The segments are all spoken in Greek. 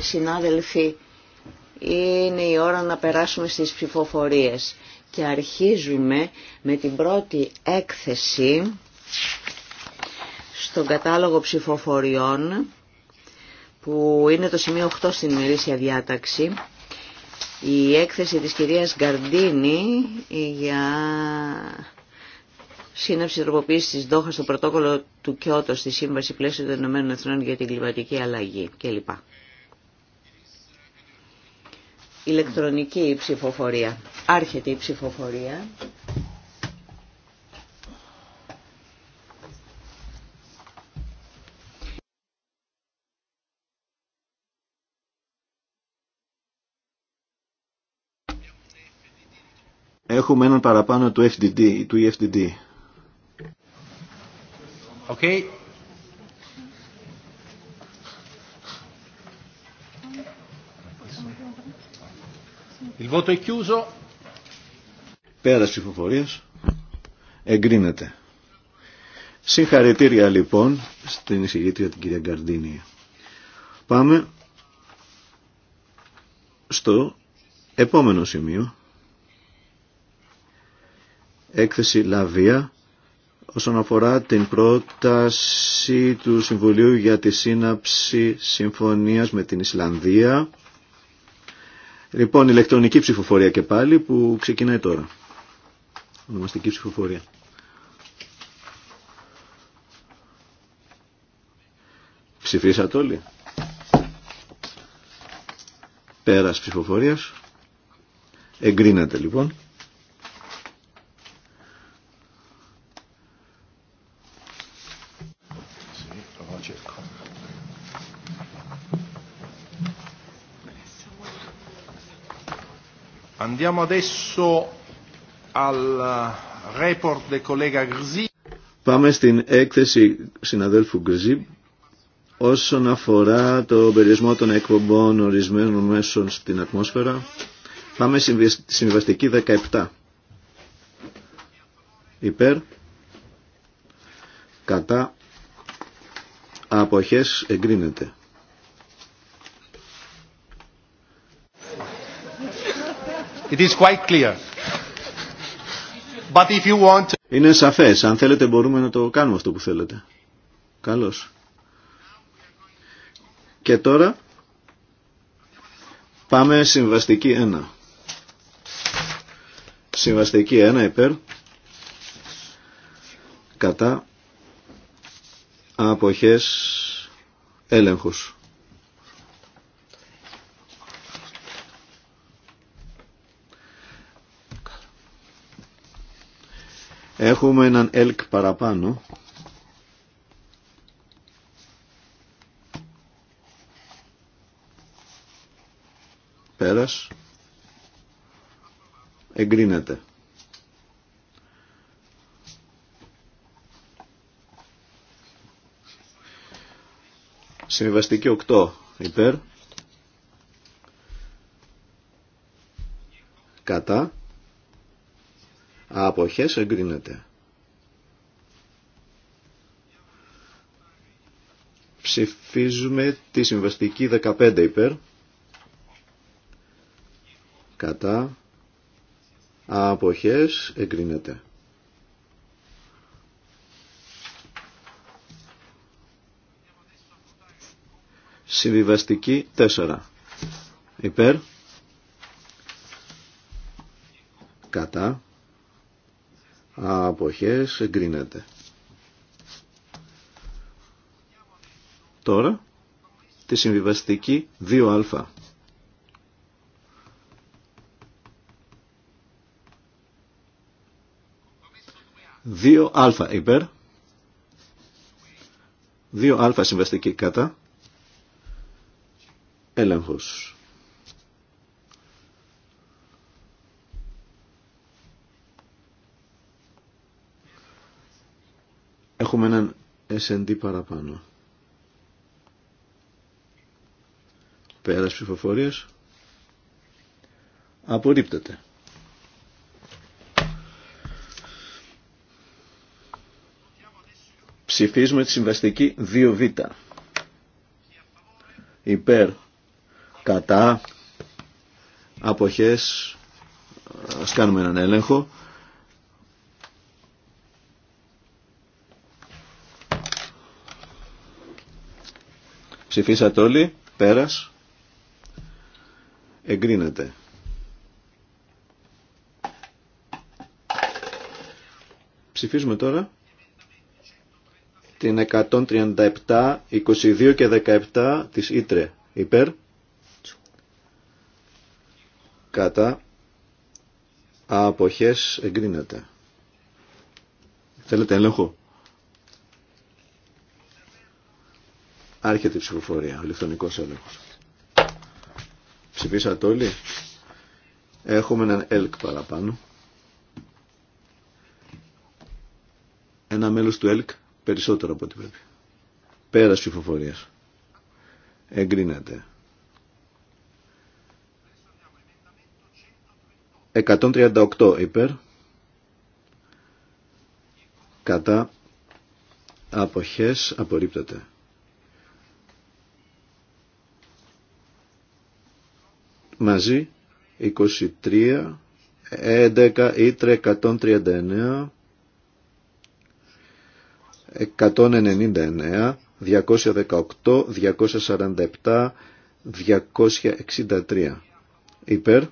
Συνάδελφοι, είναι η ώρα να περάσουμε στις ψηφοφορίες και αρχίζουμε με την πρώτη έκθεση στον κατάλογο ψηφοφοριών που είναι το σημείο 8 στην ημερήσια διάταξη η έκθεση της κυρίας Γκαρντίνη για σύναψη τροποποίηση τη Δόχα στο πρωτόκολλο του Κιώτο στη Σύμβαση Πλαίσιο των Ηνωμένων Εθνών για την Κλιματική Αλλαγή κλπ. Ηλεκτρονική ψηφοφορία. Άρχεται η ψηφοφορία. Έχουμε έναν παραπάνω του FDD, του EFDD. Okay. Il voto è Πέρας ψηφοφορίας. Εγκρίνεται. Συγχαρητήρια λοιπόν στην εισηγήτρια την κυρία Γκαρντίνη. Πάμε στο επόμενο σημείο. Έκθεση Λαβία όσον αφορά την πρόταση του Συμβουλίου για τη σύναψη συμφωνίας με την Ισλανδία. Λοιπόν, ηλεκτρονική ψηφοφορία και πάλι που ξεκινάει τώρα. Ονομαστική ψηφοφορία. Ψηφίσατε όλοι. Πέρας ψηφοφορίας. Εγκρίνατε λοιπόν. Eh, Πάμε στην έκθεση συναδέλφου Γκριζή όσον αφορά το περιορισμό των εκπομπών ορισμένων μέσων στην ατμόσφαιρα. Πάμε στη συμβαστική 17. Υπέρ, κατά, αποχές εγκρίνεται. It is quite clear. But if you want... Είναι σαφές. Αν θέλετε μπορούμε να το κάνουμε αυτό που θέλετε. Καλώς. Και τώρα πάμε συμβαστική 1. Συμβαστική 1 υπέρ κατά αποχές έλεγχους. Έχουμε έναν ΕΛΚ παραπάνω. Πέρας. Εγκρίνεται. Συμβαστική 8 υπέρ. Κατά. Αποχές εγκρίνεται. Ψηφίζουμε τη συμβαστική 15 υπέρ. Κατά. Αποχές εγκρίνεται. Συμβιβαστική 4. Υπέρ. Κατά αποχές εγκρίνεται. Τώρα τη συμβιβαστική 2α. Δύο α υπέρ, δύο α συμβαστική κατά, έλεγχος. Έχουμε έναν S&D παραπάνω. Πέρας ψηφοφορίας. Απορρίπτεται. Ψηφίζουμε τη συμβαστική 2β. Υπέρ, κατά, αποχές, ας κάνουμε έναν έλεγχο. Ψηφίσατε όλοι. Πέρας. Εγκρίνεται. Ψηφίζουμε τώρα την 137, 22 και 17 της Ήτρε. Υπέρ. Κατά. Αποχές εγκρίνεται. Θέλετε έλεγχο. Άρχεται η ψηφοφορία, ο ηλεκτρονικό έλεγχος. Ψηφίσατε όλοι. Έχουμε έναν ΕΛΚ παραπάνω. Ένα μέλο του ΕΛΚ περισσότερο από ό,τι πρέπει. Πέρας ψηφοφορία. Εγκρίνεται. 138 υπέρ. Κατά αποχές απορρίπτεται. μαζί 23, 11, 139, 199, 218, 247, 263. Υπέρ,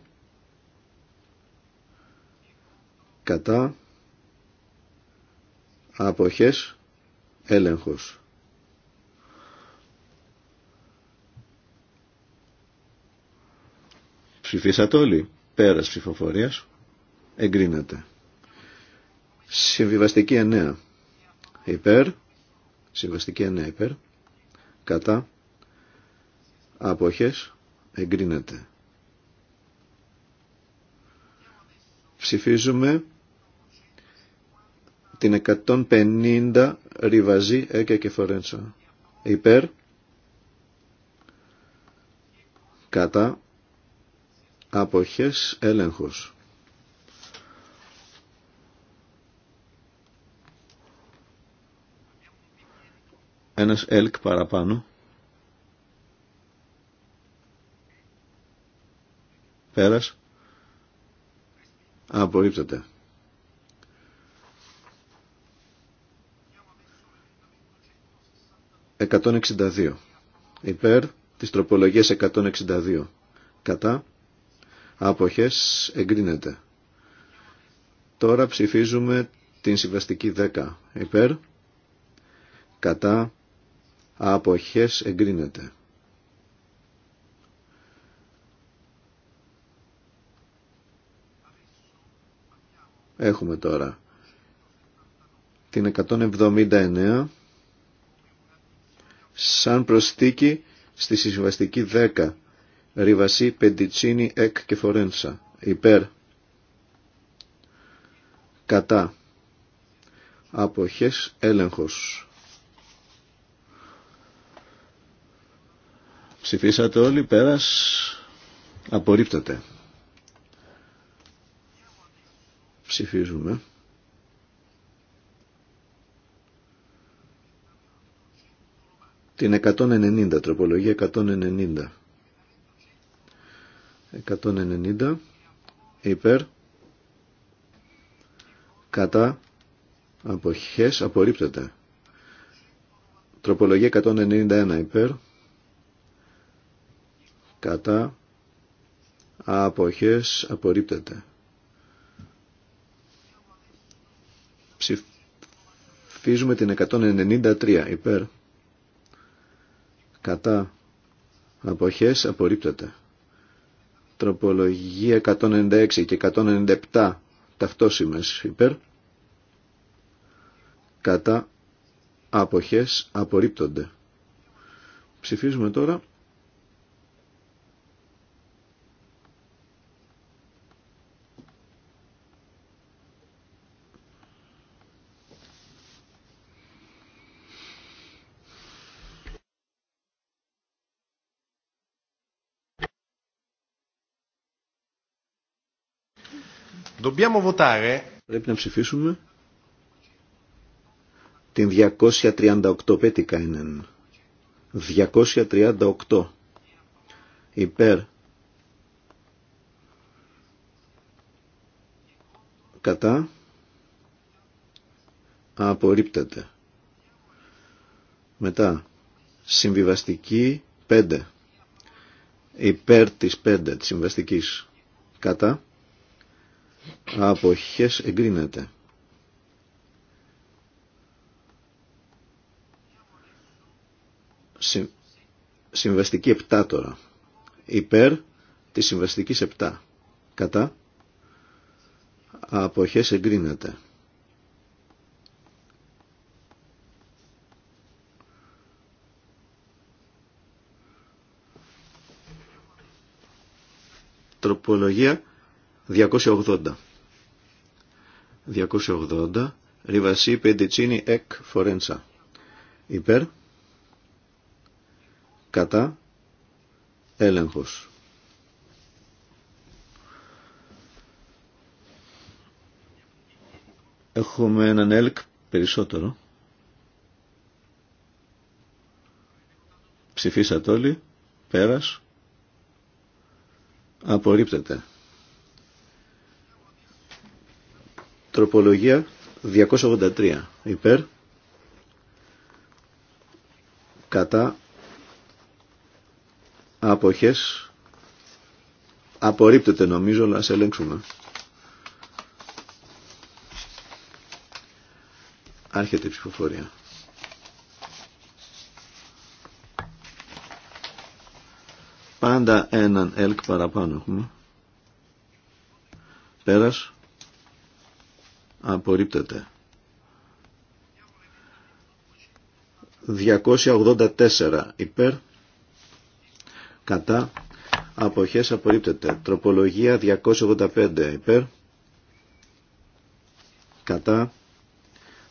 κατά, αποχές, έλεγχος. Ψηφίσατε όλοι. Πέρας ψηφοφορίας. Εγκρίνεται. Συμβιβαστική 9. Υπέρ. Συμβαστική 9 υπέρ. Κατά. Αποχές. Εγκρίνεται. Ψηφίζουμε την 150 ριβαζή έκια και φορέντσα. Υπέρ. Κατά αποχές έλεγχος. Ένας ΕΛΚ παραπάνω. Πέρας. Απορρίπτεται. «162» υπέρ της τροπολογίας «162» κατά αποχές εγκρίνεται. Τώρα ψηφίζουμε την συμβαστική 10 υπέρ, κατά, αποχές εγκρίνεται. Έχουμε τώρα την 179 σαν προστίκη στη συμβαστική 10 Ριβασί, Πεντιτσίνι, Εκ και Φορένσα. Υπέρ. Κατά. Αποχές έλεγχος. Ψηφίσατε όλοι, πέρας. Απορρίπτεται. Ψηφίζουμε. Την 190, τροπολογία 190. 190 υπέρ κατά αποχές απορρίπτεται τροπολογία 191 υπέρ κατά αποχές απορρίπτεται ψηφίζουμε την 193 υπέρ κατά αποχές απορρίπτεται Τροπολογία 196 και 197 ταυτόσημες υπέρ. Κατά αποχές απορρίπτονται. Ψηφίζουμε τώρα Πρέπει να ψηφίσουμε την 238 πέτικα είναι. 238 υπέρ κατά απορρίπτεται. Μετά συμβιβαστική 5 υπέρ της 5 της συμβαστικής κατά αποχές εγκρίνεται. Συ, συμβαστική 7 τώρα. Υπέρ της συμβαστικής επτά. Κατά αποχές εγκρίνεται. Τροπολογία 280. 280. Ριβασί πεντιτσίνι Εκ Φορέντσα. Υπέρ. Κατά. Έλεγχος. Έχουμε έναν ΕΛΚ περισσότερο. Ψηφίσατε όλοι. Πέρας. Απορρίπτεται. Τροπολογία 283 υπέρ κατά άποχες απορρίπτεται νομίζω αλλά σε ελέγξουμε άρχεται η ψηφοφορία πάντα έναν ελκ παραπάνω έχουμε πέρας απορρίπτεται. 284 υπέρ κατά αποχές απορρίπτεται. Τροπολογία 285 υπέρ κατά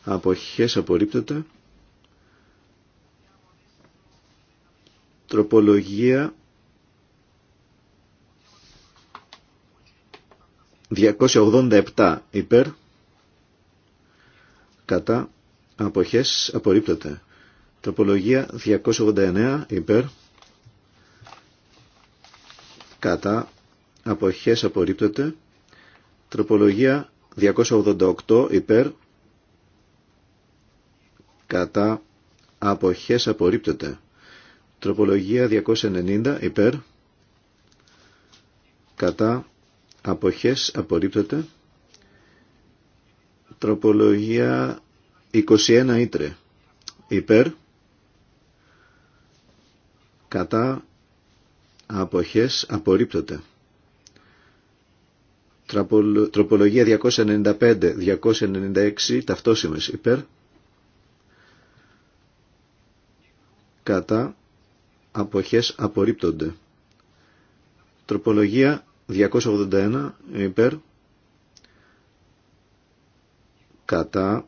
αποχές απορρίπτεται. Τροπολογία 287 υπέρ κατά αποχές απορρίπτεται. Τροπολογία 289 υπέρ κατά αποχές απορρίπτεται. Τροπολογία 288 υπέρ κατά αποχές απορρίπτεται. Τροπολογία 290 υπέρ κατά αποχές απορρίπτεται. Τροπολογία 21 Ήτρε. Υπέρ. Κατά. Αποχές. αποχές Τροπολογία 295, 296, ταυτόσημες υπέρ, κατά, αποχές απορρίπτονται. Τροπολογία 281 υπέρ, κατά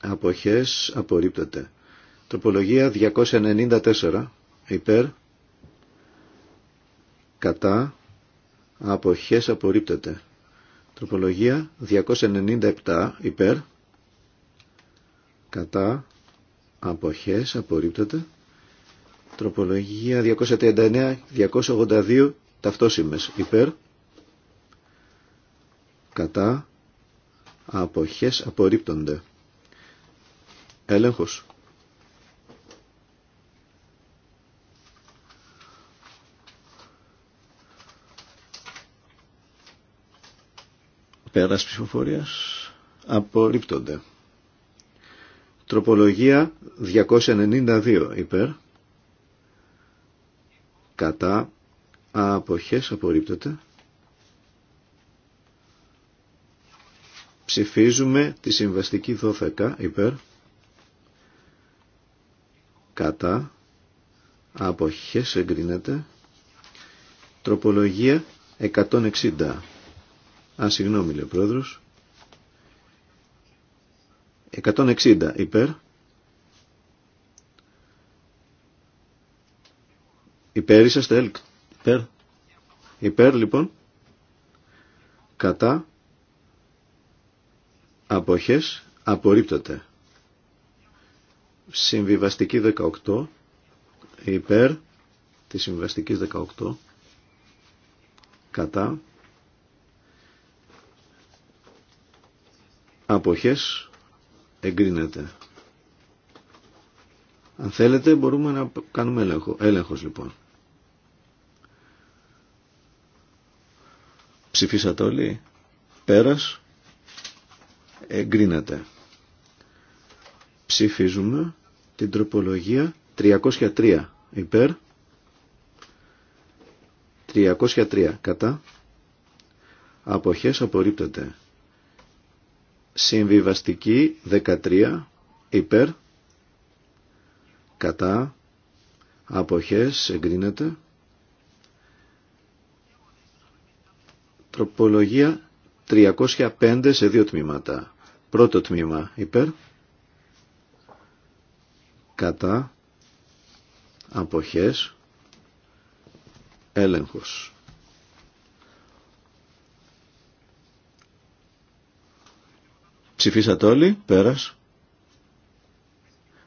αποχές απορρίπτεται. Τροπολογία 294 υπέρ κατά αποχές απορρίπτεται. Τροπολογία 297 υπέρ κατά αποχές απορρίπτεται. Τροπολογία 239-282 ταυτόσημες υπέρ κατά αποχές απορρίπτονται. Έλεγχος. Πέρας ψηφοφορίας απορρίπτονται. Τροπολογία 292 υπέρ. Κατά αποχές απορρίπτονται. Ψηφίζουμε τη συμβαστική 12 υπέρ κατά αποχές εγκρίνεται τροπολογία 160 α συγγνώμη λέει ο πρόεδρος 160 υπέρ υπέρ είσαστε ελκ υπέρ υπέρ λοιπόν κατά αποχές απορρίπτονται. Συμβιβαστική 18 υπέρ της συμβιβαστικής 18 κατά αποχές εγκρίνεται. Αν θέλετε μπορούμε να κάνουμε έλεγχο. Έλεγχος λοιπόν. Ψηφίσατε όλοι. Πέρας εγκρίνεται. Ψηφίζουμε την τροπολογία 303 υπέρ 303 κατά αποχές απορρίπτεται. Συμβιβαστική 13 υπέρ κατά αποχές εγκρίνεται. Τροπολογία 305 σε δύο τμήματα. Πρώτο τμήμα υπέρ. Κατά. Αποχές. Έλεγχος. Ψηφίσατε όλοι. Πέρας.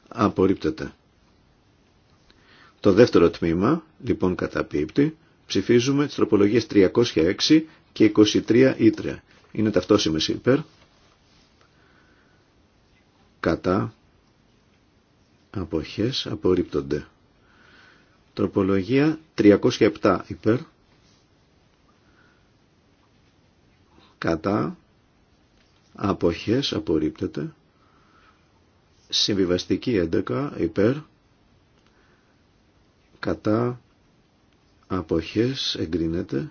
Απορρίπτεται. Το δεύτερο τμήμα, λοιπόν καταπίπτει, ψηφίζουμε τις τροπολογίες 306 και 23 ήτρε. Είναι ταυτόσιμες υπέρ κατά αποχές απορρίπτονται. Τροπολογία 307 υπέρ κατά αποχές απορρίπτεται. Συμβιβαστική 11 υπέρ κατά αποχές εγκρίνεται.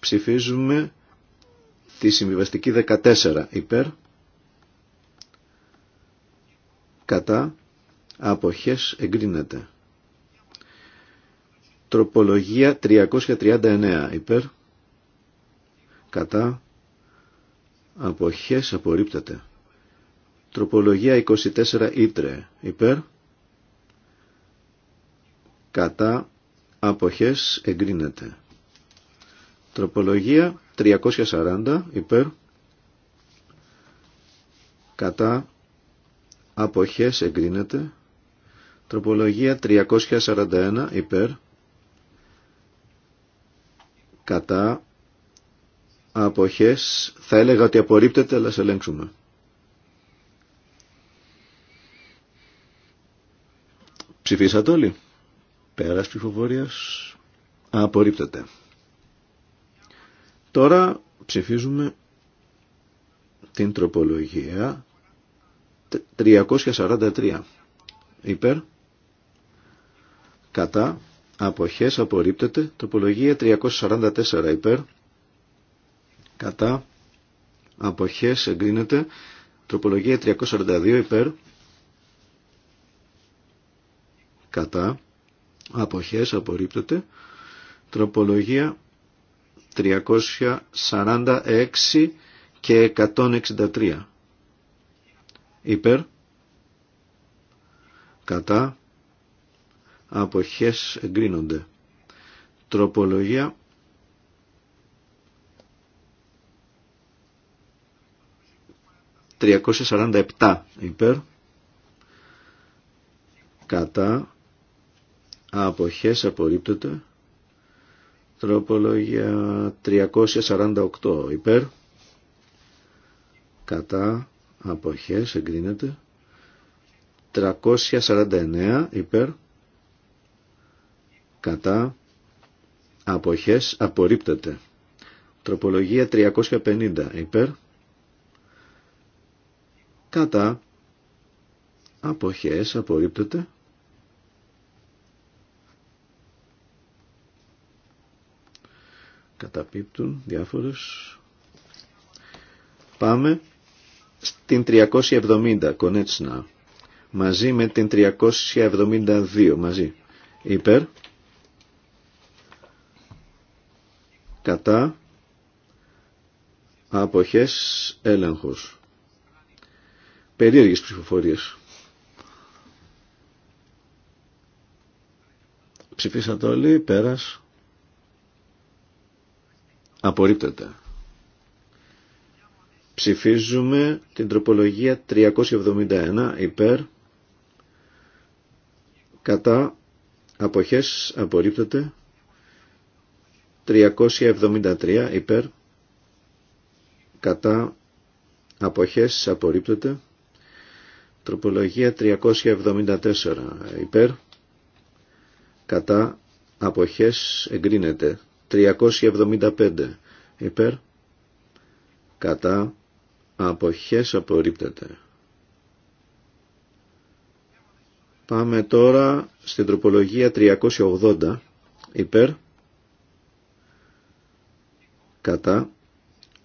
Ψηφίζουμε τη συμβιβαστική 14 υπέρ κατά αποχές εγκρίνεται. Τροπολογία 339 υπέρ κατά αποχές απορρίπτεται. Τροπολογία 24 ήτρε υπέρ κατά αποχές εγκρίνεται. Τροπολογία 340 υπέρ κατά αποχές εγκρίνεται τροπολογία 341 υπέρ κατά αποχές θα έλεγα ότι απορρίπτεται αλλά σε ελέγξουμε ψηφίσατε όλοι πέρας ψηφοφορίας απορρίπτεται Τώρα ψηφίζουμε την τροπολογία 343. Υπέρ, κατά, αποχές, απορρίπτεται. Τροπολογία 344. Υπέρ, κατά, αποχές, εγκρίνεται. Τροπολογία 342. Υπέρ, κατά, αποχές, απορρίπτεται. Τροπολογία 346 και 163. Υπέρ, κατά, αποχές εγκρίνονται. Τροπολογία 347 υπέρ, κατά, αποχές απορρίπτεται. Τροπολογία 348 υπέρ. Κατά αποχές εγκρίνεται. 349 υπέρ. Κατά αποχές απορρίπτεται. Τροπολογία 350 υπέρ. Κατά αποχές απορρίπτεται. καταπίπτουν διάφορους. Πάμε στην 370 κονέτσνα μαζί με την 372 μαζί υπέρ κατά αποχές έλεγχος περίεργες ψηφοφορίες ψηφίσατε όλοι πέρας Απορρίπτεται. Ψηφίζουμε την τροπολογία 371 υπέρ κατά αποχές απορρίπτεται 373 υπέρ κατά αποχές απορρίπτεται τροπολογία 374 υπέρ κατά αποχές εγκρίνεται 375 υπέρ κατά αποχές απορρίπτεται. Πάμε τώρα στην τροπολογία 380 υπέρ κατά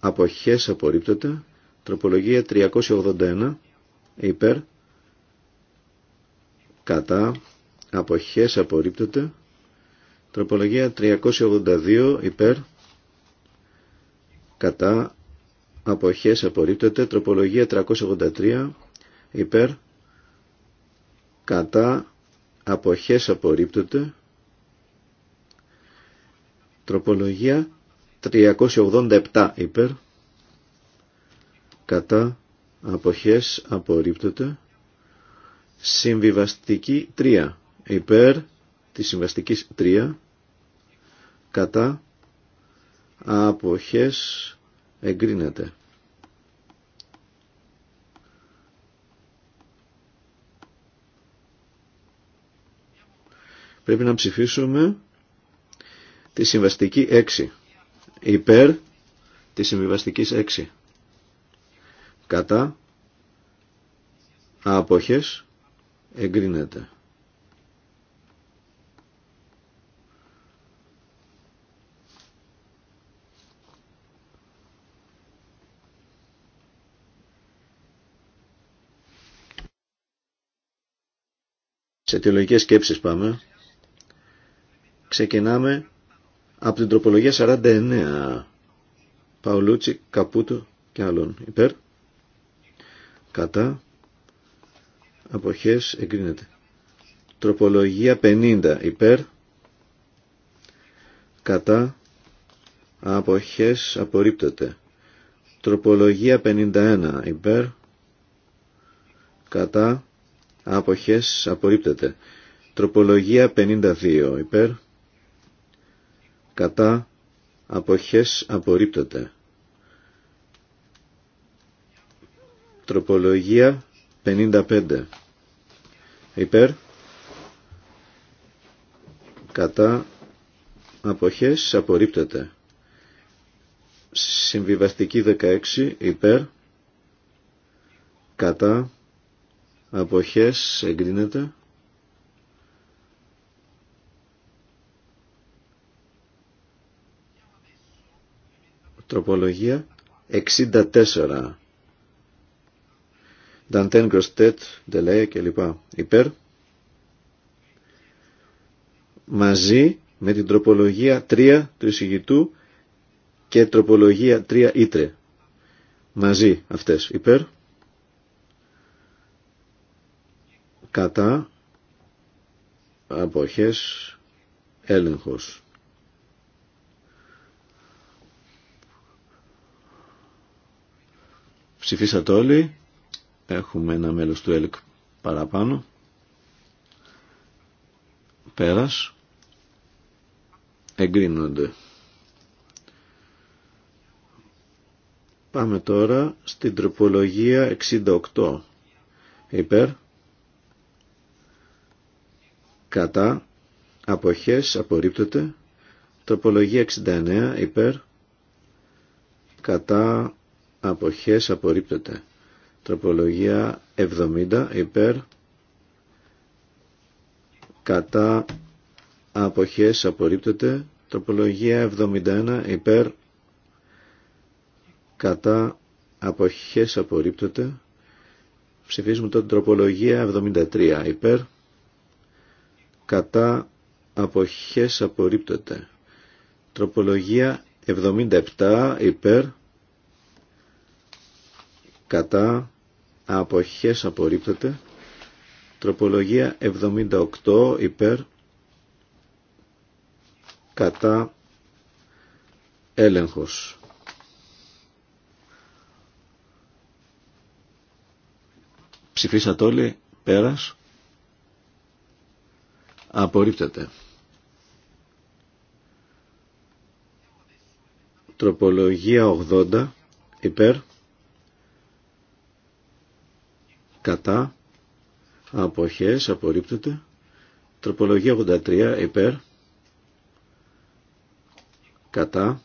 αποχές απορρίπτεται. Τροπολογία 381 υπέρ κατά αποχές απορρίπτεται. Τροπολογία 382 υπέρ κατά αποχές απορρίπτεται. Τροπολογία 383 υπέρ κατά αποχές απορρίπτεται. Τροπολογία 387 υπέρ κατά αποχές απορρίπτεται. Συμβιβαστική 3 υπέρ τη συμβαστική 3 κατά αποχές εγκρίνεται. Πρέπει να ψηφίσουμε τη συμβαστική 6 υπέρ τη συμβιβαστικής 6 κατά αποχές εγκρίνεται. Σε αιτιολογικές σκέψεις πάμε. Ξεκινάμε από την τροπολογία 49. Παολούτσι, Καπούτο και άλλων. Υπέρ. Κατά. Αποχές εγκρίνεται. Τροπολογία 50. Υπέρ. Κατά. Αποχές απορρίπτεται. Τροπολογία 51. Υπέρ. Κατά αποχές απορρίπτεται. Τροπολογία 52 υπέρ κατά αποχές απορρίπτεται. Τροπολογία 55 υπέρ κατά αποχές απορρίπτεται. Συμβιβαστική 16 υπέρ κατά αποχές εγκρίνεται τροπολογία 64 Δαντέν Γκροστέτ, και κλπ. Υπέρ μαζί με την τροπολογία 3 του εισηγητού και τροπολογία 3 ήτρε. Μαζί αυτές. Υπέρ. κατά αποχές έλεγχος. Ψηφίσατε όλοι. Έχουμε ένα μέλος του ΕΛΚ παραπάνω. Πέρας. Εγκρίνονται. Πάμε τώρα στην τροπολογία 68. Υπέρ κατά, αποχές, απορρίπτεται. Τροπολογία 69, υπέρ, κατά, αποχές, απορρίπτεται. Τροπολογία 70, υπέρ, κατά, αποχές, απορρίπτεται. Τροπολογία 71, υπέρ, κατά, αποχές, απορρίπτεται. Ψηφίζουμε τότε τροπολογία 73, υπέρ, κατά αποχές απορρίπτεται. Τροπολογία 77 υπέρ κατά αποχές απορρίπτεται. Τροπολογία 78 υπέρ κατά έλεγχος. Ψηφίσατε όλοι πέρας. Απορρίπτεται. Τροπολογία 80 υπέρ κατά αποχές απορρίπτεται. Τροπολογία 83 υπέρ κατά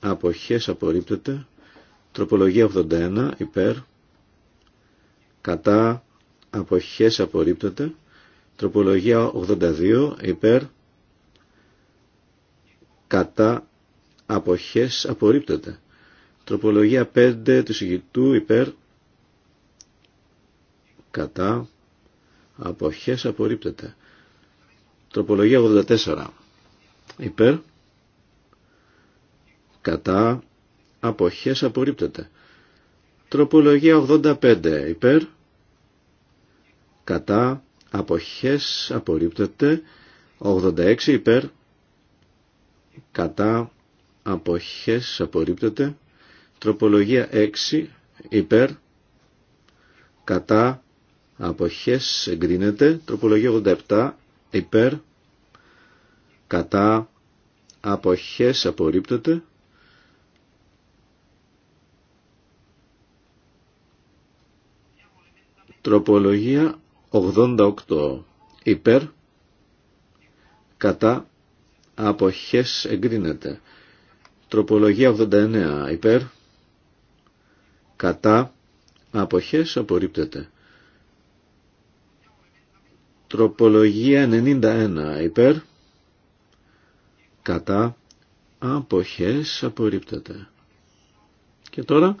αποχές απορρίπτεται. Τροπολογία 81 υπέρ κατά αποχές απορρίπτεται. Τροπολογία 82 υπέρ κατά αποχές απορρίπτεται. Τροπολογία 5 του συγητού υπέρ κατά αποχές απορρίπτεται. Τροπολογία 84 υπέρ κατά αποχές απορρίπτεται. Τροπολογία 85 υπέρ κατά αποχές απορρίπτεται 86 υπέρ κατά αποχές απορρίπτεται τροπολογία 6 υπέρ κατά αποχές εγκρίνεται τροπολογία 87 υπέρ κατά αποχές απορρίπτεται τροπολογία 88 υπέρ κατά αποχές εγκρίνεται. Τροπολογία 89 υπέρ κατά αποχές απορρίπτεται. Τροπολογία 91 υπέρ κατά αποχές απορρίπτεται. Και τώρα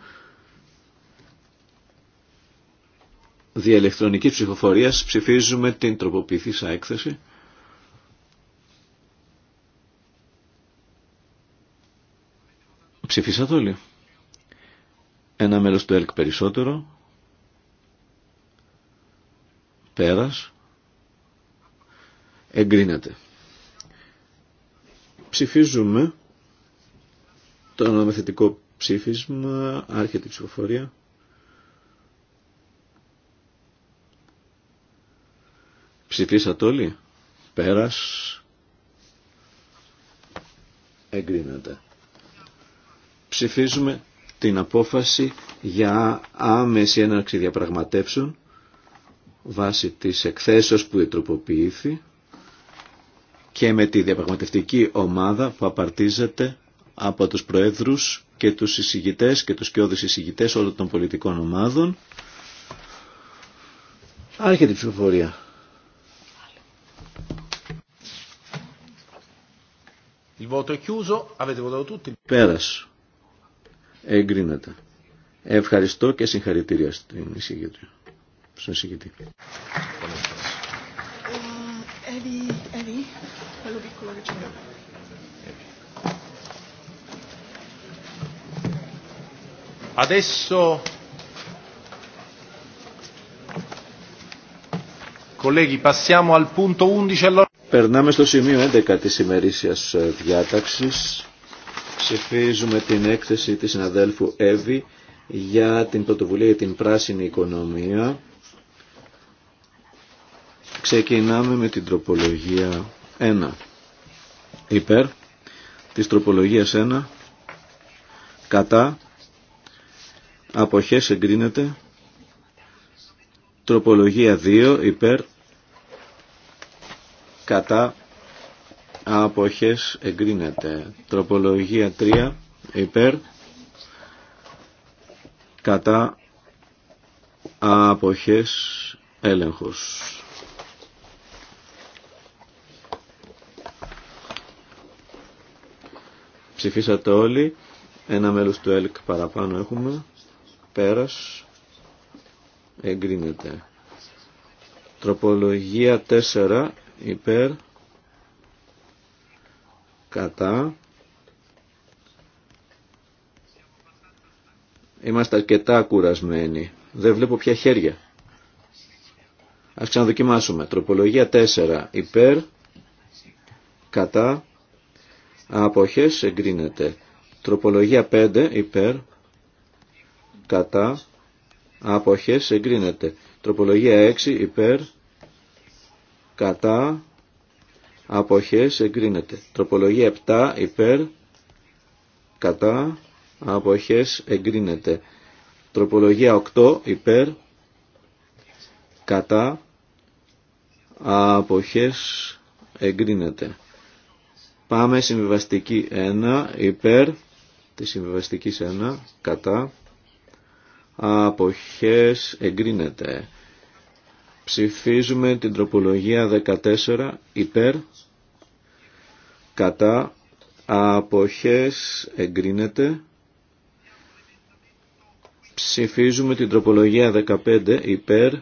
Διαλεκτρονική ψηφοφορίας ψηφίζουμε την τροποποιηθήσα έκθεση. Ψηφίσατε όλοι. Ένα μέλος του ΕΛΚ περισσότερο. Πέρας. Εγκρίνεται. Ψηφίζουμε το νομοθετικό ψήφισμα, άρχεται η ψηφοφορία. Ψηφίσατε όλοι. Πέρας. Εγκρίνεται. Ψηφίζουμε την απόφαση για άμεση έναρξη διαπραγματεύσεων βάσει της εκθέσεως που ετροποποιήθη και με τη διαπραγματευτική ομάδα που απαρτίζεται από τους προέδρους και τους εισηγητές και τους κοιόδους εισηγητές όλων των πολιτικών ομάδων. Άρχεται η ψηφοφορία. Il voto è chiuso, avete Πέρας. Εγκρίνεται. Ευχαριστώ και συγχαρητήρια στην εισηγήτρια. Στον εισηγητή. Ε, Adesso, colleghi, passiamo Περνάμε στο σημείο 11 της ημερήσιας ε, διάταξης. Ψηφίζουμε την έκθεση της συναδέλφου Εύη για την πρωτοβουλία για την πράσινη οικονομία. Ξεκινάμε με την τροπολογία 1. Υπέρ της τροπολογίας 1. Κατά. Αποχές εγκρίνεται. Τροπολογία 2. Υπέρ κατά αποχές εγκρίνεται. Τροπολογία 3 υπέρ κατά αποχές έλεγχος. Ψηφίσατε όλοι. Ένα μέλος του ΕΛΚ παραπάνω έχουμε. Πέρας. Εγκρίνεται. Τροπολογία 4 υπέρ κατά είμαστε αρκετά κουρασμένοι δεν βλέπω πια χέρια ας ξαναδοκιμάσουμε τροπολογία 4 υπέρ κατά αποχές εγκρίνεται τροπολογία 5 υπέρ κατά αποχές εγκρίνεται τροπολογία 6 υπέρ κατά αποχές εγκρίνεται. Τροπολογία 7 υπέρ κατά αποχές εγκρίνεται. Τροπολογία 8 υπέρ κατά αποχές εγκρίνεται. Πάμε συμβιβαστική 1 υπέρ τη συμβιβαστική 1 κατά αποχές εγκρίνεται. Ψηφίζουμε την τροπολογία 14 υπέρ κατά αποχές εγκρίνεται. Ψηφίζουμε την τροπολογία 15 υπέρ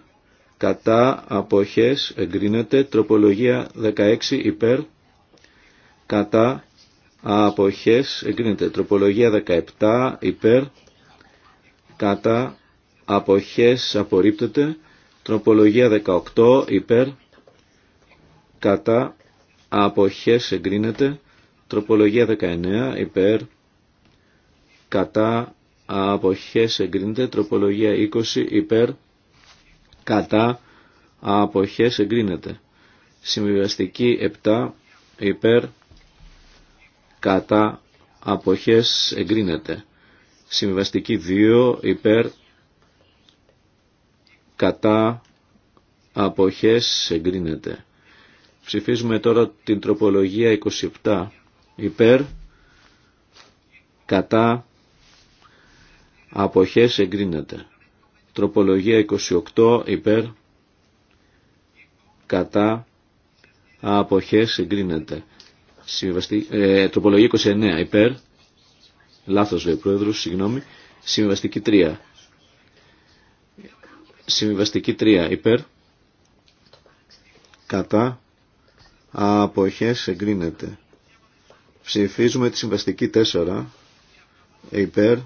κατά αποχές εγκρίνεται. Τροπολογία 16 υπέρ κατά αποχές εγκρίνεται. Τροπολογία 17 υπέρ κατά αποχές απορρίπτεται. Τροπολογία 18 υπέρ κατά αποχές εγκρίνεται. Τροπολογία 19 υπέρ κατά αποχές εγκρίνεται. Τροπολογία 20 υπέρ κατά αποχές εγκρίνεται. Συμβιβαστική 7 υπέρ κατά αποχές εγκρίνεται. Συμβιβαστική 2 υπέρ κατά αποχές εγκρίνεται. Ψηφίζουμε τώρα την τροπολογία 27 υπέρ κατά αποχές εγκρίνεται. Τροπολογία 28 υπέρ κατά αποχές εγκρίνεται. Συμβαστή, ε, τροπολογία 29 υπέρ λάθος λέει πρόεδρος, συγγνώμη, συμβαστική 3 Συμβιβαστική 3 υπέρ. Κατά. Αποχές εγκρίνεται. Ψηφίζουμε τη συμβαστική 4 υπέρ.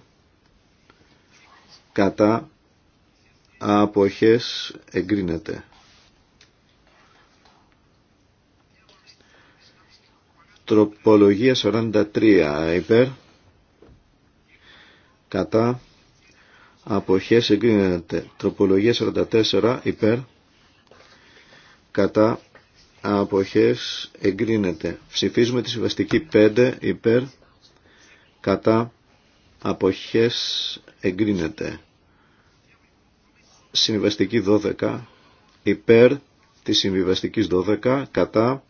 Κατά. Αποχές εγκρίνεται. Τροπολογία 43 υπέρ. Κατά αποχές εγκρίνεται. Τροπολογία 44 υπέρ κατά αποχές εγκρίνεται. Ψηφίζουμε τη συμβαστική 5 υπέρ κατά αποχές εγκρίνεται. Συμβαστική 12 υπέρ της συμβιβαστικής 12 κατά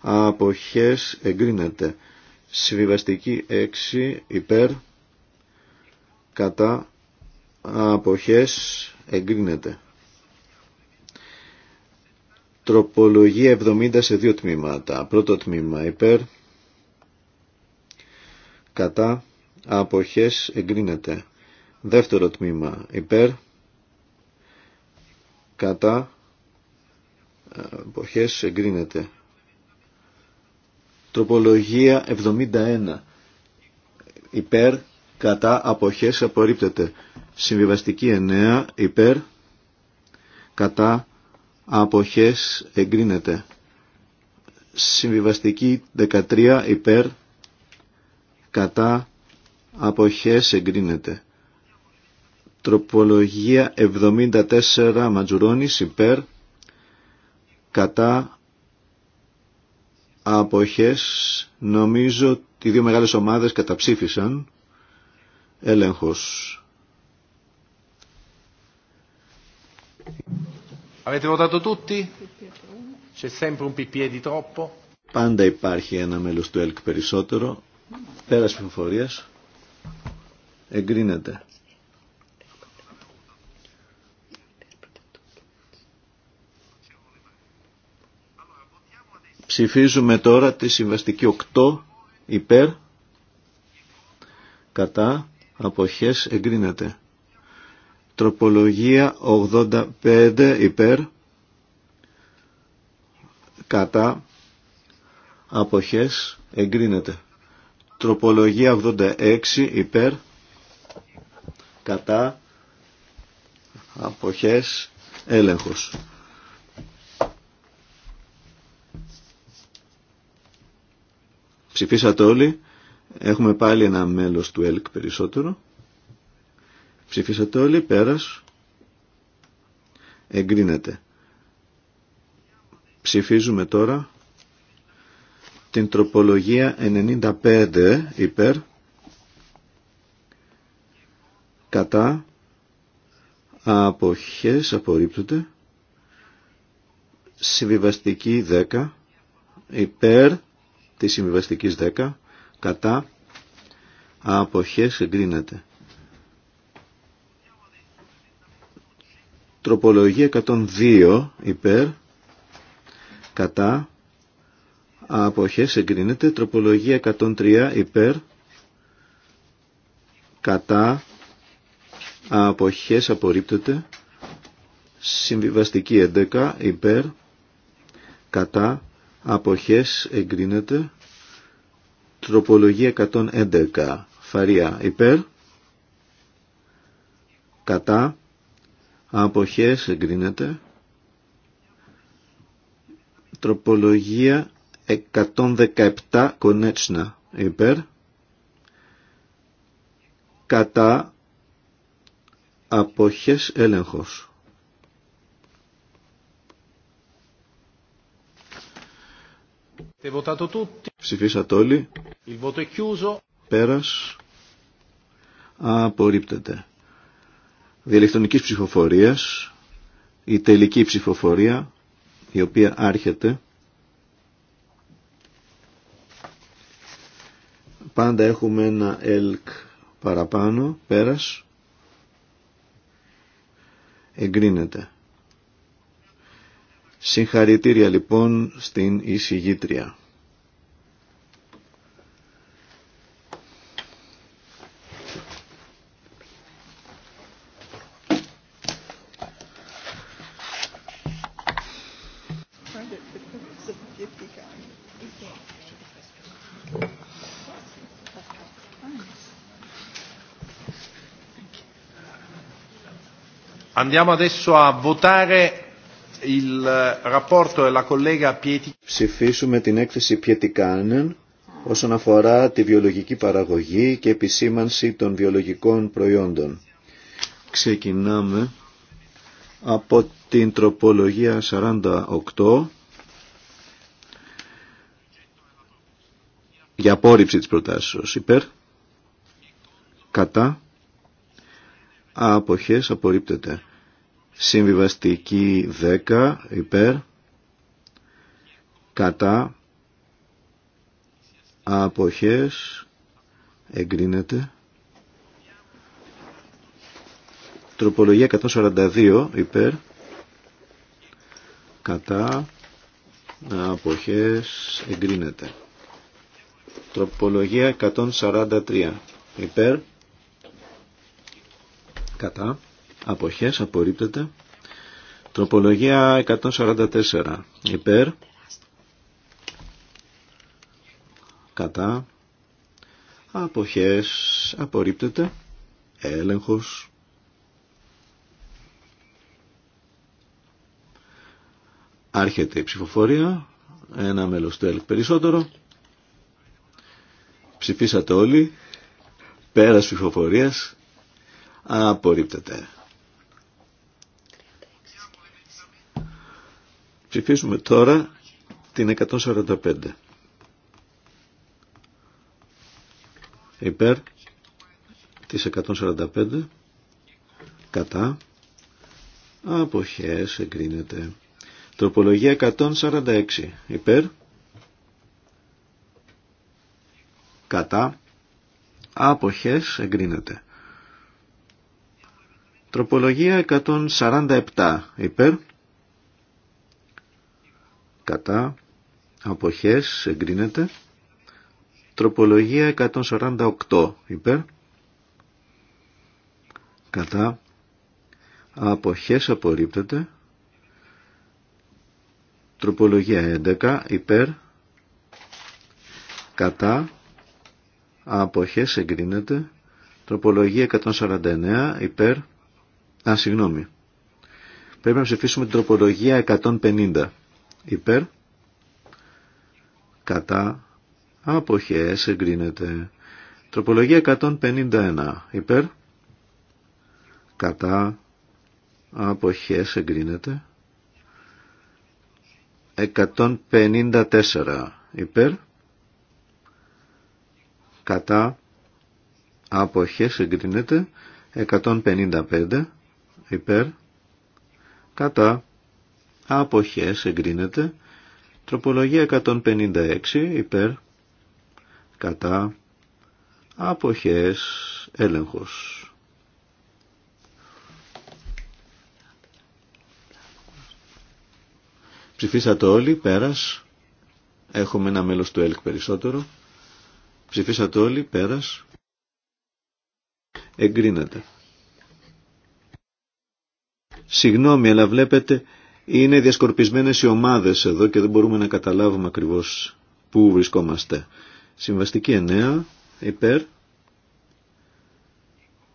αποχές εγκρίνεται. Συμβιβαστική 6 υπέρ κατά αποχές εγκρίνεται. Τροπολογία 70 σε δύο τμήματα. Πρώτο τμήμα υπέρ, κατά, αποχές εγκρίνεται. Δεύτερο τμήμα υπέρ, κατά, αποχές εγκρίνεται. Τροπολογία 71. Υπέρ, κατά, αποχές απορρίπτεται. Συμβιβαστική 9 υπέρ κατά αποχές εγκρίνεται. Συμβιβαστική 13 υπέρ κατά αποχές εγκρίνεται. Τροπολογία 74 Ματζουρόνης υπέρ κατά αποχές νομίζω ότι οι δύο μεγάλες ομάδες καταψήφισαν έλεγχος Avete votato tutti? C'è sempre un PPE di troppo. Πάντα υπάρχει ένα μέλο του ΕΛΚ περισσότερο. Πέρα ψηφοφορία. Εγκρίνεται. Ψηφίζουμε τώρα τη συμβαστική 8 υπέρ κατά αποχές εγκρίνεται. Τροπολογία 85 υπέρ κατά αποχές εγκρίνεται. Τροπολογία 86 υπέρ κατά αποχές έλεγχος. Ψηφίσατε όλοι. Έχουμε πάλι ένα μέλος του ΕΛΚ περισσότερο. Ψηφίσατε όλοι, πέρας. Εγκρίνεται. Ψηφίζουμε τώρα την τροπολογία 95 υπέρ κατά αποχές απορρίπτονται συμβιβαστική 10 υπέρ της συμβιβαστικής 10 κατά αποχές εγκρίνεται Τροπολογία 102 υπέρ κατά αποχές εγκρίνεται. Τροπολογία 103 υπέρ κατά αποχές απορρίπτεται. Συμβιβαστική 11 υπέρ κατά αποχές εγκρίνεται. Τροπολογία 111 φαρία υπέρ κατά αποχές εγκρίνεται τροπολογία 117 κονέτσνα υπέρ κατά αποχές έλεγχος. Ψηφίσατε όλοι. Πέρας. Απορρίπτεται διελεκτρονικής ψηφοφορίας, η τελική ψηφοφορία, η οποία άρχεται. Πάντα έχουμε ένα ΕΛΚ παραπάνω, πέρας. Εγκρίνεται. Συγχαρητήρια λοιπόν στην εισηγήτρια. Ψηφίσουμε την έκθεση Πιετικάνεν όσον αφορά τη βιολογική παραγωγή και επισήμανση των βιολογικών προϊόντων. Ξεκινάμε από την τροπολογία 48 για απόρριψη της προτάσεως υπέρ κατά αποχές απορρίπτεται Συμβιβαστική 10 υπέρ κατά αποχές εγκρίνεται. Τροπολογία 142 υπέρ κατά αποχές εγκρίνεται. Τροπολογία 143 υπέρ κατά αποχές απορρίπτεται. Τροπολογία 144 υπέρ κατά αποχές απορρίπτεται έλεγχος άρχεται η ψηφοφορία ένα μέλος του περισσότερο ψηφίσατε όλοι πέρας ψηφοφορίας απορρίπτεται ψηφίσουμε τώρα την 145. Υπέρ της 145 κατά αποχές εγκρίνεται. Τροπολογία 146 υπέρ κατά άποχες εγκρίνεται. Τροπολογία 147 υπέρ κατά αποχές εγκρίνεται τροπολογία 148 υπέρ κατά αποχές απορρίπτεται τροπολογία 11 υπέρ κατά αποχές εγκρίνεται τροπολογία 149 υπέρ α συγγνώμη πρέπει να ψηφίσουμε την τροπολογία 150 υπέρ κατά αποχές εγκρίνεται τροπολογία 151 υπέρ κατά αποχές εγκρίνεται 154 υπέρ κατά αποχές εγκρίνεται 155 υπέρ κατά Αποχές εγκρίνεται. Τροπολογία 156 υπέρ. Κατά. Αποχές έλεγχος. Ψηφίσατε όλοι, πέρας. Έχουμε ένα μέλος του ΕΛΚ περισσότερο. Ψηφίσατε όλοι, πέρας. Εγκρίνεται. Συγγνώμη, αλλά βλέπετε είναι διασκορπισμένες οι ομάδες εδώ και δεν μπορούμε να καταλάβουμε ακριβώς πού βρισκόμαστε. Συμβαστική 9, υπέρ,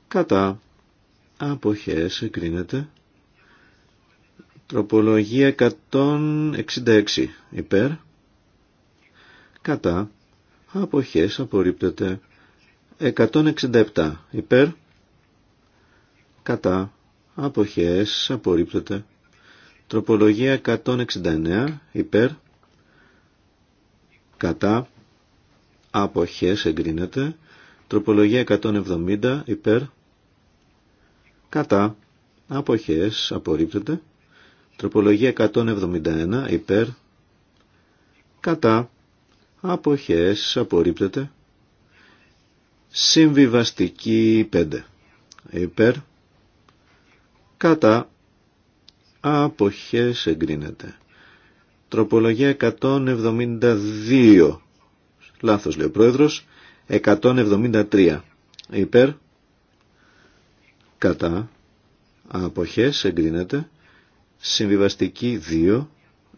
κατά, αποχές, εκρίνεται. Τροπολογία 166, υπέρ, κατά, αποχές, απορρίπτεται. 167, υπέρ, κατά, αποχές, απορρίπτεται. Τροπολογία 169 υπέρ κατά αποχές εγκρίνεται. Τροπολογία 170 υπέρ κατά αποχές απορρίπτεται. Τροπολογία 171 υπέρ κατά αποχές απορρίπτεται. Συμβιβαστική 5 υπέρ κατά αποχές εγκρίνεται. Τροπολογία 172. Λάθος λέει ο πρόεδρος. 173. Υπέρ. Κατά. Αποχές εγκρίνεται. Συμβιβαστική 2.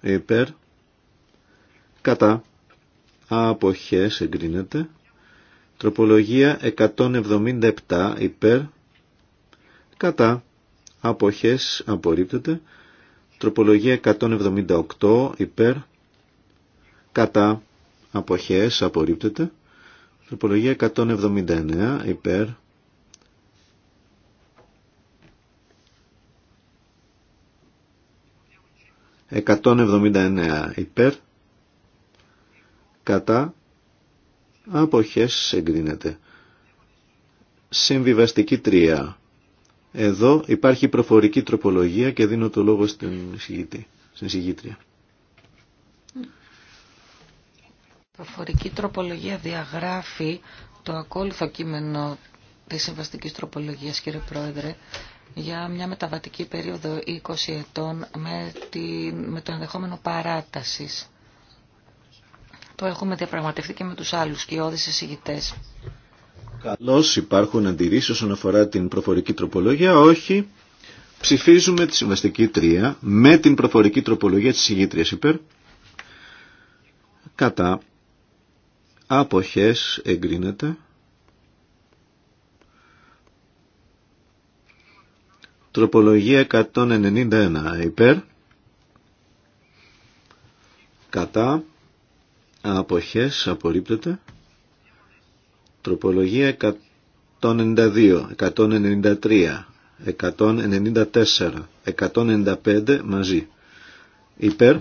Υπέρ. Κατά. Αποχές εγκρίνεται. Τροπολογία 177. Υπέρ. Κατά αποχές απορρίπτεται. Τροπολογία 178 υπέρ κατά αποχές απορρίπτεται. Τροπολογία 179 υπέρ ...179 υπέρ... ...κατά... ...αποχές εγκρίνεται... ...συμβιβαστική 3 εδώ υπάρχει προφορική τροπολογία και δίνω το λόγο στην συγγήτρια. Προφορική τροπολογία διαγράφει το ακόλουθο κείμενο της συμβαστικής τροπολογίας, κύριε Πρόεδρε, για μια μεταβατική περίοδο 20 ετών με, με το ενδεχόμενο παράτασης. Το έχουμε διαπραγματευτεί και με τους άλλους κοιόδης εισηγητές. Καλώς υπάρχουν αντιρρήσεις όσον αφορά την προφορική τροπολογία. Όχι. Ψηφίζουμε τη συμβαστική 3 με την προφορική τροπολογία της ηγήτριας υπέρ. Κατά. Αποχές εγκρίνεται. Τροπολογία 191 υπέρ. Κατά. Αποχές απορρίπτεται. Τροπολογία 192, 193, 194, 195 μαζί. Υπέρ,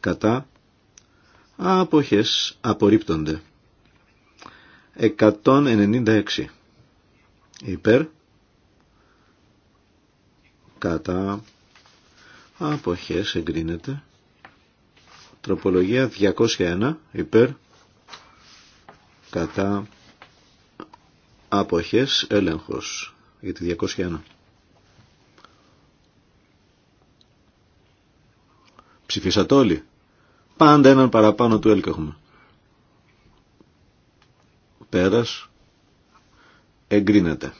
κατά, αποχές απορρίπτονται. 196. Υπέρ, κατά, αποχές εγκρίνεται. Τροπολογία 201 υπέρ κατά αποχές έλεγχος για τη 201. Ψηφίσατε όλοι. Πάντα έναν παραπάνω του έλκα έχουμε. Πέρας εγκρίνεται.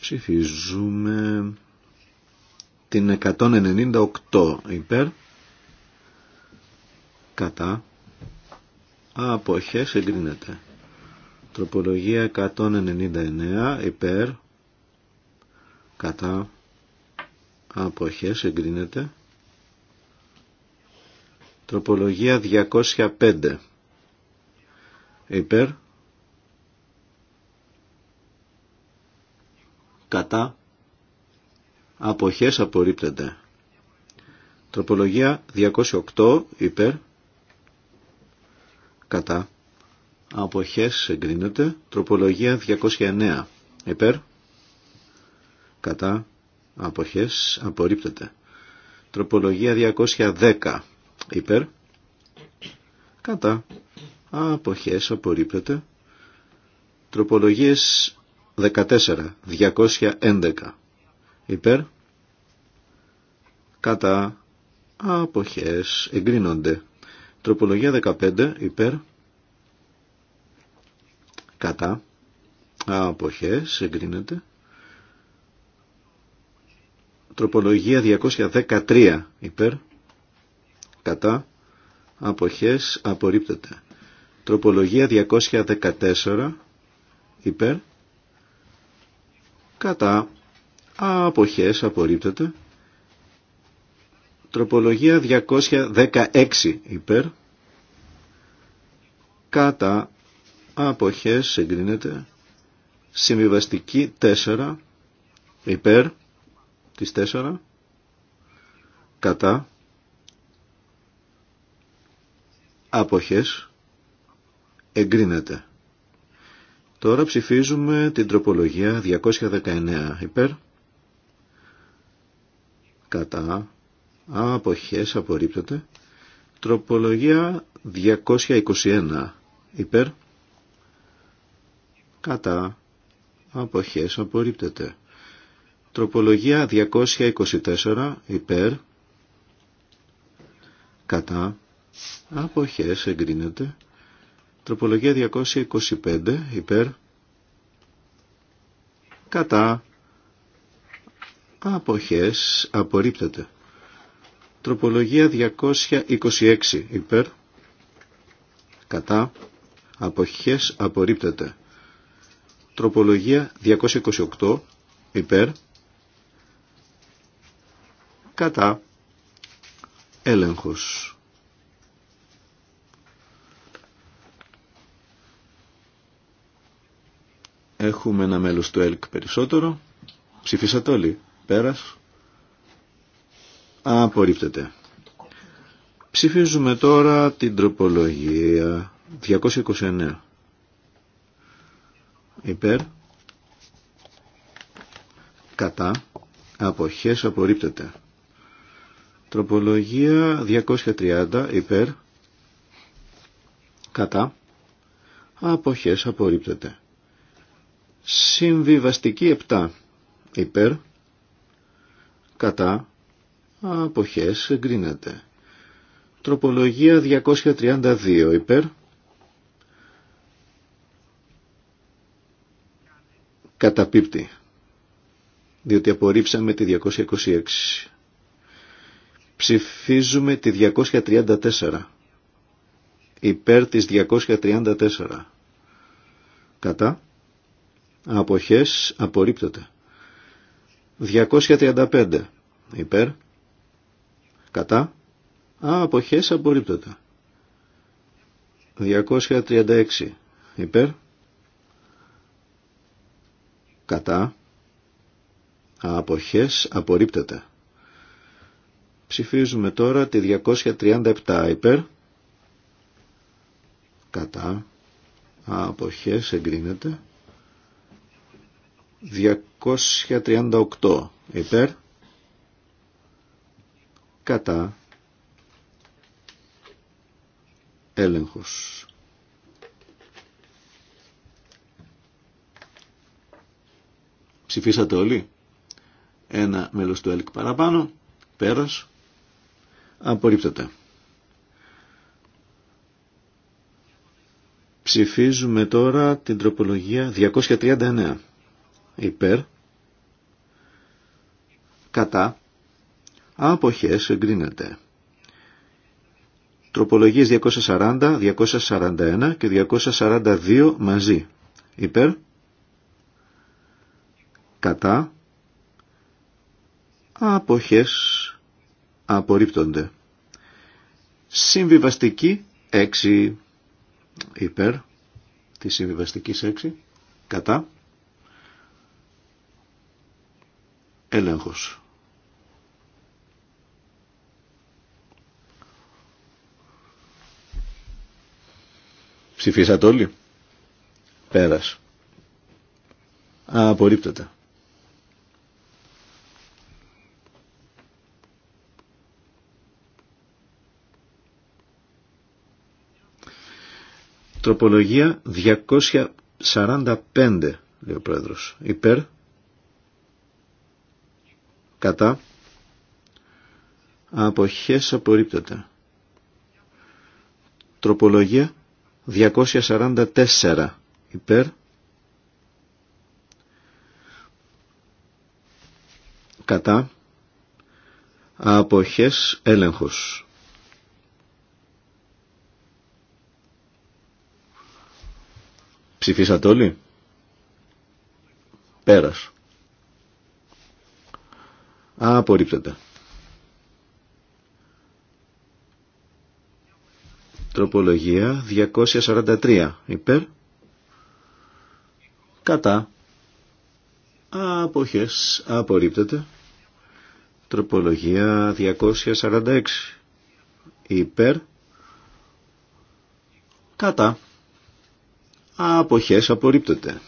Ψηφίζουμε την 198 υπέρ κατά αποχές εγκρίνεται τροπολογία 199 υπέρ κατά αποχές εγκρίνεται τροπολογία 205 υπέρ κατά αποχές απορρίπτεται. Τροπολογία 208 υπέρ κατά αποχές εγκρίνεται. Τροπολογία 209 υπέρ κατά αποχές απορρίπτεται. Τροπολογία 210 υπέρ κατά αποχές απορρίπτεται. Τροπολογίες 14, 211 υπέρ κατά αποχές εγκρίνονται. Τροπολογία 15 υπέρ κατά αποχές εγκρίνεται. Τροπολογία 213 υπέρ κατά αποχές απορρίπτεται. Τροπολογία 214 υπέρ κατά Αποχές απορρίπτεται. Τροπολογία 216 υπέρ. Κατά αποχές εγκρίνεται. Συμβιβαστική 4 υπέρ της 4. Κατά αποχές εγκρίνεται. Τώρα ψηφίζουμε την τροπολογία 219 υπέρ κατά αποχές απορρίπτεται τροπολογία 221 υπέρ κατά αποχές απορρίπτεται τροπολογία 224 υπέρ κατά αποχές εγκρίνεται τροπολογία 225 υπέρ κατά Αποχές απορρίπτεται. Τροπολογία 226 υπέρ. Κατά. Αποχές απορρίπτεται. Τροπολογία 228 υπέρ. Κατά. Έλεγχος. Έχουμε ένα μέλος του ΕΛΚ περισσότερο. Ψηφίσατε όλοι. Πέρας. Απορρίπτεται. Ψηφίζουμε τώρα την τροπολογία 229. Υπέρ. Κατά. Αποχές απορρίπτεται. Τροπολογία 230 υπέρ. Κατά. Αποχές απορρίπτεται. Συμβιβαστική 7 υπέρ κατά αποχές εγκρίνεται. Τροπολογία 232 υπέρ καταπίπτει διότι απορρίψαμε τη 226. Ψηφίζουμε τη 234 υπέρ της 234 κατά αποχές απορρίπτεται. 235 υπέρ κατά α, αποχές απορρίπτεται 236 υπέρ κατά α, αποχές απορρίπτεται ψηφίζουμε τώρα τη 237 υπέρ κατά α, αποχές εγκρίνεται 238 υπέρ κατά έλεγχος. Ψηφίσατε όλοι. Ένα μέλος του ΕΛΚ παραπάνω. Πέρας. Απορρίπτεται. Ψηφίζουμε τώρα την τροπολογία 239 υπέρ κατά αποχές εγκρίνεται. Τροπολογίες 240, 241 και 242 μαζί υπέρ κατά αποχές απορρίπτονται. Συμβιβαστική 6 υπέρ τη συμβιβαστική 6 κατά έλεγχος. Ψηφίσατε όλοι. Πέρας. Α, Τροπολογία 245, λέει ο Πρόεδρος. Υπέρ κατά αποχές απορρίπτεται. Τροπολογία 244 υπέρ κατά αποχές έλεγχος. Ψηφίσατε όλοι. Πέρας. Απορρίπτεται. Τροπολογία 243. Υπέρ. Κατά. Αποχές. Απορρίπτεται. Τροπολογία 246. Υπέρ. Κατά. Αποχές. Απορρίπτεται.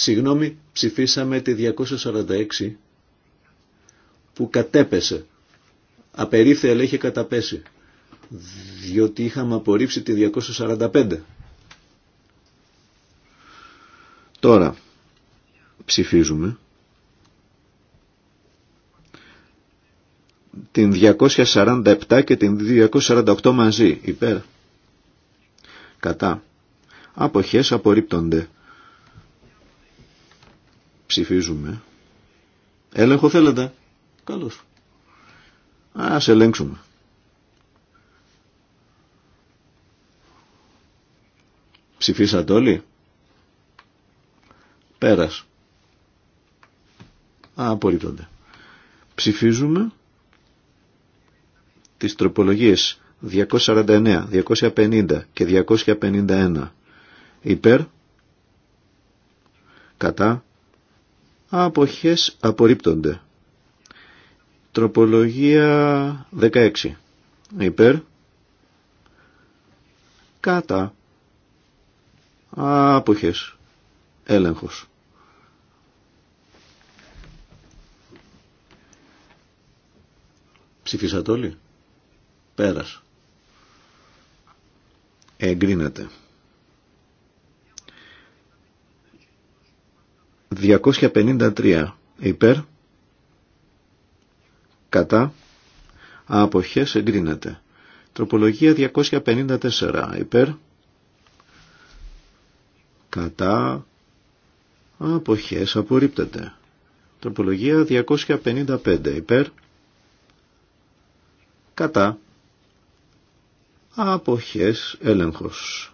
Συγγνώμη, ψηφίσαμε τη 246 που κατέπεσε. Απερίφθεια λέει είχε καταπέσει. Διότι είχαμε απορρίψει τη 245. Τώρα ψηφίζουμε την 247 και την 248 μαζί υπέρ κατά αποχές απορρίπτονται Ψηφίζουμε. Έλεγχο θέλετε. Καλώς. Ας ελέγξουμε. Ψηφίσατε όλοι. Πέρας. Α, απορρίπτονται. Ψηφίζουμε τις τροπολογίες 249, 250 και 251 υπέρ, κατά, Αποχές απορρίπτονται. Τροπολογία 16. Υπέρ. Κατά. Αποχές. Έλεγχος. Ψηφίσατε όλοι. Πέρας. Εγκρίνεται. 253 υπέρ κατά αποχές εγκρίνεται. Τροπολογία 254 υπέρ κατά αποχές απορρίπτεται. Τροπολογία 255 υπέρ κατά αποχές έλεγχος.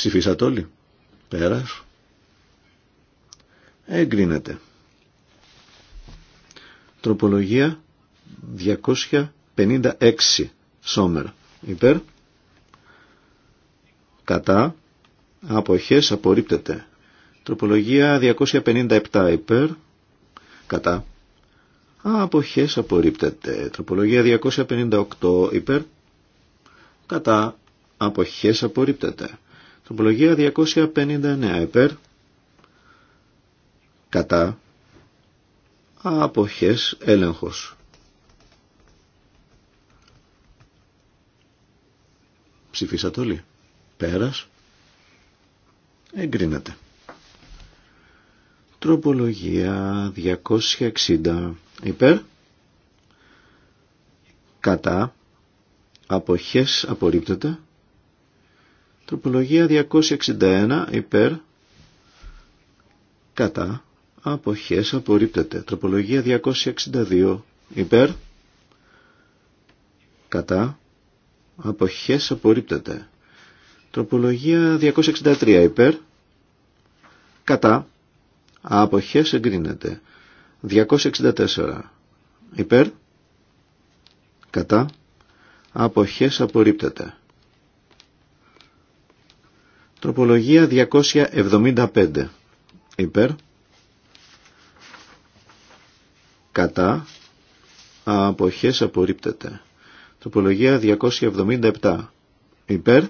Ψηφίσατε όλοι. Πέρας. Εγκρίνεται. Τροπολογία 256 σόμερ. Υπέρ. Κατά. Αποχές απορρίπτεται. Τροπολογία 257 υπέρ. Κατά. Αποχές απορρίπτεται. Τροπολογία 258 υπέρ. Κατά. Αποχές απορρίπτεται. Τροπολογία 259 Επέρ. κατά αποχές έλεγχος. Ψηφίσατε όλοι. Πέρας. Εγκρίνεται. Τροπολογία 260 υπέρ κατά αποχές απορρίπτεται Τροπολογία 261 υπέρ κατά αποχές απορρίπτεται. Τροπολογία 262 υπέρ κατά αποχές απορρίπτεται. Τροπολογία 263 υπέρ κατά αποχές εγκρίνεται. 264 υπέρ κατά αποχές απορρίπτεται. Τροπολογία 275. Υπέρ. Κατά. Αποχές απορρίπτεται. Τροπολογία 277. Υπέρ.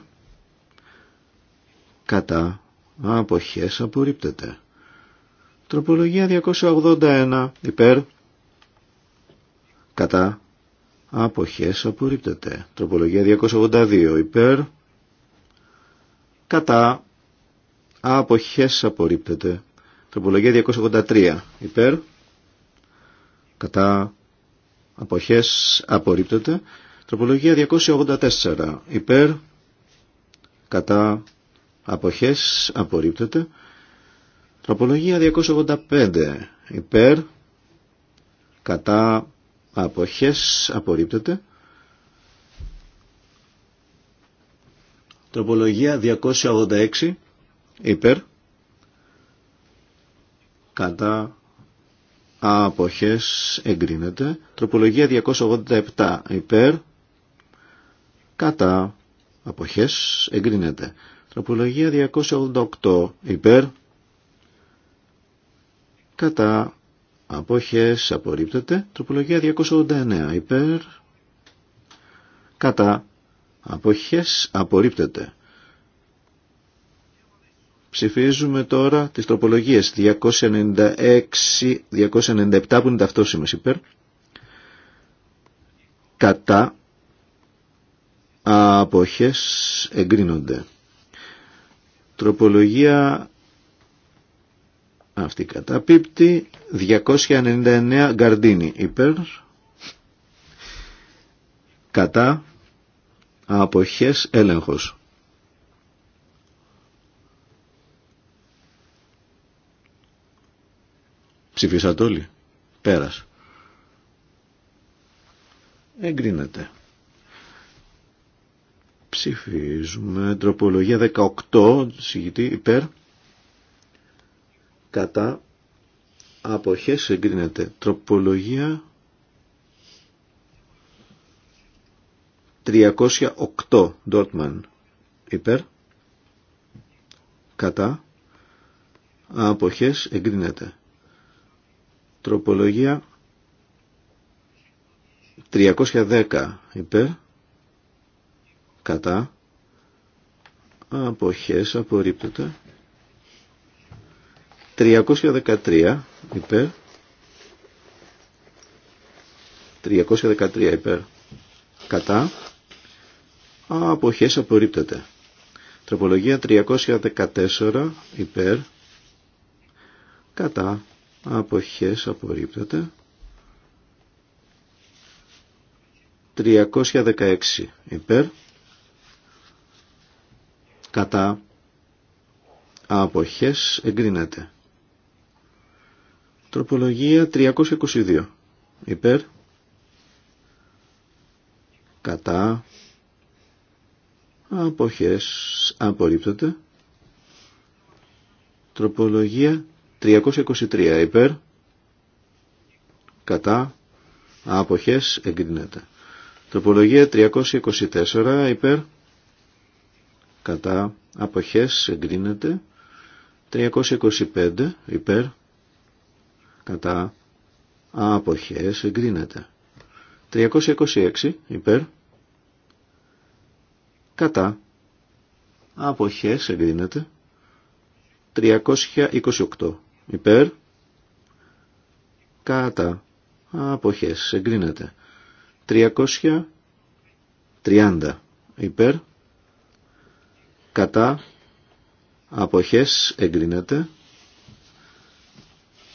Κατά. Αποχές απορρίπτεται. Τροπολογία 281. Υπέρ. Κατά. Αποχές απορρίπτεται. Τροπολογία 282. Υπέρ κατά αποχές απορρίπτεται. Τροπολογία 283 υπέρ κατά αποχές απορρίπτεται. Τροπολογία 284 υπέρ κατά αποχές απορρίπτεται. Τροπολογία 285 υπέρ κατά αποχές απορρίπτεται. Τροπολογία 286 υπέρ κατά αποχές εγκρίνεται. Τροπολογία 287 υπέρ κατά αποχές εγκρίνεται. Τροπολογία 288 υπέρ κατά αποχές απορρίπτεται. Τροπολογία 289 υπέρ κατά Αποχές απορρίπτεται. Ψηφίζουμε τώρα τις τροπολογίες 296, 297 που είναι ταυτόσιμες υπέρ. Κατά αποχές εγκρίνονται. Τροπολογία αυτή καταπίπτει 299 γκαρντίνι υπέρ κατά αποχές έλεγχος. Ψηφίσατε όλοι. Πέρας. Εγκρίνεται. Ψηφίζουμε τροπολογία 18, συγητή υπέρ, κατά αποχές εγκρίνεται. Τροπολογία 308 Dortmund. υπέρ κατά αποχές εγκρίνεται τροπολογία 310 υπέρ κατά αποχές απορρίπτεται 313 υπέρ 313 υπέρ κατά αποχές απορρίπτεται. Τροπολογία 314 υπέρ κατά αποχές απορρίπτεται. 316 υπέρ κατά αποχές εγκρίνεται. Τροπολογία 322 υπέρ κατά Αποχές απορρίπτονται. Τροπολογία 323 υπέρ. Κατά. Αποχές εγκρίνεται. Τροπολογία 324 υπέρ. Κατά. Αποχές εγκρίνεται. 325 υπέρ. Κατά. Αποχές εγκρίνεται. 326 υπέρ κατά αποχές εγκρίνεται 328 υπέρ κατά αποχές εγκρίνεται 330 υπέρ κατά αποχές εγκρίνεται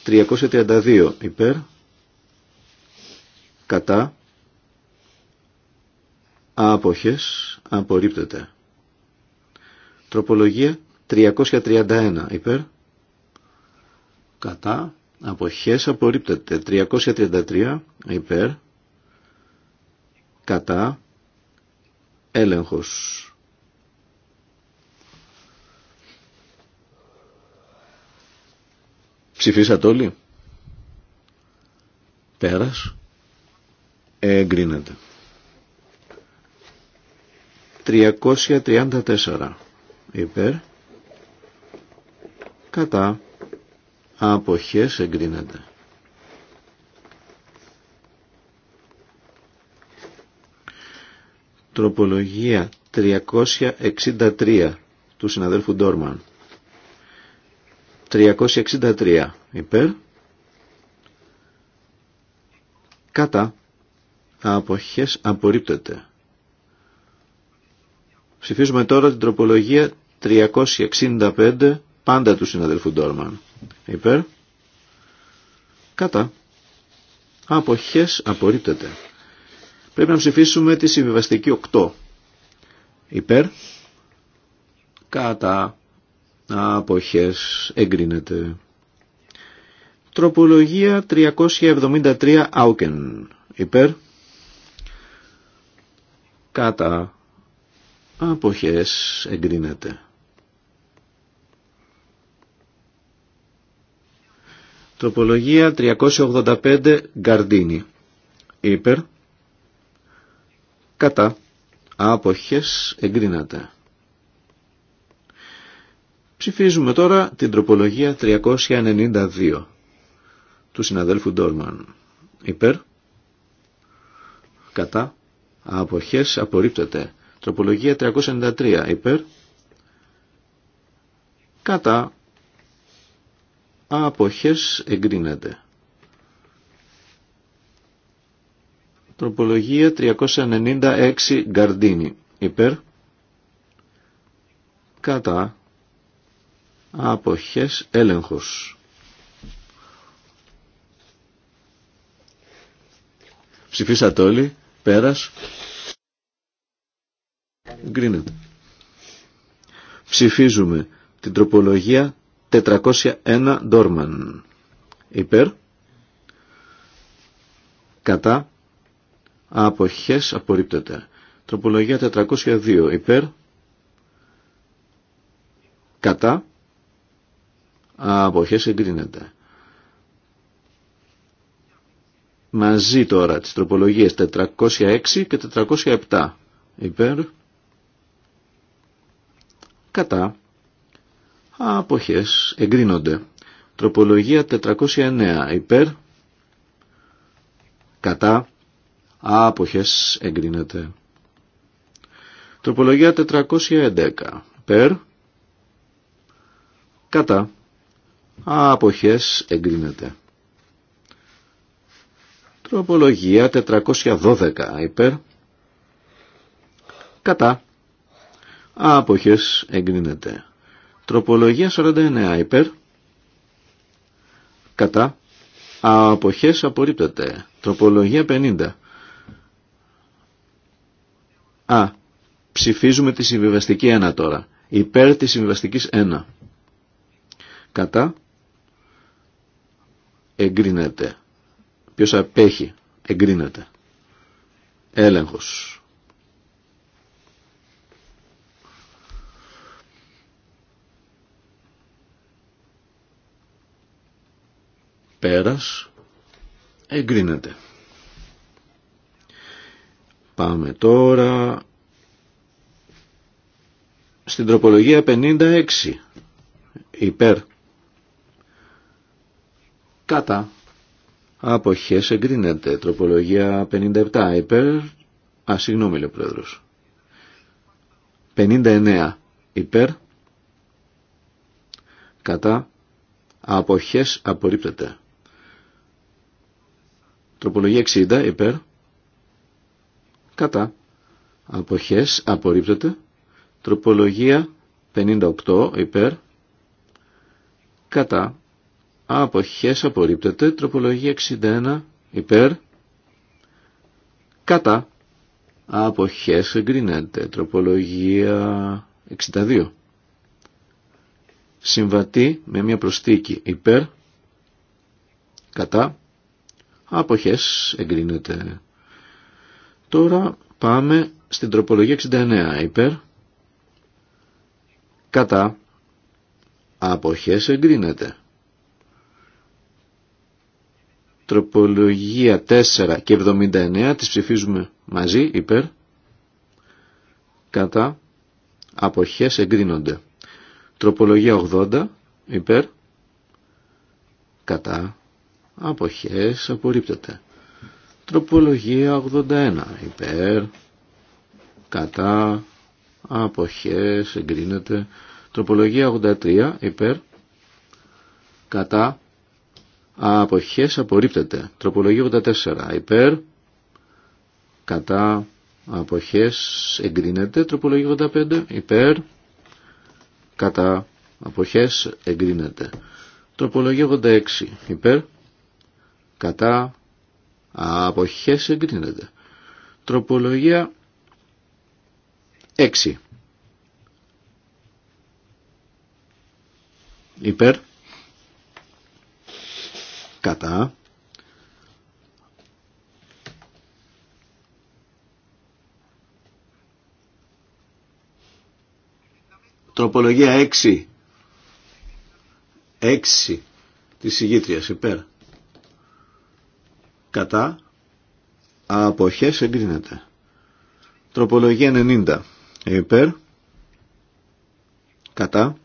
332 υπέρ κατά άποχες απορρίπτεται. Τροπολογία 331 υπέρ κατά αποχές απορρίπτεται. 333 υπέρ κατά έλεγχος. Ψηφίσατε όλοι. Πέρας. Εγκρίνεται. 334 υπέρ κατά αποχές εγκρίνεται. Τροπολογία 363 του συναδέλφου Ντόρμαν. 363 υπέρ κατά αποχές απορρίπτεται. Ψηφίζουμε τώρα την τροπολογία 365 πάντα του συναδελφού Ντόρμαν. Υπέρ. Κατά. Αποχές απορρίπτεται. Πρέπει να ψηφίσουμε τη συμβιβαστική 8. Υπέρ. Κατά. Αποχές εγκρίνεται. Τροπολογία 373 Άουκεν. Υπέρ. Κατά. Αποχές εγκρίνεται. Τροπολογία 385 Γκαρντίνη. Υπερ. Κατά. Άποχες εγκρίνεται. Ψηφίζουμε τώρα την τροπολογία 392 του συναδέλφου Ντόρμαν. Υπερ. Κατά. Άποχες απορρίπτεται. Τροπολογία 393 υπέρ. Κατά αποχές εγκρίνεται. Τροπολογία 396 Γκαρντίνη υπέρ. Κατά αποχές έλεγχος. Ψηφίσατε όλοι, πέρας. Εγκρίνεται. Ψηφίζουμε την τροπολογία 401 Ντόρμαν. Υπέρ. Κατά. Αποχές απορρίπτεται. Τροπολογία 402. Υπέρ. Κατά. Αποχές εγκρίνεται. Μαζί τώρα τις τροπολογίες 406 και 407. Υπέρ κατά αποχές εγκρίνονται. Τροπολογία 409 υπέρ κατά άποχες εγκρίνεται. Τροπολογία 411 υπέρ κατά άποχες εγκρίνεται. Τροπολογία 412 υπέρ κατά Άποχες εγκρίνεται. Τροπολογία 49 υπέρ. Κατά. Αποχές απορρίπτεται. Τροπολογία 50. Α. Ψηφίζουμε τη συμβιβαστική 1 τώρα. Υπέρ της συμβιβαστικής 1. Κατά. Εγκρίνεται. Ποιος απέχει. Εγκρίνεται. Έλεγχος. πέρας εγκρίνεται. Πάμε τώρα στην τροπολογία 56 υπέρ κατά αποχές εγκρίνεται τροπολογία 57 υπέρ α συγγνώμη ο πρόεδρος 59 υπέρ κατά αποχές απορρίπτεται Τροπολογία 60 υπέρ. Κατά. Αποχές απορρίπτεται. Τροπολογία 58 υπέρ. Κατά. Αποχές απορρίπτεται. Τροπολογία 61 υπέρ. Κατά. Αποχές εγκρίνεται. Τροπολογία 62. Συμβατή με μια προστίκη υπέρ. Κατά Αποχές εγκρίνεται. Τώρα πάμε στην τροπολογία 69 υπέρ. Κατά. Αποχές εγκρίνεται. Τροπολογία 4 και 79 τις ψηφίζουμε μαζί υπέρ. Κατά. Αποχές εγκρίνονται. Τροπολογία 80 υπέρ. Κατά αποχές απορρίπτεται. Τροπολογία 81 υπέρ, κατά, αποχές εγκρίνεται. Τροπολογία 83 υπέρ, κατά, αποχές απορρίπτεται. Τροπολογία 84 υπέρ, κατά, αποχές εγκρίνεται. Τροπολογία 85 υπέρ, κατά, αποχές εγκρίνεται. Τροπολογία 86 υπέρ, κατά αποχές εγκρίνεται. Τροπολογία 6. Υπέρ, κατά, Τροπολογία 6. 6 της ηγήτριας υπέρ κατά αποχές εγκρίνεται. Τροπολογία 90 υπέρ κατά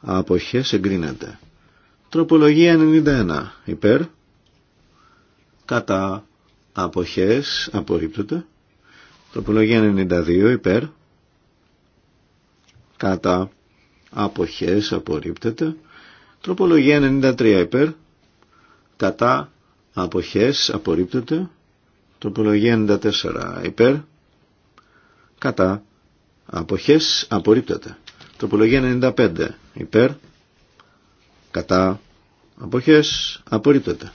αποχές εγκρίνεται. Τροπολογία 91 υπέρ κατά αποχές απορρίπτεται. Τροπολογία 92 υπέρ κατά αποχές απορρίπτεται. Τροπολογία 93 υπέρ κατά αποχές απορρίπτεται τροπολογία 94 υπέρ κατά αποχές απορρίπτεται τροπολογία 95 υπέρ κατά αποχές απορρίπτεται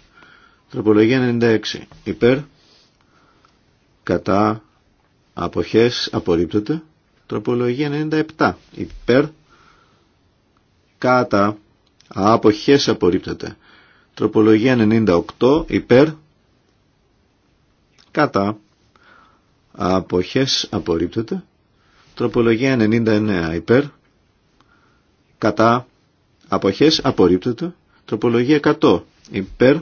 τροπολογία 96 υπέρ κατά αποχές απορρίπτεται τροπολογία 97 υπέρ κατά αποχές απορρίπτεται Τροπολογία 98 υπέρ κατά αποχές απορρίπτεται. Τροπολογία 99 υπέρ κατά αποχές απορρίπτεται. Τροπολογία 100 υπέρ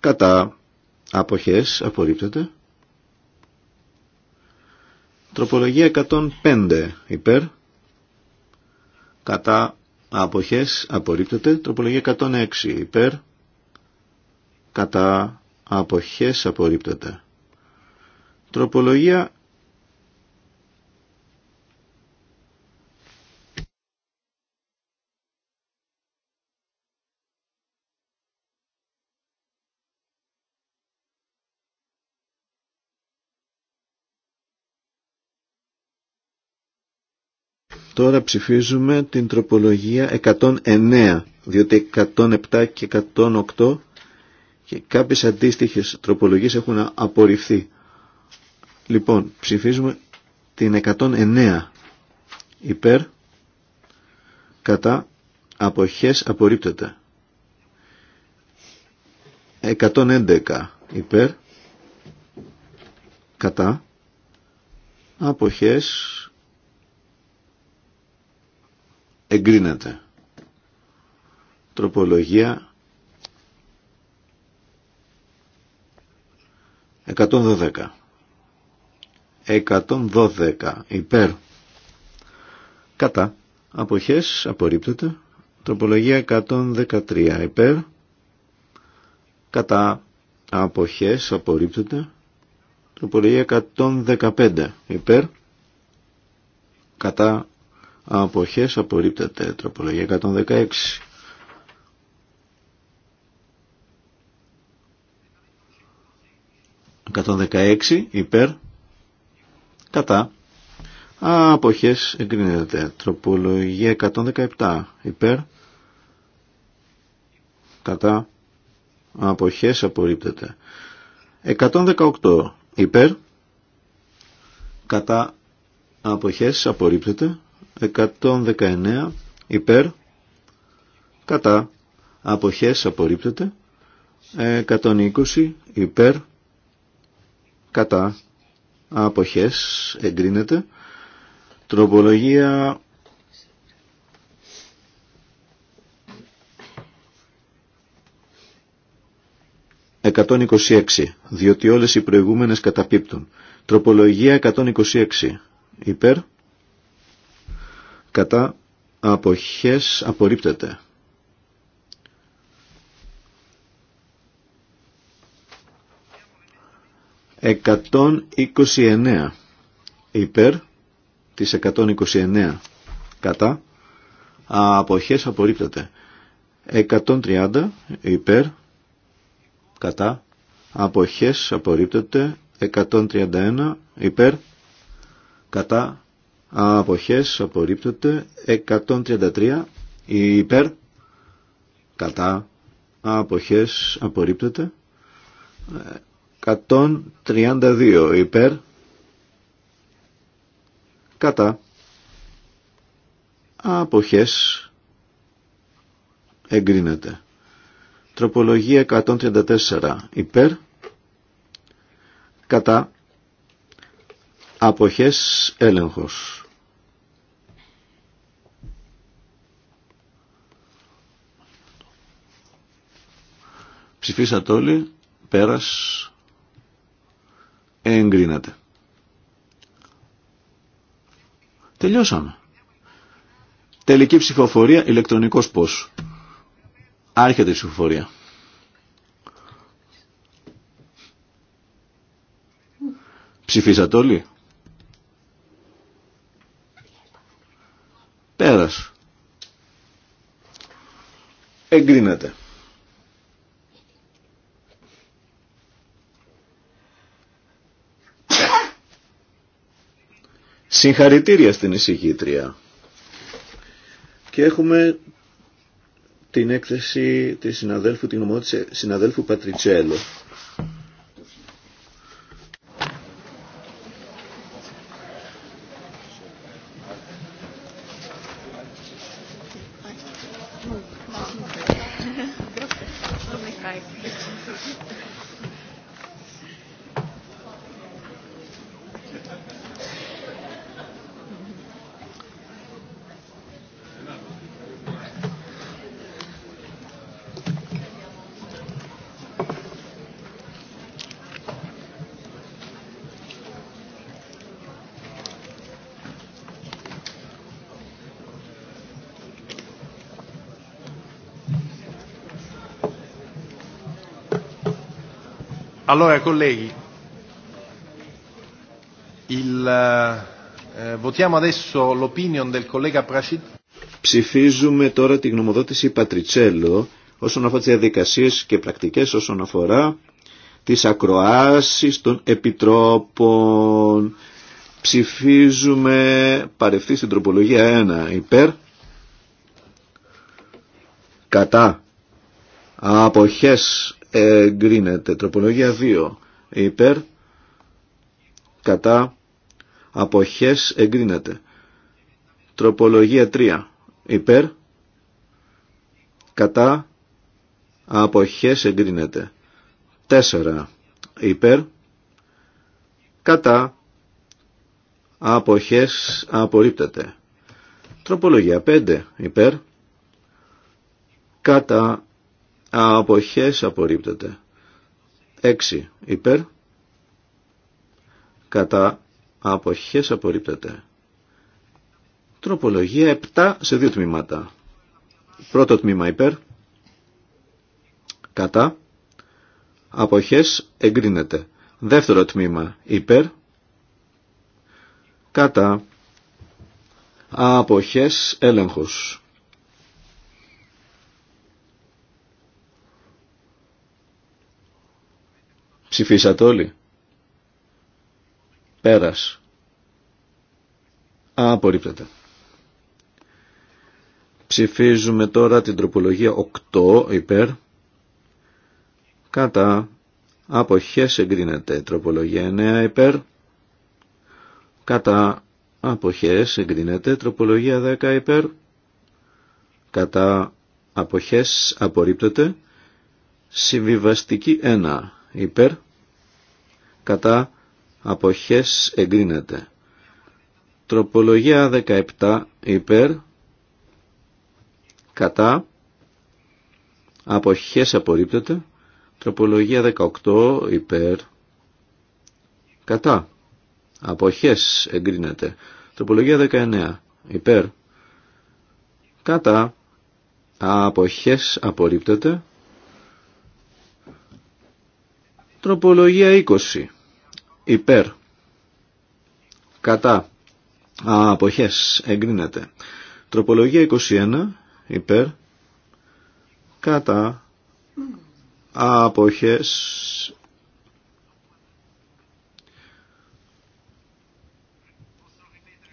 κατά αποχές απορρίπτεται. Τροπολογία 105 υπέρ κατά αποχές απορρίπτεται. Τροπολογία 106 υπέρ κατά αποχές απορρίπτεται. Τροπολογία Τώρα ψηφίζουμε την τροπολογία 109, διότι 107 και 108 και κάποιες αντίστοιχες τροπολογίες έχουν απορριφθεί. Λοιπόν, ψηφίζουμε την 109 υπέρ, κατά, αποχές απορρίπτεται. 111 υπέρ, κατά, αποχές εγκρίνεται. Τροπολογία 112. 112 υπέρ. Κατά. Αποχές απορρίπτεται. Τροπολογία 113 υπέρ. Κατά. Αποχές απορρίπτεται. Τροπολογία 115 υπέρ. Κατά αποχές απορρίπτεται τροπολογία 116 116 υπέρ κατά αποχές εγκρίνεται τροπολογία 117 υπέρ κατά αποχές απορρίπτεται 118 υπέρ κατά αποχές απορρίπτεται 119 υπέρ κατά αποχές απορρίπτεται 120 υπέρ κατά αποχές εγκρίνεται τροπολογία 126 διότι όλες οι προηγούμενες καταπίπτουν τροπολογία 126 υπέρ κατά αποχές απορρίπτεται. 129 υπέρ της 129 κατά αποχές απορρίπτεται. 130 υπέρ κατά αποχές απορρίπτεται. 131 υπέρ κατά αποχές απορρίπτωται 133 υπέρ κατά αποχές απορρίπτωται 132 υπέρ κατά αποχές εγκρίνεται τροπολογία 134 υπέρ κατά αποχές έλεγχος Ψηφίσατε όλοι. Πέρας. Εγκρίνατε. Τελειώσαμε. Τελική ψηφοφορία, ηλεκτρονικός πώς. Άρχεται η ψηφοφορία. Ψηφίσατε όλοι. Πέρας. Εγκρίνεται. Συγχαρητήρια στην εισηγήτρια. Και έχουμε την έκθεση της συναδέλφου, την συναδέλφου Πατριτσέλο. Allora, colleghi, il, eh, eh, votiamo adesso l'opinion del collega Prasid. Ψηφίζουμε τώρα τη γνωμοδότηση Πατριτσέλο όσον αφορά τις διαδικασίες και πρακτικές όσον αφορά τις ακροάσεις των επιτρόπων. Ψηφίζουμε παρευθύ στην τροπολογία 1 υπέρ, κατά, αποχές εγκρίνεται. Τροπολογία 2 υπέρ κατά αποχές εγκρίνεται. Τροπολογία 3 υπέρ κατά αποχές εγκρίνεται. 4 υπέρ κατά αποχές απορρίπτεται. Τροπολογία 5 υπέρ κατά Αποχές απορρίπτεται. 6 υπέρ. Κατά αποχές απορρίπτεται. Τροπολογία 7 σε δύο τμήματα. Πρώτο τμήμα υπέρ. Κατά. Αποχές εγκρίνεται. Δεύτερο τμήμα υπέρ. Κατά. Αποχές έλεγχος. Ψηφίσατε όλοι. Πέρας. Απορρίπτεται. Ψηφίζουμε τώρα την τροπολογία 8 υπέρ. Κατά. Αποχές εγκρίνεται. Τροπολογία 9 υπέρ. Κατά. Αποχές εγκρίνεται. Τροπολογία 10 υπέρ. Κατά. Αποχές απορρίπτεται. Συμβιβαστική 1 υπέρ κατά αποχές εγκρίνεται. Τροπολογία 17 υπέρ κατά αποχές απορρίπτεται. Τροπολογία 18 υπέρ κατά αποχές εγκρίνεται. Τροπολογία 19 υπέρ κατά αποχές απορρίπτεται. Τροπολογία 20. Υπέρ. Κατά. Α, αποχές. Εγκρίνεται. Τροπολογία 21. Υπέρ. Κατά. Αποχές.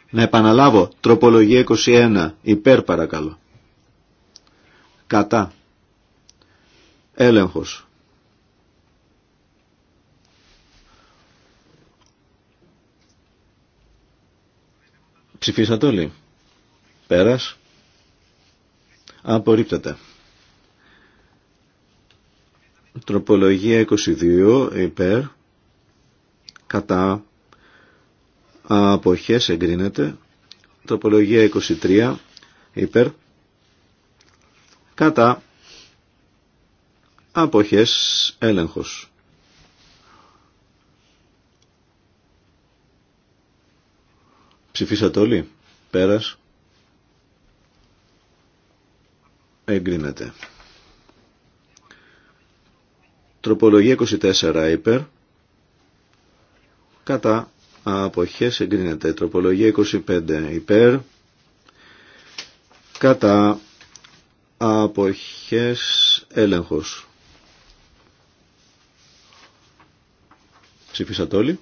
Να επαναλάβω. Τροπολογία 21. Υπέρ παρακαλώ. Κατά. Έλεγχος. Ψηφίσατε όλοι. Πέρας. Απορρίπτεται. Τροπολογία 22 υπέρ. Κατά. Αποχές εγκρίνεται. Τροπολογία 23 υπέρ. Κατά. Αποχές έλεγχος. Ψηφίσατε όλοι. Πέρας. Εγκρίνεται. Τροπολογία 24 υπέρ. Κατά αποχές εγκρίνεται. Τροπολογία 25 υπέρ. Κατά αποχές έλεγχος. Ψηφίσατε όλοι.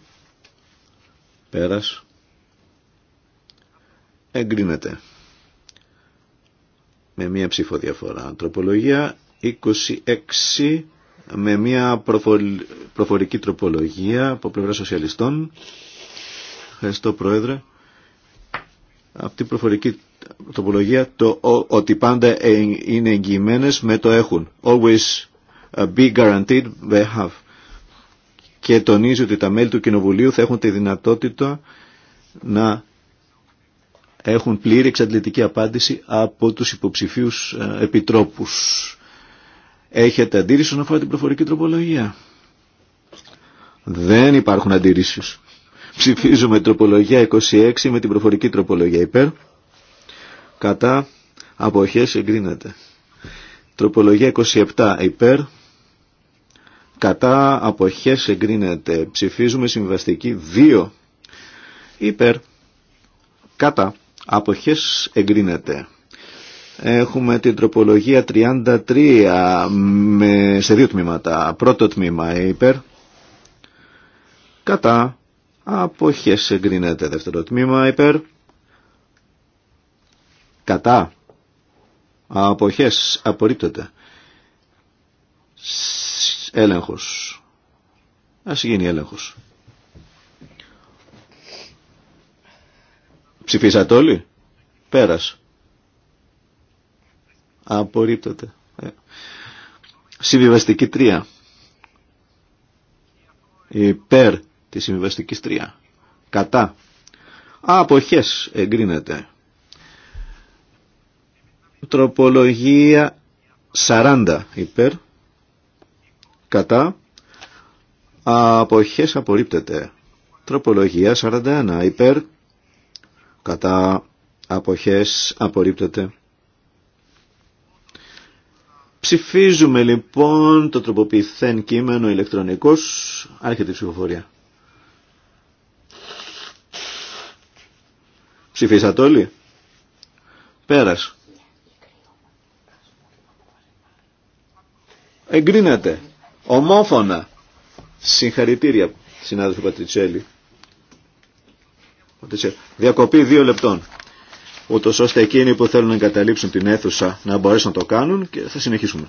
Πέρας εγκρίνεται με μία ψήφο διαφορά. Τροπολογία 26 με μία προφορική τροπολογία από πλευρά σοσιαλιστών. Ευχαριστώ Πρόεδρε. Αυτή η προφορική τροπολογία το ότι πάντα είναι εγγυημένε με το έχουν. Always uh, be guaranteed they have. Και τονίζει ότι τα μέλη του Κοινοβουλίου θα έχουν τη δυνατότητα να έχουν πλήρη εξαντλητική απάντηση από τους υποψηφίους ε, επιτρόπους. Έχετε αντίρρηση όσον αφορά την προφορική τροπολογία. Δεν υπάρχουν αντίρρησεις. Ψηφίζουμε τροπολογία 26 με την προφορική τροπολογία υπέρ. Κατά αποχές εγκρίνεται. Τροπολογία 27 υπέρ. Κατά αποχές εγκρίνεται. Ψηφίζουμε συμβαστική 2 υπέρ. Κατά Αποχές εγκρίνεται. Έχουμε την τροπολογία 33 με, σε δύο τμήματα. Πρώτο τμήμα υπέρ. Κατά. Αποχές εγκρίνεται. Δεύτερο τμήμα υπέρ. Κατά. Αποχές απορρίπτεται. Έλεγχος. Ας γίνει έλεγχος. Ψηφίσατε όλοι. Πέρας. Απορρίπτεται. Ε. Συμβιβαστική 3. Υπέρ της συμβιβαστικής 3. Κατά. Αποχές εγκρίνεται. Τροπολογία 40 υπέρ. Κατά. Αποχές απορρίπτεται. Τροπολογία 41 υπέρ κατά αποχές απορρίπτεται. Ψηφίζουμε λοιπόν το τροποποιηθέν κείμενο ηλεκτρονικός. Άρχεται η ψηφοφορία. Ψηφίσατε όλοι. Πέρας. Εγκρίνεται. Ομόφωνα. Συγχαρητήρια, συνάδελφε Πατριτσέλη. Διακοπή δύο λεπτών. Ούτως ώστε εκείνοι που θέλουν να εγκαταλείψουν την αίθουσα να μπορέσουν να το κάνουν και θα συνεχίσουμε.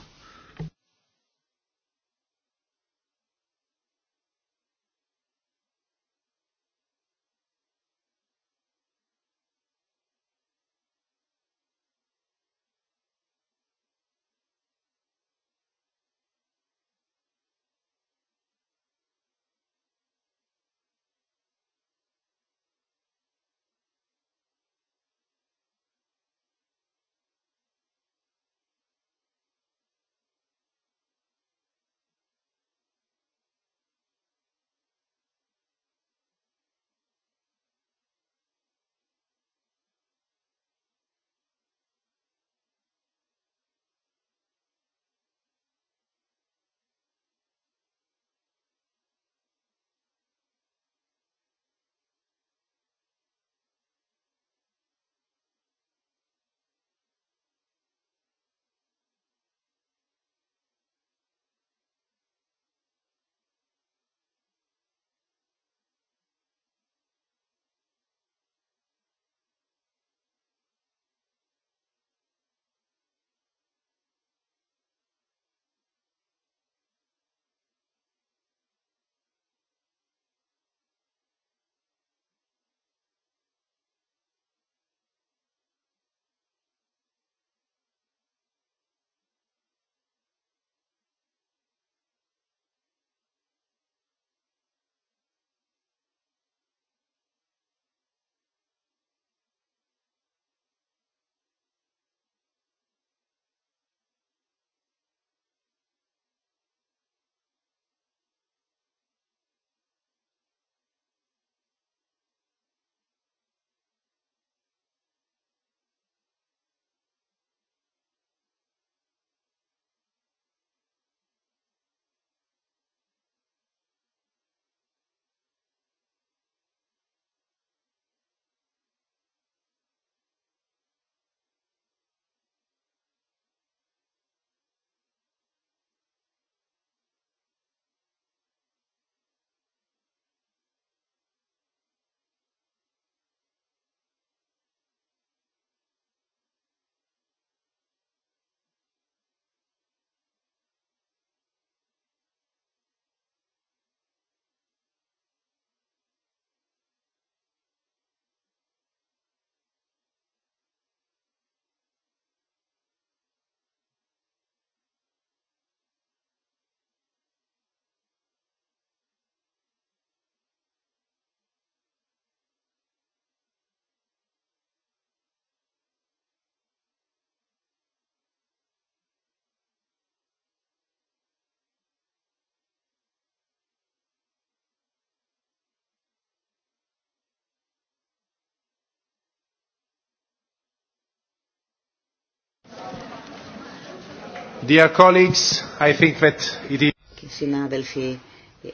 συνάδελφοι,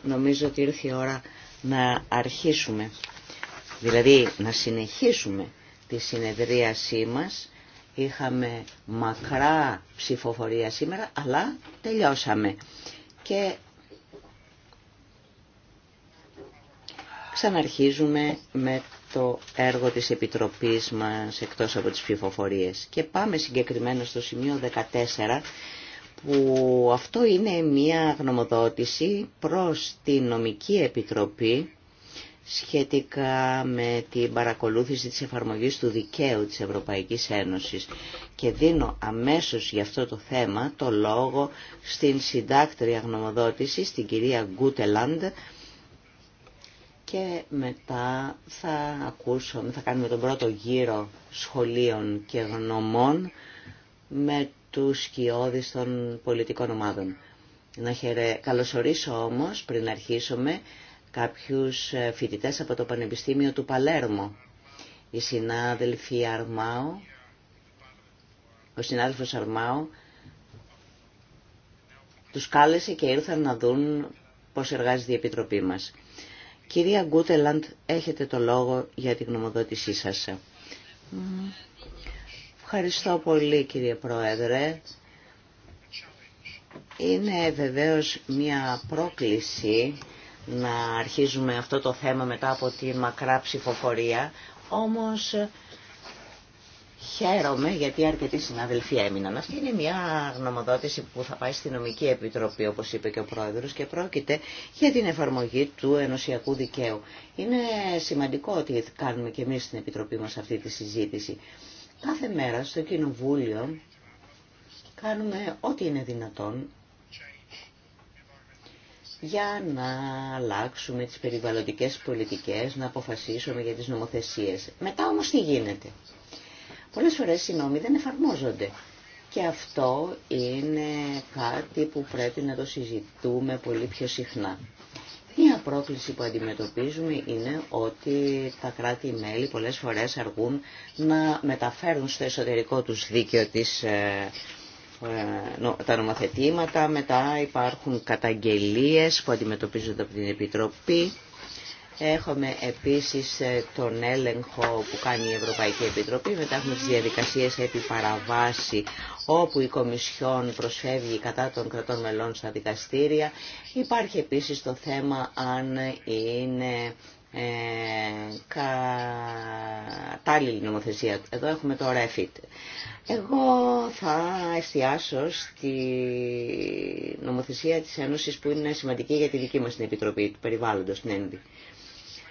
νομίζω ότι ήρθε η ώρα να αρχίσουμε, δηλαδή να συνεχίσουμε τη συνεδρίασή μας. Είχαμε μακρά ψηφοφορία σήμερα, αλλά τελειώσαμε. Και ξαναρχίζουμε με το έργο της Επιτροπής μας εκτός από τις ψηφοφορίες. Και πάμε συγκεκριμένα στο σημείο 14 που αυτό είναι μια γνωμοδότηση προς τη νομική επιτροπή σχετικά με την παρακολούθηση της εφαρμογής του δικαίου της Ευρωπαϊκής Ένωσης και δίνω αμέσως για αυτό το θέμα το λόγο στην συντάκτρια γνωμοδότηση, στην κυρία Γκούτελαντ και μετά θα ακούσουμε, θα κάνουμε τον πρώτο γύρο σχολείων και γνωμών με του σκιώδη των πολιτικών ομάδων. Να χαιρε... καλωσορίσω όμως, πριν αρχίσουμε, κάποιους ε, φοιτητές από το Πανεπιστήμιο του Παλέρμο. Η συνάδελφοι Αρμάου, ο συνάδελφος Αρμάου, τους κάλεσε και ήρθαν να δουν πώς εργάζεται η Επιτροπή μας. Κυρία Γκούτελαντ, έχετε το λόγο για την γνωμοδότησή σας. Ευχαριστώ πολύ κύριε Πρόεδρε. Είναι βεβαίως μια πρόκληση να αρχίζουμε αυτό το θέμα μετά από τη μακρά ψηφοφορία, όμως χαίρομαι γιατί αρκετοί συναδελφοί έμειναν. Αυτή είναι μια γνωμοδότηση που θα πάει στη Νομική Επιτροπή, όπως είπε και ο Πρόεδρος, και πρόκειται για την εφαρμογή του ενωσιακού δικαίου. Είναι σημαντικό ότι κάνουμε και εμείς στην Επιτροπή μας αυτή τη συζήτηση. Κάθε μέρα στο Κοινοβούλιο κάνουμε ό,τι είναι δυνατόν για να αλλάξουμε τις περιβαλλοντικές πολιτικές, να αποφασίσουμε για τις νομοθεσίες. Μετά όμως τι γίνεται. Πολλές φορές οι νόμοι δεν εφαρμόζονται. Και αυτό είναι κάτι που πρέπει να το συζητούμε πολύ πιο συχνά. Μία πρόκληση που αντιμετωπίζουμε είναι ότι τα κράτη-μέλη πολλές φορές αργούν να μεταφέρουν στο εσωτερικό τους δίκαιο της, ε, ε, τα νομοθετήματα, μετά υπάρχουν καταγγελίες που αντιμετωπίζονται από την Επιτροπή Έχουμε επίσης ε, τον έλεγχο που κάνει η Ευρωπαϊκή Επιτροπή, μετά έχουμε τις διαδικασίες επί παραβάση, όπου η Κομισιόν προσφεύγει κατά των κρατών μελών στα δικαστήρια. Υπάρχει επίσης το θέμα αν είναι ε, κατάλληλη νομοθεσία. Εδώ έχουμε το REFIT. Εγώ θα εστιάσω στη νομοθεσία της Ένωσης που είναι σημαντική για τη δική μας την Επιτροπή του Περιβάλλοντος, την Ένωση.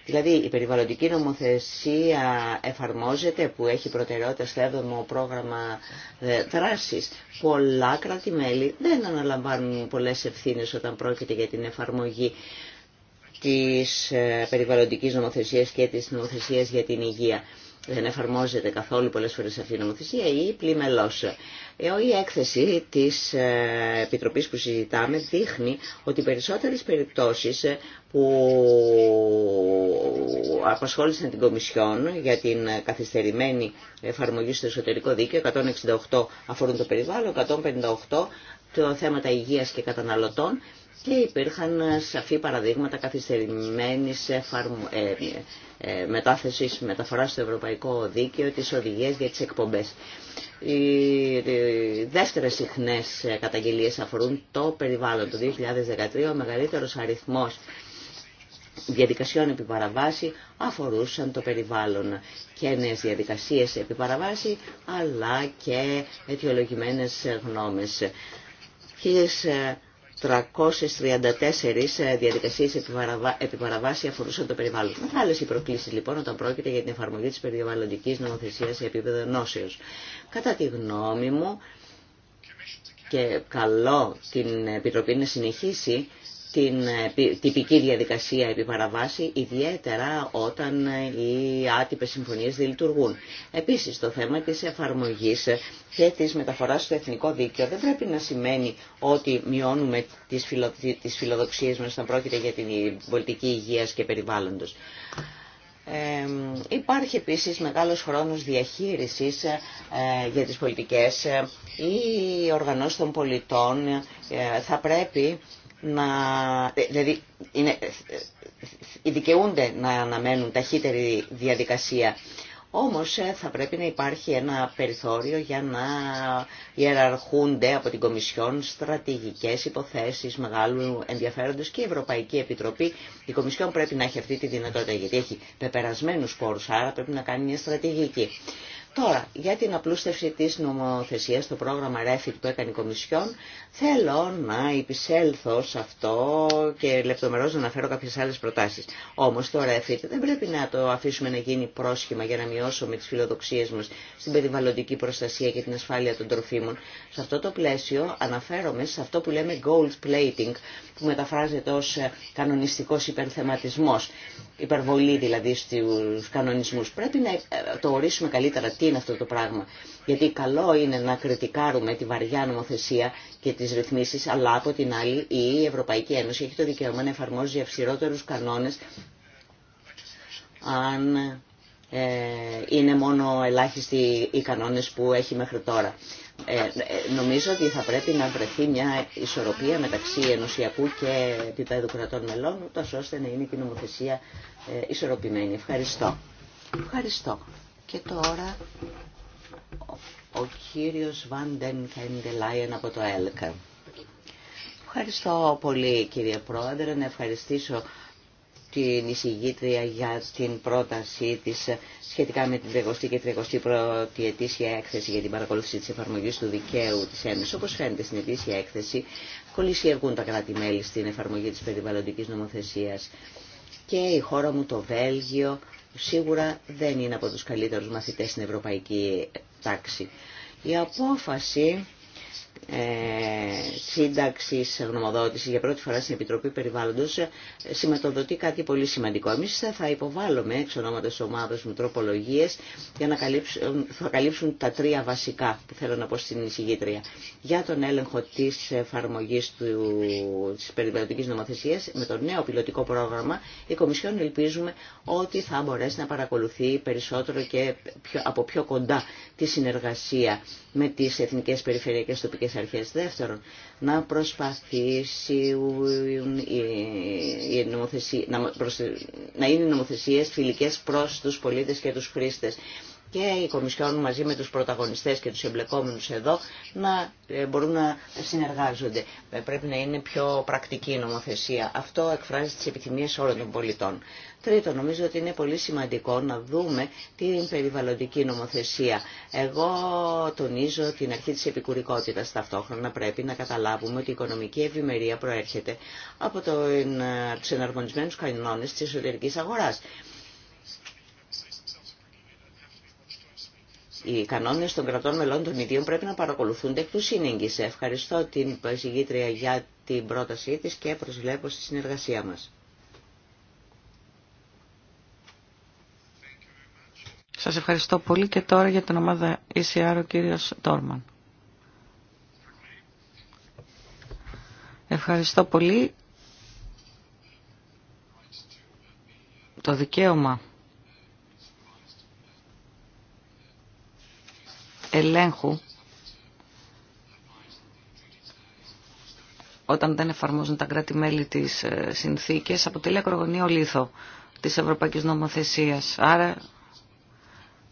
Δηλαδή η περιβαλλοντική νομοθεσία εφαρμόζεται που έχει προτεραιότητα στο 7ο πρόγραμμα ε, δράσης. Πολλά κράτη-μέλη δεν αναλαμβάνουν πολλές ευθύνες όταν πρόκειται για την εφαρμογή της ε, περιβαλλοντικής νομοθεσίας και της νομοθεσίας για την υγεία δεν εφαρμόζεται καθόλου πολλές φορές αυτή η νομοθεσία ή πλημελώς. Ε, η έκθεση της ε, Επιτροπής που συζητάμε δείχνει ότι περισσότερες περιπτώσεις ε, που απασχόλησαν την Κομισιόν για την καθυστερημένη εφαρμογή στο εσωτερικό δίκαιο, 168 αφορούν το περιβάλλον, 158 το θέματα υγείας και καταναλωτών και υπήρχαν σαφή παραδείγματα καθυστερημένης ε, ε, ε, μετάθεσης μεταφοράς στο Ευρωπαϊκό Δίκαιο τις οδηγίες για τις εκπομπές. Οι, οι δεύτερες συχνές καταγγελίες αφορούν το περιβάλλον. Το 2013 ο μεγαλύτερος αριθμός διαδικασιών επί παραβάση αφορούσαν το περιβάλλον και νέες διαδικασίες επί παραβάση αλλά και αιτιολογημένες γνώμες. Χίλιες ε, 334 διαδικασίε επιπαραβάση αφορούσαν το περιβάλλον. Μεγάλε οι προκλήσει λοιπόν όταν πρόκειται για την εφαρμογή τη περιβαλλοντική νομοθεσία σε επίπεδο ενώσεω. Κατά τη γνώμη μου και καλό την Επιτροπή να συνεχίσει την ε, τυπική διαδικασία επιπαραβάση, ιδιαίτερα όταν οι άτυπες συμφωνίες δεν λειτουργούν. Επίσης, το θέμα της εφαρμογής και της μεταφοράς στο εθνικό δίκαιο δεν πρέπει να σημαίνει ότι μειώνουμε τις, φιλο... τις φιλοδοξίες μας όταν πρόκειται για την πολιτική υγείας και περιβάλλοντος. Ε, υπάρχει επίσης μεγάλος χρόνος διαχείρισης ε, για τις πολιτικές. ή οργανώσεις των πολιτών ε, θα πρέπει να, δηλαδή είναι, ε, ε, ε, δικαιούνται να αναμένουν ταχύτερη διαδικασία. Όμως θα πρέπει να υπάρχει ένα περιθώριο για να ιεραρχούνται από την Κομισιόν στρατηγικές υποθέσεις μεγάλου ενδιαφέροντος και η Ευρωπαϊκή Επιτροπή. Η Κομισιόν πρέπει να έχει αυτή τη δυνατότητα γιατί έχει πεπερασμένους πόρους, άρα πρέπει να κάνει μια στρατηγική. Τώρα, για την απλούστευση της νομοθεσίας ...το πρόγραμμα REFIT που έκανε η Κομισιόν, θέλω να υπησέλθω σε αυτό και λεπτομερώς να αναφέρω κάποιες άλλες προτάσεις. Όμως το REFIT δεν πρέπει να το αφήσουμε να γίνει πρόσχημα για να μειώσουμε τις φιλοδοξίες μας στην περιβαλλοντική προστασία και την ασφάλεια των τροφίμων. Σε αυτό το πλαίσιο αναφέρομαι σε αυτό που λέμε gold plating, που μεταφράζεται ως ε, κανονιστικός υπερθεματισμός, υπερβολή δηλαδή στους κανονισμούς. Πρέπει να ε, το ορίσουμε καλύτερα τι είναι αυτό το πράγμα. Γιατί καλό είναι να κριτικάρουμε τη βαριά νομοθεσία και τις ρυθμίσεις, αλλά από την άλλη η Ευρωπαϊκή Ένωση έχει το δικαίωμα να εφαρμόζει αυστηρότερους κανόνες αν ε, είναι μόνο ελάχιστοι οι κανόνες που έχει μέχρι τώρα. Ε, ε, νομίζω ότι θα πρέπει να βρεθεί μια ισορροπία μεταξύ ενωσιακού και επίπεδου κρατών μελών, ούτως ώστε να είναι και η νομοθεσία ε, ισορροπημένη. Ευχαριστώ. Ευχαριστώ. Και τώρα ο κύριος Βάντεν Καϊντελάιεν από το ΕΛΚΑ. Ευχαριστώ πολύ κύριε Πρόεδρε, να ευχαριστήσω την εισηγήτρια για την πρότασή της σχετικά με την 30η και 31η ετήσια έκθεση για την παρακολούθηση της εφαρμογής του δικαίου της Ένωσης. Όπως φαίνεται στην ετήσια έκθεση, κολλησιεργούν τα κράτη-μέλη στην εφαρμογή της περιβαλλοντικής νομοθεσίας. Και η χώρα μου, το Βέλγιο, σίγουρα δεν είναι από τους καλύτερους μαθητές στην ευρωπαϊκή τάξη. Η απόφαση ε, σύνταξη γνωμοδότηση για πρώτη φορά στην Επιτροπή Περιβάλλοντος ε, σηματοδοτεί κάτι πολύ σημαντικό. Εμεί θα υποβάλλουμε εξ ονόματος ομάδας με τροπολογίε για να καλύψουν, θα καλύψουν τα τρία βασικά που θέλω να πω στην εισηγήτρια. Για τον έλεγχο τη εφαρμογή τη περιβαλλοντική νομοθεσία με το νέο πιλωτικό πρόγραμμα η Κομισιόν ελπίζουμε ότι θα μπορέσει να παρακολουθεί περισσότερο και πιο, από πιο κοντά τη συνεργασία με τι εθνικέ περιφερειακέ τοπικέ τις αρχές. Δεύτερον, να προσπαθήσει η νομοθεσία, να, να είναι νομοθεσίες φιλικές προς τους πολίτες και τους χρήστες και οι Κομισιόν μαζί με τους πρωταγωνιστές και τους εμπλεκόμενους εδώ να ε, μπορούν να συνεργάζονται. Ε, πρέπει να είναι πιο πρακτική η νομοθεσία. Αυτό εκφράζει τις επιθυμίες όλων των πολιτών. Τρίτον, νομίζω ότι είναι πολύ σημαντικό να δούμε την περιβαλλοντική νομοθεσία. Εγώ τονίζω την αρχή της επικουρικότητας ταυτόχρονα. Πρέπει να καταλάβουμε ότι η οικονομική ευημερία προέρχεται από τους ε, εναρμονισμένους κανόνες της εσωτερικής αγοράς. οι κανόνες των κρατών μελών των ιδίων πρέπει να παρακολουθούνται εκ του Ευχαριστώ την συγγήτρια για την πρότασή της και προσβλέπω στη συνεργασία μας. Σας ευχαριστώ πολύ και τώρα για την ομάδα ECR ο κύριος Τόρμαν. Ευχαριστώ πολύ. Το δικαίωμα ελέγχου όταν δεν εφαρμόζουν τα κράτη-μέλη τις ε, συνθήκες αποτελεί ακρογωνίο λίθο της Ευρωπαϊκής Νομοθεσίας. Άρα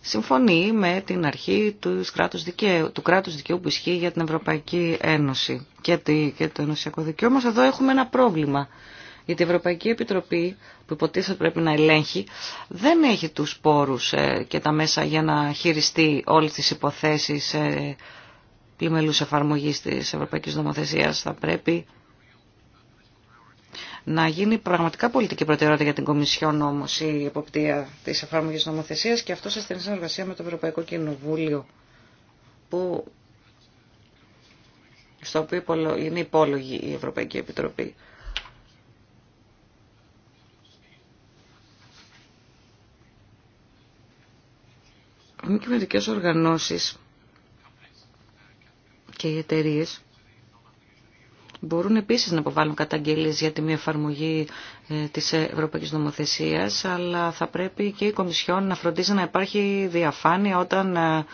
συμφωνεί με την αρχή του κράτους δικαίου, του κράτους δικαίου που ισχύει για την Ευρωπαϊκή Ένωση και το, και το ενωσιακό δικαίωμα. Εδώ έχουμε ένα πρόβλημα. Γιατί η Ευρωπαϊκή Επιτροπή, που υποτίθεται πρέπει να ελέγχει, δεν έχει τους πόρους ε, και τα μέσα για να χειριστεί όλες τις υποθέσεις ε, πλημελούς εφαρμογής της Ευρωπαϊκής Νομοθεσίας. Θα πρέπει να γίνει πραγματικά πολιτική προτεραιότητα για την Κομισιόν όμως η εποπτεία τη εφαρμογή Νομοθεσίας και αυτό σε στενή συνεργασία με το Ευρωπαϊκό Κοινοβούλιο, που, στο οποίο είναι υπόλογη η Ευρωπαϊκή Επιτροπή. μη κυβερνητικές οργανώσεις και οι εταιρείε μπορούν επίσης να αποβάλουν καταγγελίες για τη μη εφαρμογή ε, της Ευρωπαϊκής Νομοθεσίας, αλλά θα πρέπει και η Κομισιόν να φροντίζει να υπάρχει διαφάνεια όταν ε,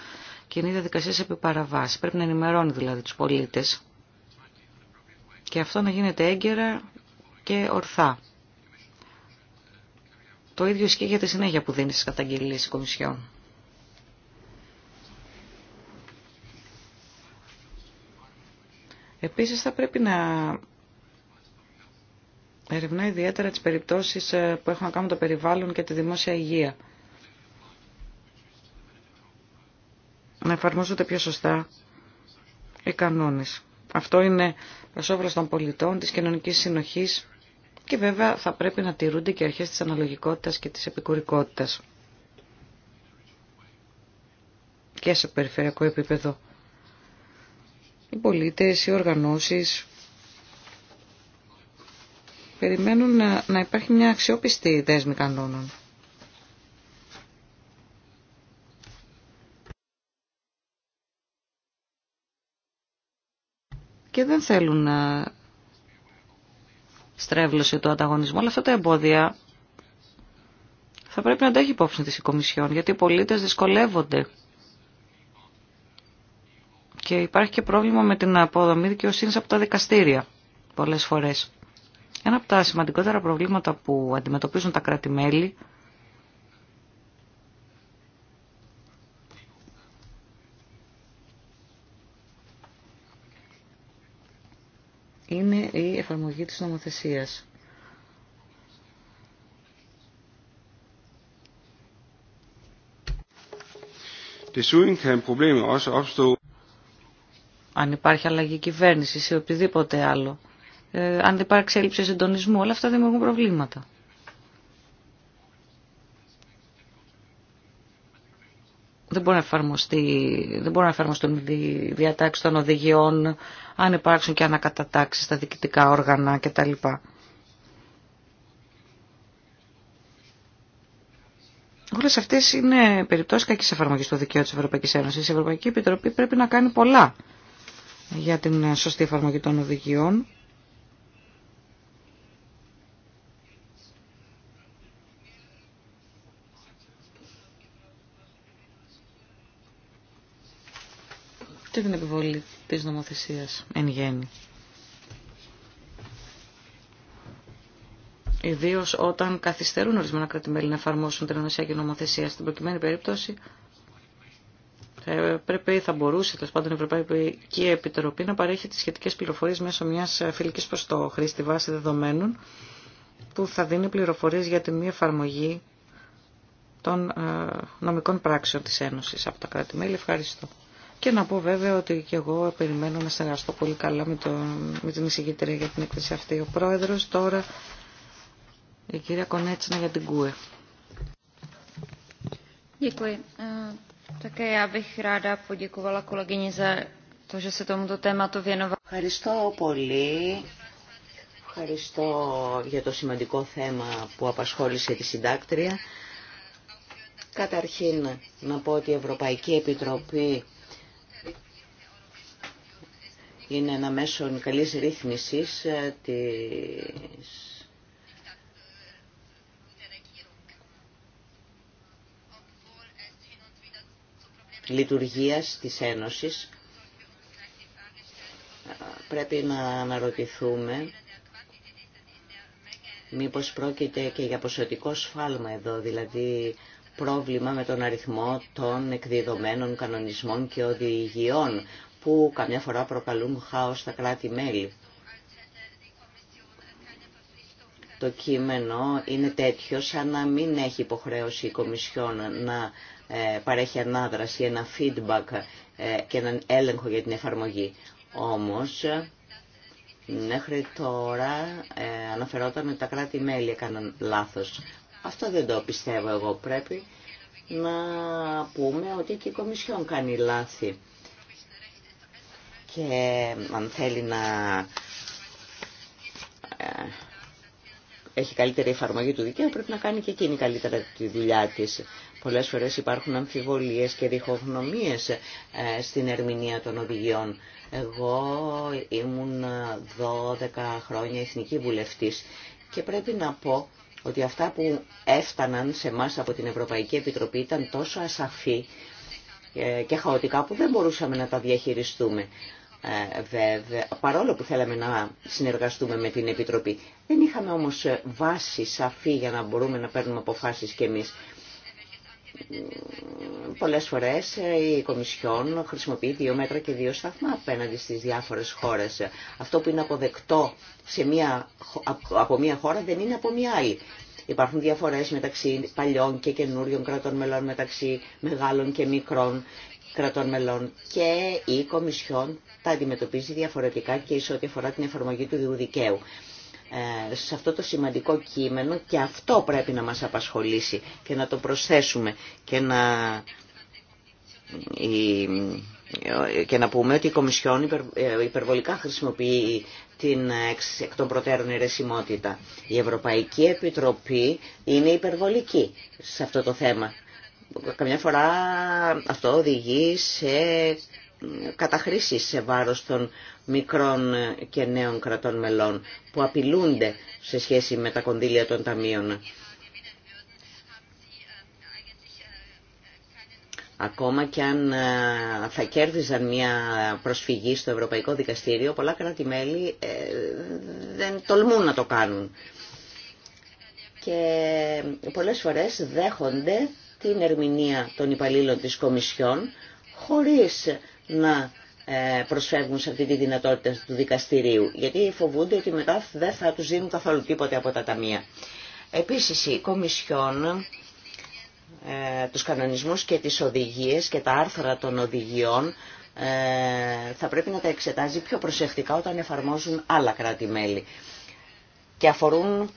κινείται διαδικασίες επί παραβάση. Πρέπει να ενημερώνει δηλαδή τους πολίτες. Και αυτό να γίνεται έγκαιρα και ορθά. Το ίδιο ισχύει για τη συνέχεια που δίνει στις καταγγελίες η Κομισιόν. Επίσης θα πρέπει να ερευνά ιδιαίτερα τις περιπτώσεις ε, που έχουν να κάνουν το περιβάλλον και τη δημόσια υγεία. Να εφαρμόζονται πιο σωστά οι κανόνες. Αυτό είναι προς όφελος των πολιτών, της κοινωνικής συνοχής και βέβαια θα πρέπει να τηρούνται και αρχές της αναλογικότητας και της επικουρικότητας. Και σε περιφερειακό επίπεδο οι πολίτες, οι οργανώσεις περιμένουν να, να υπάρχει μια αξιόπιστη δέσμη κανόνων. Και δεν θέλουν να στρέβλωση του ανταγωνισμού, αλλά αυτά τα εμπόδια θα πρέπει να τα έχει υπόψη της η Κομισιόν, γιατί οι πολίτες δυσκολεύονται και υπάρχει και πρόβλημα με την αποδομή δικαιοσύνη από τα δικαστήρια πολλές φορές. Ένα από τα σημαντικότερα προβλήματα που αντιμετωπίζουν τα κράτη-μέλη είναι η εφαρμογή της νομοθεσίας αν υπάρχει αλλαγή κυβέρνηση ή οτιδήποτε άλλο, ε, αν υπάρξει έλλειψη συντονισμού, όλα αυτά δημιουργούν προβλήματα. Δεν μπορεί να, εφαρμοστεί, δεν μπορεί να εφαρμοστούν οι διατάξει των οδηγιών, αν υπάρξουν και ανακατατάξεις στα διοικητικά όργανα κτλ. Όλε αυτέ είναι περιπτώσει κακή εφαρμογή του δικαίου τη Ευρωπαϊκή Ένωση. Η Ευρωπαϊκή Επιτροπή πρέπει να κάνει πολλά για την σωστή εφαρμογή των οδηγιών. και την επιβολή της νομοθεσίας εν γέννη. Ιδίω όταν καθυστερούν ορισμένα κρατημέλη να εφαρμόσουν την ενωσιακή νομοθεσία. Στην προκειμένη περίπτωση θα Ευρωπαϊκή Επιτροπή να παρέχει τι σχετικέ πληροφορίε μέσω μια φιλική προ το χρήστη βάση δεδομένων που θα δίνει πληροφορίε για τη μη εφαρμογή των ε, νομικών πράξεων της Ένωσης από τα κράτη-μέλη. Ευχαριστώ. Και να πω βέβαια ότι και εγώ περιμένω να συνεργαστώ πολύ καλά με, με την εισηγήτρια για την έκθεση αυτή. Ο πρόεδρος τώρα, η κυρία Κονέτσινα για την ΚΟΕ. Ε, Ευχαριστώ πολύ. Ευχαριστώ για το σημαντικό θέμα που απασχόλησε τη συντάκτρια. Καταρχήν να πω ότι η Ευρωπαϊκή Επιτροπή είναι ένα μέσο καλής ρύθμισης ε, της λειτουργίας της Ένωσης. Πρέπει να αναρωτηθούμε μήπως πρόκειται και για ποσοτικό σφάλμα εδώ, δηλαδή πρόβλημα με τον αριθμό των εκδεδομένων κανονισμών και οδηγιών που καμιά φορά προκαλούν χάος στα κράτη-μέλη. Το κείμενο είναι τέτοιο σαν να μην έχει υποχρέωση η Κομισιόν να ε, παρέχει ανάδραση, ένα feedback ε, και έναν έλεγχο για την εφαρμογή. Όμως, μέχρι τώρα ε, αναφερόταν ότι τα κράτη-μέλη έκαναν λάθος. Αυτό δεν το πιστεύω εγώ. Πρέπει να πούμε ότι και η Κομισιόν κάνει λάθη. Και αν θέλει να έχει καλύτερη εφαρμογή του δικαίου, πρέπει να κάνει και εκείνη καλύτερα τη δουλειά της. Πολλές φορές υπάρχουν αμφιβολίες και διχογνωμίες ε, στην ερμηνεία των οδηγιών. Εγώ ήμουν 12 ε, χρόνια εθνική βουλευτής και πρέπει να πω ότι αυτά που έφταναν σε εμά από την Ευρωπαϊκή Επιτροπή ήταν τόσο ασαφή ε, και χαοτικά που δεν μπορούσαμε να τα διαχειριστούμε. βέβαια, παρόλο που θέλαμε να συνεργαστούμε με την Επιτροπή. Δεν είχαμε όμως βάση σαφή για να μπορούμε να παίρνουμε αποφάσεις κι εμείς πολλές φορές ε, η Κομισιόν χρησιμοποιεί δύο μέτρα και δύο σταθμά απέναντι στις διάφορες χώρες. Αυτό που είναι αποδεκτό σε μια, από μια χώρα δεν είναι από μια άλλη. Υπάρχουν διαφορές μεταξύ παλιών και καινούριων κρατών μελών, μεταξύ μεγάλων και μικρών κρατών μελών και η Κομισιόν τα αντιμετωπίζει διαφορετικά και σε ό,τι αφορά την εφαρμογή του δικαίου. Ε, σε αυτό το σημαντικό κείμενο και αυτό πρέπει να μας απασχολήσει και να το προσθέσουμε και να, και να πούμε ότι η Κομισιόν ε, υπερβολικά χρησιμοποιεί την εκ των προτέρων αιρεσιμότητα. Η Ευρωπαϊκή Επιτροπή είναι υπερβολική σε αυτό το θέμα. Καμιά φορά αυτό οδηγεί σε καταχρήσεις σε βάρος των μικρών και νέων κρατών μελών που απειλούνται σε σχέση με τα κονδύλια των ταμείων. Ακόμα και αν θα κέρδιζαν μια προσφυγή στο Ευρωπαϊκό Δικαστήριο, πολλά κράτη-μέλη ε, δεν τολμούν να το κάνουν. Και πολλές φορές δέχονται την ερμηνεία των υπαλλήλων της Κομισιόν χωρίς να ε, προσφεύγουν σε αυτή τη δυνατότητα του δικαστηρίου, γιατί φοβούνται ότι μετά δεν θα τους δίνουν καθόλου τίποτε από τα ταμεία. Επίσης η Κομισιόν ε, τους κανονισμούς και τις οδηγίες και τα άρθρα των οδηγιών ε, θα πρέπει να τα εξετάζει πιο προσεκτικά όταν εφαρμόζουν άλλα κράτη-μέλη και αφορούν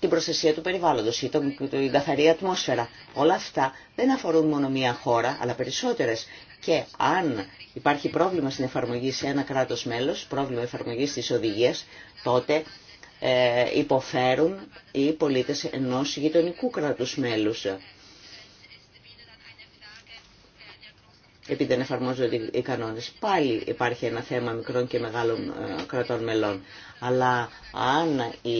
την προστασία του περιβάλλοντος ή την καθαρή ατμόσφαιρα. Όλα αυτά δεν αφορούν μόνο μία χώρα, αλλά περισσότερες. Και αν υπάρχει πρόβλημα στην εφαρμογή σε ένα κράτος μέλος, πρόβλημα εφαρμογής της οδηγίας, τότε ε, υποφέρουν οι πολίτες ενός γειτονικού κράτους μέλους. επειδή δεν εφαρμόζονται οι κανόνες. Πάλι υπάρχει ένα θέμα μικρών και μεγάλων ε, κρατών μελών. Αλλά αν η,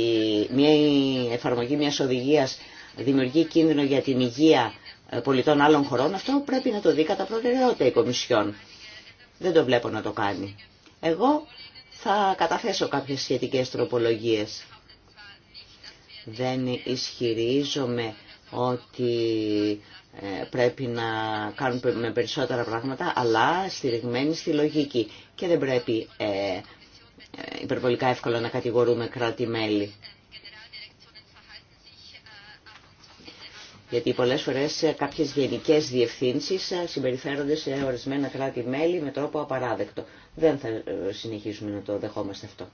μια, η εφαρμογή μιας οδηγίας δημιουργεί κίνδυνο για την υγεία ε, πολιτών άλλων χωρών, αυτό πρέπει να το δει κατά προτεραιότητα η Κομισιόν. Δεν το βλέπω να το κάνει. Εγώ θα καταθέσω κάποιες σχετικές τροπολογίες. Δεν ισχυρίζομαι ότι ε, πρέπει να κάνουμε περισσότερα πράγματα, αλλά στηριγμένοι στη λογική. Και δεν πρέπει ε, ε υπερβολικά εύκολα να κατηγορούμε κράτη-μέλη. Γιατί πολλές φορές ε, κάποιες γενικές διευθύνσεις συμπεριφέρονται σε ορισμένα κράτη-μέλη με τρόπο απαράδεκτο. Δεν θα συνεχίσουμε να το δεχόμαστε αυτό.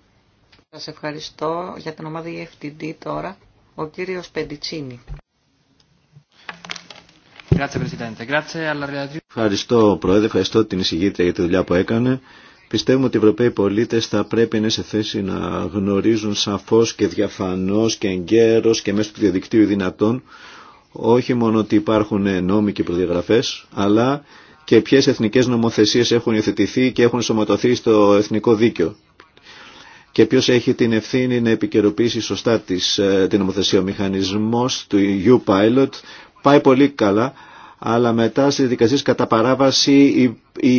Σας ευχαριστώ για την ομάδα EFTD τώρα, ο κύριος Πεντιτσίνη. Ευχαριστώ Πρόεδρε, ευχαριστώ την εισηγήτρια για τη δουλειά που έκανε. Πιστεύουμε ότι οι Ευρωπαίοι πολίτε θα πρέπει να είναι σε θέση να γνωρίζουν σαφώ και διαφανώ και εγκαίρω και μέσω του διαδικτύου δυνατών όχι μόνο ότι υπάρχουν νόμοι και προδιαγραφέ, αλλά και ποιε εθνικέ νομοθεσίε έχουν υιοθετηθεί και έχουν σωματωθεί στο εθνικό δίκαιο. Και ποιο έχει την ευθύνη να επικαιροποιήσει σωστά τις, ε, την νομοθεσία. Ο μηχανισμό του EU Pilot πάει πολύ καλά αλλά μετά σε δικασίες κατά παράβαση οι,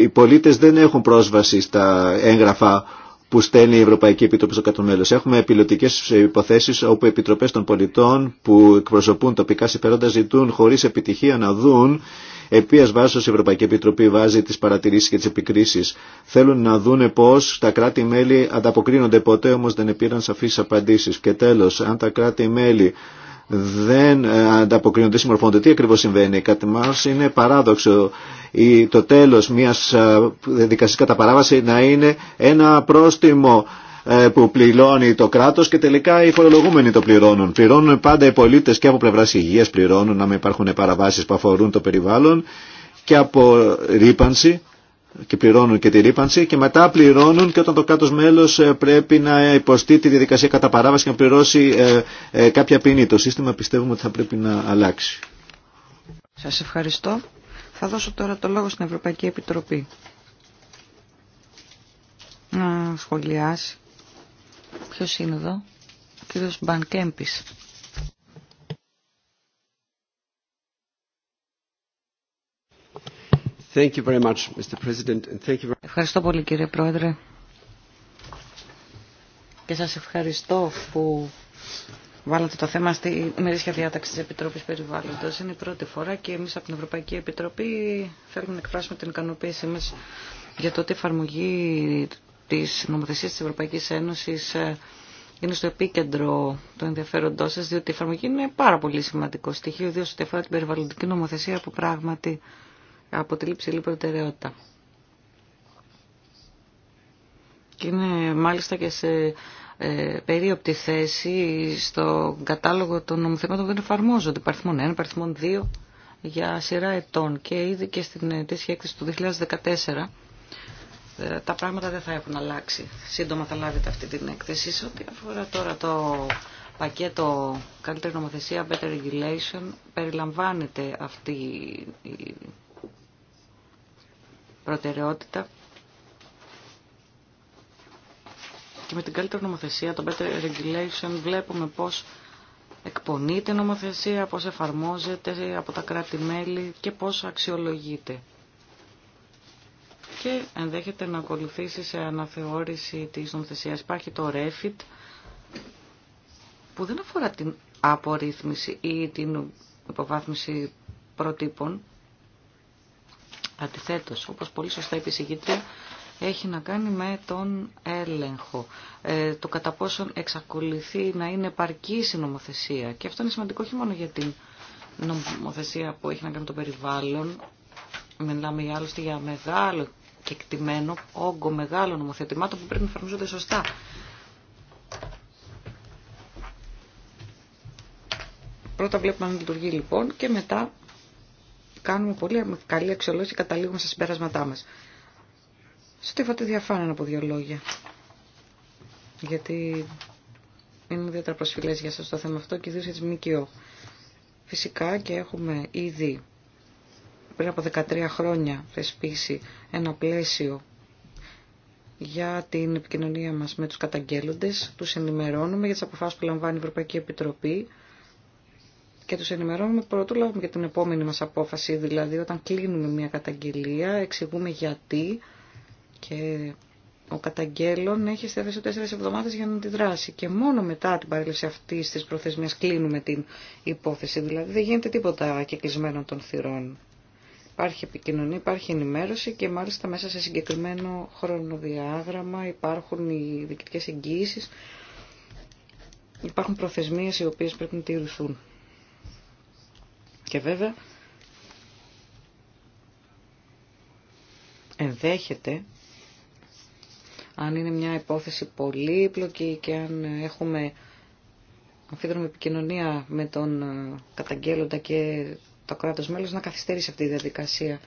οι, πολίτες δεν έχουν πρόσβαση στα έγγραφα που στέλνει η Ευρωπαϊκή Επιτροπή στο κατωμέλος. Έχουμε επιλοτικές υποθέσεις όπου οι επιτροπές των πολιτών που εκπροσωπούν τοπικά συμφέροντα ζητούν χωρίς επιτυχία να δουν επίας βάσος η Ευρωπαϊκή Επιτροπή βάζει τις παρατηρήσεις και τι επικρίσεις. Θέλουν να δούνε πώς τα κράτη-μέλη ανταποκρίνονται ποτέ, όμως δεν επήραν σαφεί απαντήσει. Και τέλο, αν τα κράτη-μέλη δεν ε, ανταποκρίνονται, συμμορφώνονται. Τι ακριβώς συμβαίνει. Κατά μας είναι παράδοξο το τέλος μιας ε, δικασίας κατά παράβαση να είναι ένα πρόστιμο ε, που πληρώνει το κράτος και τελικά οι φορολογούμενοι το πληρώνουν. Πληρώνουν πάντα οι πολίτες και από πλευράς υγείας πληρώνουν να μην υπάρχουν παραβάσεις που αφορούν το περιβάλλον και από ρήπανση και πληρώνουν και τη ρήπανση και μετά πληρώνουν και όταν το κάτω μέλο ε, πρέπει να υποστεί τη διαδικασία κατά παράβαση και να πληρώσει ε, ε, κάποια ποινή. Το σύστημα πιστεύουμε ότι θα πρέπει να αλλάξει. Σας ευχαριστώ. Θα δώσω τώρα το λόγο στην Ευρωπαϊκή Επιτροπή να σχολιάσει. Ποιο είναι εδώ? Ο κύριος Μπανκέμπης. Ευχαριστώ πολύ κύριε Πρόεδρε και σας ευχαριστώ που βάλατε το θέμα στη μερίσια διάταξη της Επιτροπής Περιβάλλοντος. Είναι η πρώτη φορά και εμείς από την Ευρωπαϊκή Επιτροπή θέλουμε να εκφράσουμε την ικανοποίησή μας για το ότι η εφαρμογή της νομοθεσίας της Ευρωπαϊκής Ένωσης ε, είναι στο επίκεντρο του ενδιαφέροντό σα, διότι η εφαρμογή είναι πάρα πολύ σημαντικό στοιχείο, διότι αφορά την περιβαλλοντική νομοθεσία που πράγματι αποτελεί ψηλή λοιπόν προτεραιότητα. Και είναι μάλιστα και σε ε, περίοπτη θέση στο κατάλογο των νομοθεμάτων που δεν εφαρμόζονται. Παρθμόν 1, παρθμόν 2 για σειρά ετών και ήδη και στην ετήσια έκθεση του 2014 ε, τα πράγματα δεν θα έχουν αλλάξει. Σύντομα θα λάβετε αυτή την έκθεση. Σε ό,τι αφορά τώρα το πακέτο καλύτερη νομοθεσία, better regulation, περιλαμβάνεται αυτή η προτεραιότητα και με την καλύτερη νομοθεσία, το Better Regulation, βλέπουμε πώς εκπονείται η νομοθεσία, πώς εφαρμόζεται από τα κράτη-μέλη και πώς αξιολογείται. Και ενδέχεται να ακολουθήσει σε αναθεώρηση της νομοθεσίας. Υπάρχει το REFIT, που δεν αφορά την απορρίθμιση ή την υποβάθμιση προτύπων, Αντιθέτω, όπως πολύ σωστά είπε η έχει να κάνει με τον έλεγχο, ε, το κατά πόσον εξακολουθεί να είναι επαρκή η νομοθεσία. Και αυτό είναι σημαντικό όχι μόνο για την νομοθεσία που έχει να κάνει με το περιβάλλον, μιλάμε για άλλωστε για μεγάλο και εκτιμένο όγκο μεγάλων νομοθετημάτων που πρέπει να εφαρμόζονται σωστά. Πρώτα βλέπουμε αν λειτουργεί λοιπόν και μετά κάνουμε πολύ καλή αξιολόγηση και καταλήγουμε στα συμπέρασματά μας. Στο τη διαφάνεια από δύο λόγια. Γιατί είναι ιδιαίτερα προσφυλέ για σας το θέμα αυτό και ιδίω για τι ΜΚΟ. Φυσικά και έχουμε ήδη πριν από 13 χρόνια θεσπίσει ένα πλαίσιο για την επικοινωνία μας με τους καταγγέλλοντες, τους ενημερώνουμε για τις αποφάσεις που λαμβάνει η Ευρωπαϊκή Επιτροπή και τους ενημερώνουμε πρωτού λάβουμε για την επόμενη μας απόφαση, δηλαδή όταν κλείνουμε μια καταγγελία, εξηγούμε γιατί και ο καταγγέλων έχει στη τέσσερι εβδομάδε για να αντιδράσει. Και μόνο μετά την παρέλυση αυτή τη προθεσμία κλείνουμε την υπόθεση. Δηλαδή δεν γίνεται τίποτα κεκλεισμένο των θυρών. Υπάρχει επικοινωνία, υπάρχει ενημέρωση και μάλιστα μέσα σε συγκεκριμένο χρονοδιάγραμμα υπάρχουν οι διοικητικέ εγγύησει. Υπάρχουν προθεσμίες οι οποίες πρέπει να τηρηθούν. Και βέβαια ενδέχεται αν είναι μια υπόθεση πολύπλοκη και αν έχουμε αμφίδρομη επικοινωνία με τον ε, καταγγέλλοντα και το κράτος μέλος να καθυστερήσει αυτή τη διαδικασία.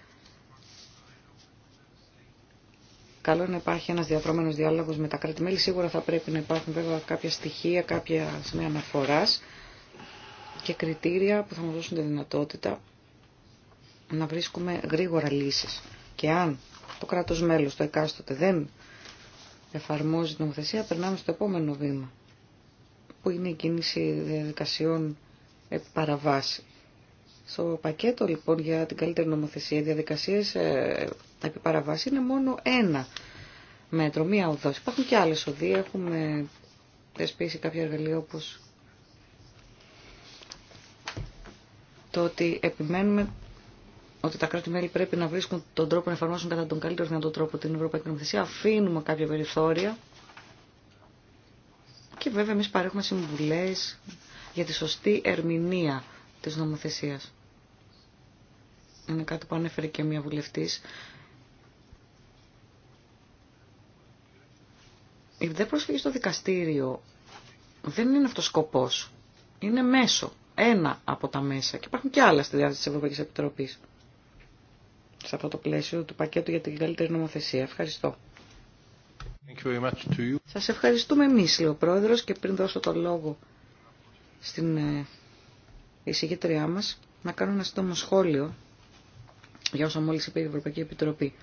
Καλό να υπάρχει ένας διαδρόμενος διάλογος με τα κράτη-μέλη. Σίγουρα θα πρέπει να υπάρχουν βέβαια κάποια στοιχεία, κάποια σημεία αναφοράς και κριτήρια που θα μας δώσουν τη δυνατότητα να βρίσκουμε γρήγορα λύσεις. Και αν το κράτος μέλος, το εκάστοτε, δεν εφαρμόζει νομοθεσία, περνάμε στο επόμενο βήμα, που είναι η κίνηση διαδικασιών επί παραβάση. Στο πακέτο λοιπόν για την καλύτερη νομοθεσία, οι διαδικασίες ε, επί παραβάση είναι μόνο ένα μέτρο, μία οδός. Υπάρχουν και άλλες οδοί, έχουμε θεσπίσει κάποια εργαλεία όπως το ότι επιμένουμε ότι τα κράτη-μέλη πρέπει να βρίσκουν τον τρόπο να εφαρμόσουν κατά τον καλύτερο δυνατό τρόπο την Ευρωπαϊκή Νομοθεσία. Αφήνουμε κάποια περιθώρια και βέβαια εμεί παρέχουμε συμβουλέ για τη σωστή ερμηνεία τη νομοθεσία. Είναι κάτι που ανέφερε και μια βουλευτή. Η δε προσφυγή στο δικαστήριο δεν είναι αυτός σκοπός. Είναι μέσο ένα από τα μέσα και υπάρχουν και άλλα στη διάθεση της Ευρωπαϊκής Επιτροπής σε αυτό το πλαίσιο του πακέτου για την καλύτερη νομοθεσία. Ευχαριστώ. Σα Σας ευχαριστούμε εμείς, λέει ο Πρόεδρος, και πριν δώσω το λόγο στην ε, εισηγήτριά μας, να κάνω ένα σύντομο σχόλιο για όσα μόλις είπε η Ευρωπαϊκή Επιτροπή.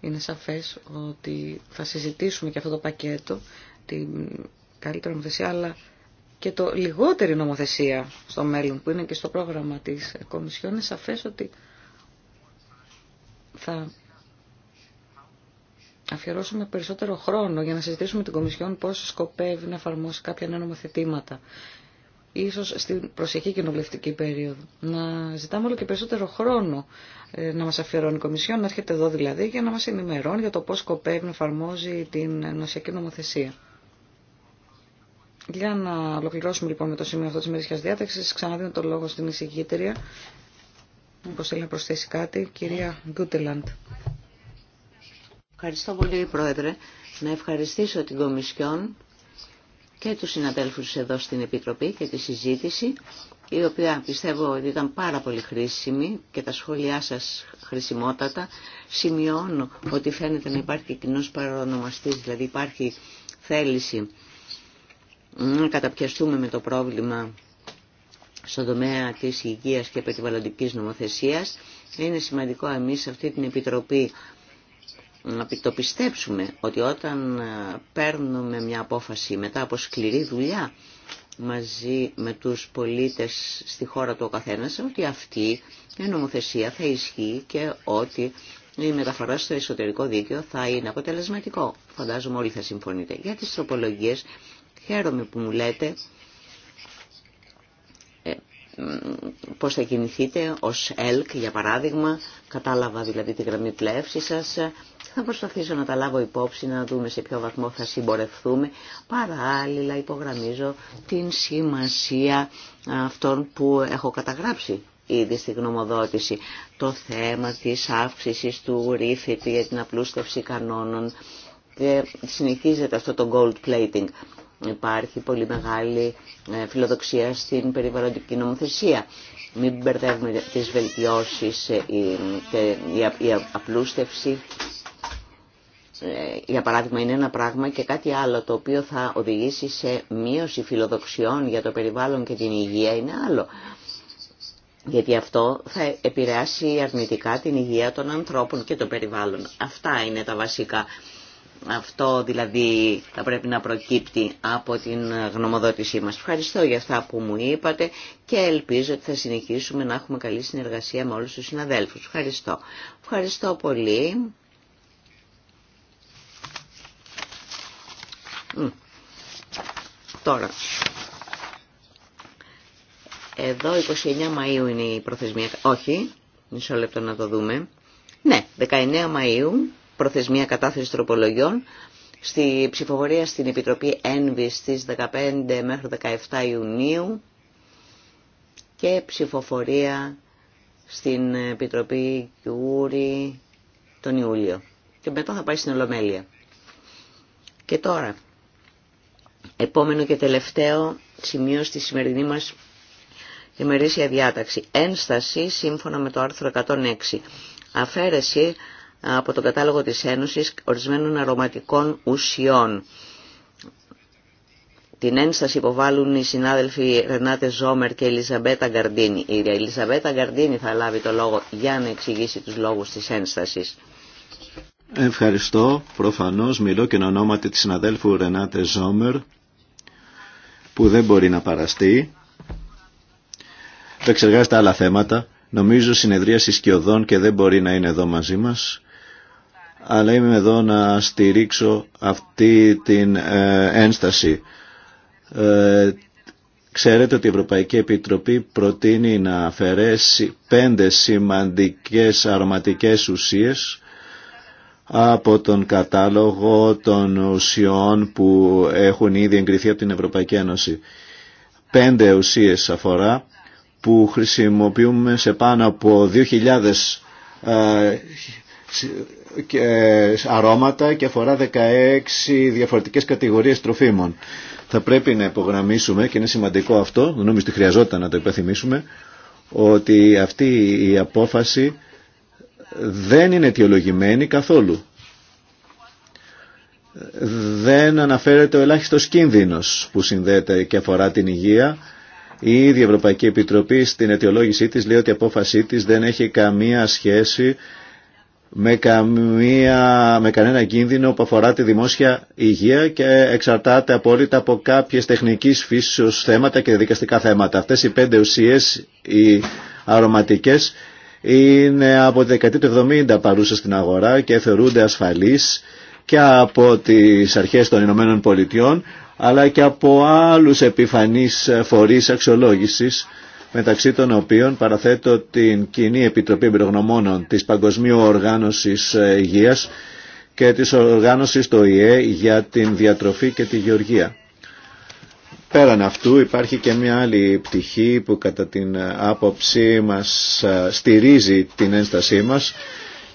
Είναι σαφές ότι θα συζητήσουμε και αυτό το πακέτο, την καλύτερη νομοθεσία, αλλά και το λιγότερη νομοθεσία στο μέλλον που είναι και στο πρόγραμμα της Κομισιόν είναι σαφές ότι θα αφιερώσουμε περισσότερο χρόνο για να συζητήσουμε την Κομισιόν πώς σκοπεύει να εφαρμόσει κάποια νέα νομοθετήματα. Ίσως στην προσεχή κοινοβουλευτική περίοδο. Να ζητάμε όλο και περισσότερο χρόνο ε, να μας αφιερώνει η Κομισιόν, να έρχεται εδώ δηλαδή, για να μας ενημερώνει για το πώς σκοπεύει να εφαρμόζει την νοσιακή νομοθεσία. Για να ολοκληρώσουμε λοιπόν με το σημείο αυτό τη μερικής διάταξη, ξαναδίνω το λόγο στην εισηγήτρια. όπω θέλει να προσθέσει κάτι, κυρία Γκούτελαντ. Ευχαριστώ πολύ, Πρόεδρε. Να ευχαριστήσω την Κομισιόν και τους συναδέλφους εδώ στην Επιτροπή και τη συζήτηση, η οποία πιστεύω ότι ήταν πάρα πολύ χρήσιμη και τα σχόλιά σας χρησιμότατα. Σημειώνω ότι φαίνεται να υπάρχει κοινός παρονομαστής, δηλαδή υπάρχει θέληση να καταπιαστούμε με το πρόβλημα στον τομέα της υγείας και περιβαλλοντικής νομοθεσίας. Είναι σημαντικό εμείς σε αυτή την Επιτροπή να το πιστέψουμε ότι όταν ε, παίρνουμε μια απόφαση μετά από σκληρή δουλειά μαζί με τους πολίτες στη χώρα του ο καθένας, ότι αυτή η νομοθεσία θα ισχύει και ότι η μεταφορά στο εσωτερικό δίκαιο θα είναι αποτελεσματικό. Φαντάζομαι όλοι θα συμφωνείτε. Για τις τροπολογίες Χαίρομαι που μου λέτε ε, πώς θα κινηθείτε ως ΕΛΚ για παράδειγμα. Κατάλαβα δηλαδή τη γραμμή πλεύση σας. Θα προσπαθήσω να τα λάβω υπόψη, να δούμε σε ποιο βαθμό θα συμπορευθούμε. Παράλληλα υπογραμμίζω την σημασία αυτών που έχω καταγράψει ήδη στη γνωμοδότηση. Το θέμα της αύξησης του ρήφητη για την απλούστευση κανόνων ε, συνεχίζεται αυτό το gold plating υπάρχει πολύ μεγάλη ε, φιλοδοξία στην περιβαλλοντική νομοθεσία. Μην μπερδεύουμε τις βελτιώσεις, ε, η απλούστευση ε, για παράδειγμα είναι ένα πράγμα και κάτι άλλο το οποίο θα οδηγήσει σε μείωση φιλοδοξιών για το περιβάλλον και την υγεία είναι άλλο. Γιατί αυτό θα επηρεάσει αρνητικά την υγεία των ανθρώπων και των περιβάλλων. Αυτά είναι τα βασικά. Αυτό δηλαδή θα πρέπει να προκύπτει από την γνωμοδότησή μας. Ευχαριστώ για αυτά που μου είπατε και ελπίζω ότι θα συνεχίσουμε να έχουμε καλή συνεργασία με όλους τους συναδέλφους. Ευχαριστώ. Ευχαριστώ πολύ. Τώρα, εδώ 29 Μαΐου είναι η προθεσμία, όχι, μισό λεπτό να το δούμε. Ναι, 19 Μαΐου προθεσμία κατάθεση τροπολογιών. Στη ψηφοφορία στην Επιτροπή Ένβη στις 15 μέχρι 17 Ιουνίου και ψηφοφορία στην Επιτροπή Κιούρη τον Ιούλιο. Και μετά θα πάει στην Ολομέλεια. Και τώρα, επόμενο και τελευταίο σημείο στη σημερινή μας ημερήσια διάταξη. Ένσταση σύμφωνα με το άρθρο 106. Αφαίρεση από τον κατάλογο της Ένωσης ορισμένων αρωματικών ουσιών. Την ένσταση υποβάλλουν οι συνάδελφοι Ρενάτε Ζόμερ και Ελιζαμπέτα Γκαρντίνη. Η Ελιζαμπέτα Γκαρντίνη θα λάβει το λόγο για να εξηγήσει τους λόγους της ένστασης. Ευχαριστώ. Προφανώς μιλώ και ονόματι της συναδέλφου Ρενάτε Ζόμερ που δεν μπορεί να παραστεί. Εξεργάζεται άλλα θέματα. Νομίζω συνεδρία σκιωδών και δεν μπορεί να είναι εδώ μαζί μας αλλά είμαι εδώ να στηρίξω αυτή την ε, ένσταση. Ε, ξέρετε ότι η Ευρωπαϊκή Επιτροπή προτείνει να αφαιρέσει πέντε σημαντικές αρωματικές ουσίες από τον κατάλογο των ουσιών που έχουν ήδη εγκριθεί από την Ευρωπαϊκή Ένωση. Πέντε ουσίες αφορά που χρησιμοποιούμε σε πάνω από 2.000 και ε, αρώματα και αφορά 16 διαφορετικές κατηγορίες τροφίμων. Θα πρέπει να υπογραμμίσουμε και είναι σημαντικό αυτό, νομίζω ότι χρειαζόταν να το υπεθυμίσουμε ότι αυτή η απόφαση δεν είναι αιτιολογημένη καθόλου. Δεν αναφέρεται ο ελάχιστος κίνδυνος που συνδέεται και αφορά την υγεία. Η ίδια Ευρωπαϊκή Επιτροπή στην αιτιολόγησή της λέει ότι η απόφασή της δεν έχει καμία σχέση με, καμία, με κανένα κίνδυνο που αφορά τη δημόσια υγεία και εξαρτάται απόλυτα από κάποιες τεχνικής φύσεως θέματα και δικαστικά θέματα. Αυτές οι πέντε ουσίες, οι αρωματικές, είναι από τη δεκαετία του στην αγορά και θεωρούνται ασφαλείς και από τις αρχές των Ηνωμένων Πολιτειών αλλά και από άλλους επιφανείς φορείς αξιολόγησης μεταξύ των οποίων παραθέτω την Κοινή Επιτροπή Εμπειρογνωμόνων της Παγκοσμίου Οργάνωσης ε, Υγείας και της οργάνωσης το ΙΕ για την διατροφή και τη γεωργία. Πέραν αυτού υπάρχει και μια άλλη πτυχή που κατά την ε, άποψή μας ε, στηρίζει την ένστασή μας,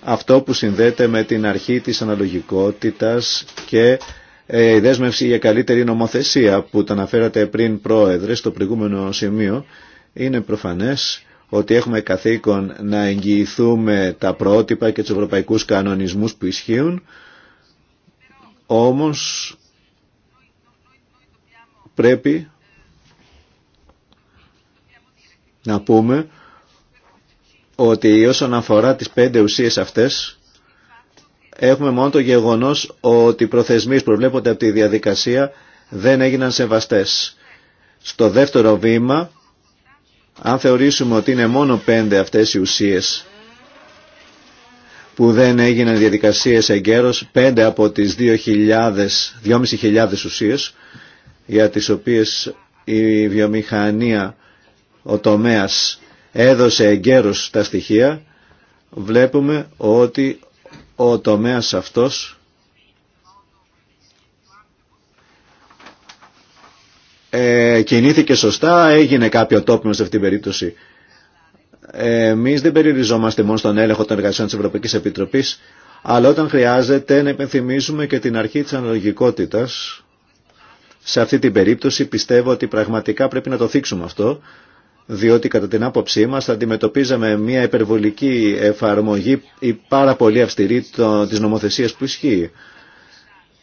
αυτό που συνδέεται με την αρχή της αναλογικότητας και η δέσμευση για καλύτερη νομοθεσία που τα αναφέρατε πριν πρόεδρε στο προηγούμενο σημείο είναι προφανές ότι έχουμε καθήκον να εγγυηθούμε τα πρότυπα και τους ευρωπαϊκούς κανονισμούς που ισχύουν, όμως πρέπει να πούμε ότι όσον αφορά τις πέντε ουσίες αυτές, έχουμε μόνο το γεγονός ότι οι προθεσμίες προβλέπονται από τη διαδικασία δεν έγιναν σεβαστές. Στο δεύτερο βήμα αν θεωρήσουμε ότι είναι μόνο πέντε αυτές οι ουσίες που δεν έγιναν διαδικασίες εγκαίρως, πέντε από τις 2.500 2.500 ουσίες για τις οποίες η βιομηχανία, ο τομέας έδωσε εγκαίρως τα στοιχεία, βλέπουμε ότι ο τομέας αυτός ε, κινήθηκε σωστά, έγινε κάποιο τόπιμο σε αυτήν την περίπτωση. Εμεί δεν περιοριζόμαστε μόνο στον έλεγχο των εργασιών τη Ευρωπαϊκή Επιτροπή, αλλά όταν χρειάζεται να υπενθυμίζουμε και την αρχή τη αναλογικότητα. Σε αυτή την περίπτωση πιστεύω ότι πραγματικά πρέπει να το θίξουμε αυτό, διότι κατά την άποψή μας θα αντιμετωπίζαμε μια υπερβολική εφαρμογή ή πάρα πολύ αυστηρή της νομοθεσίας που ισχύει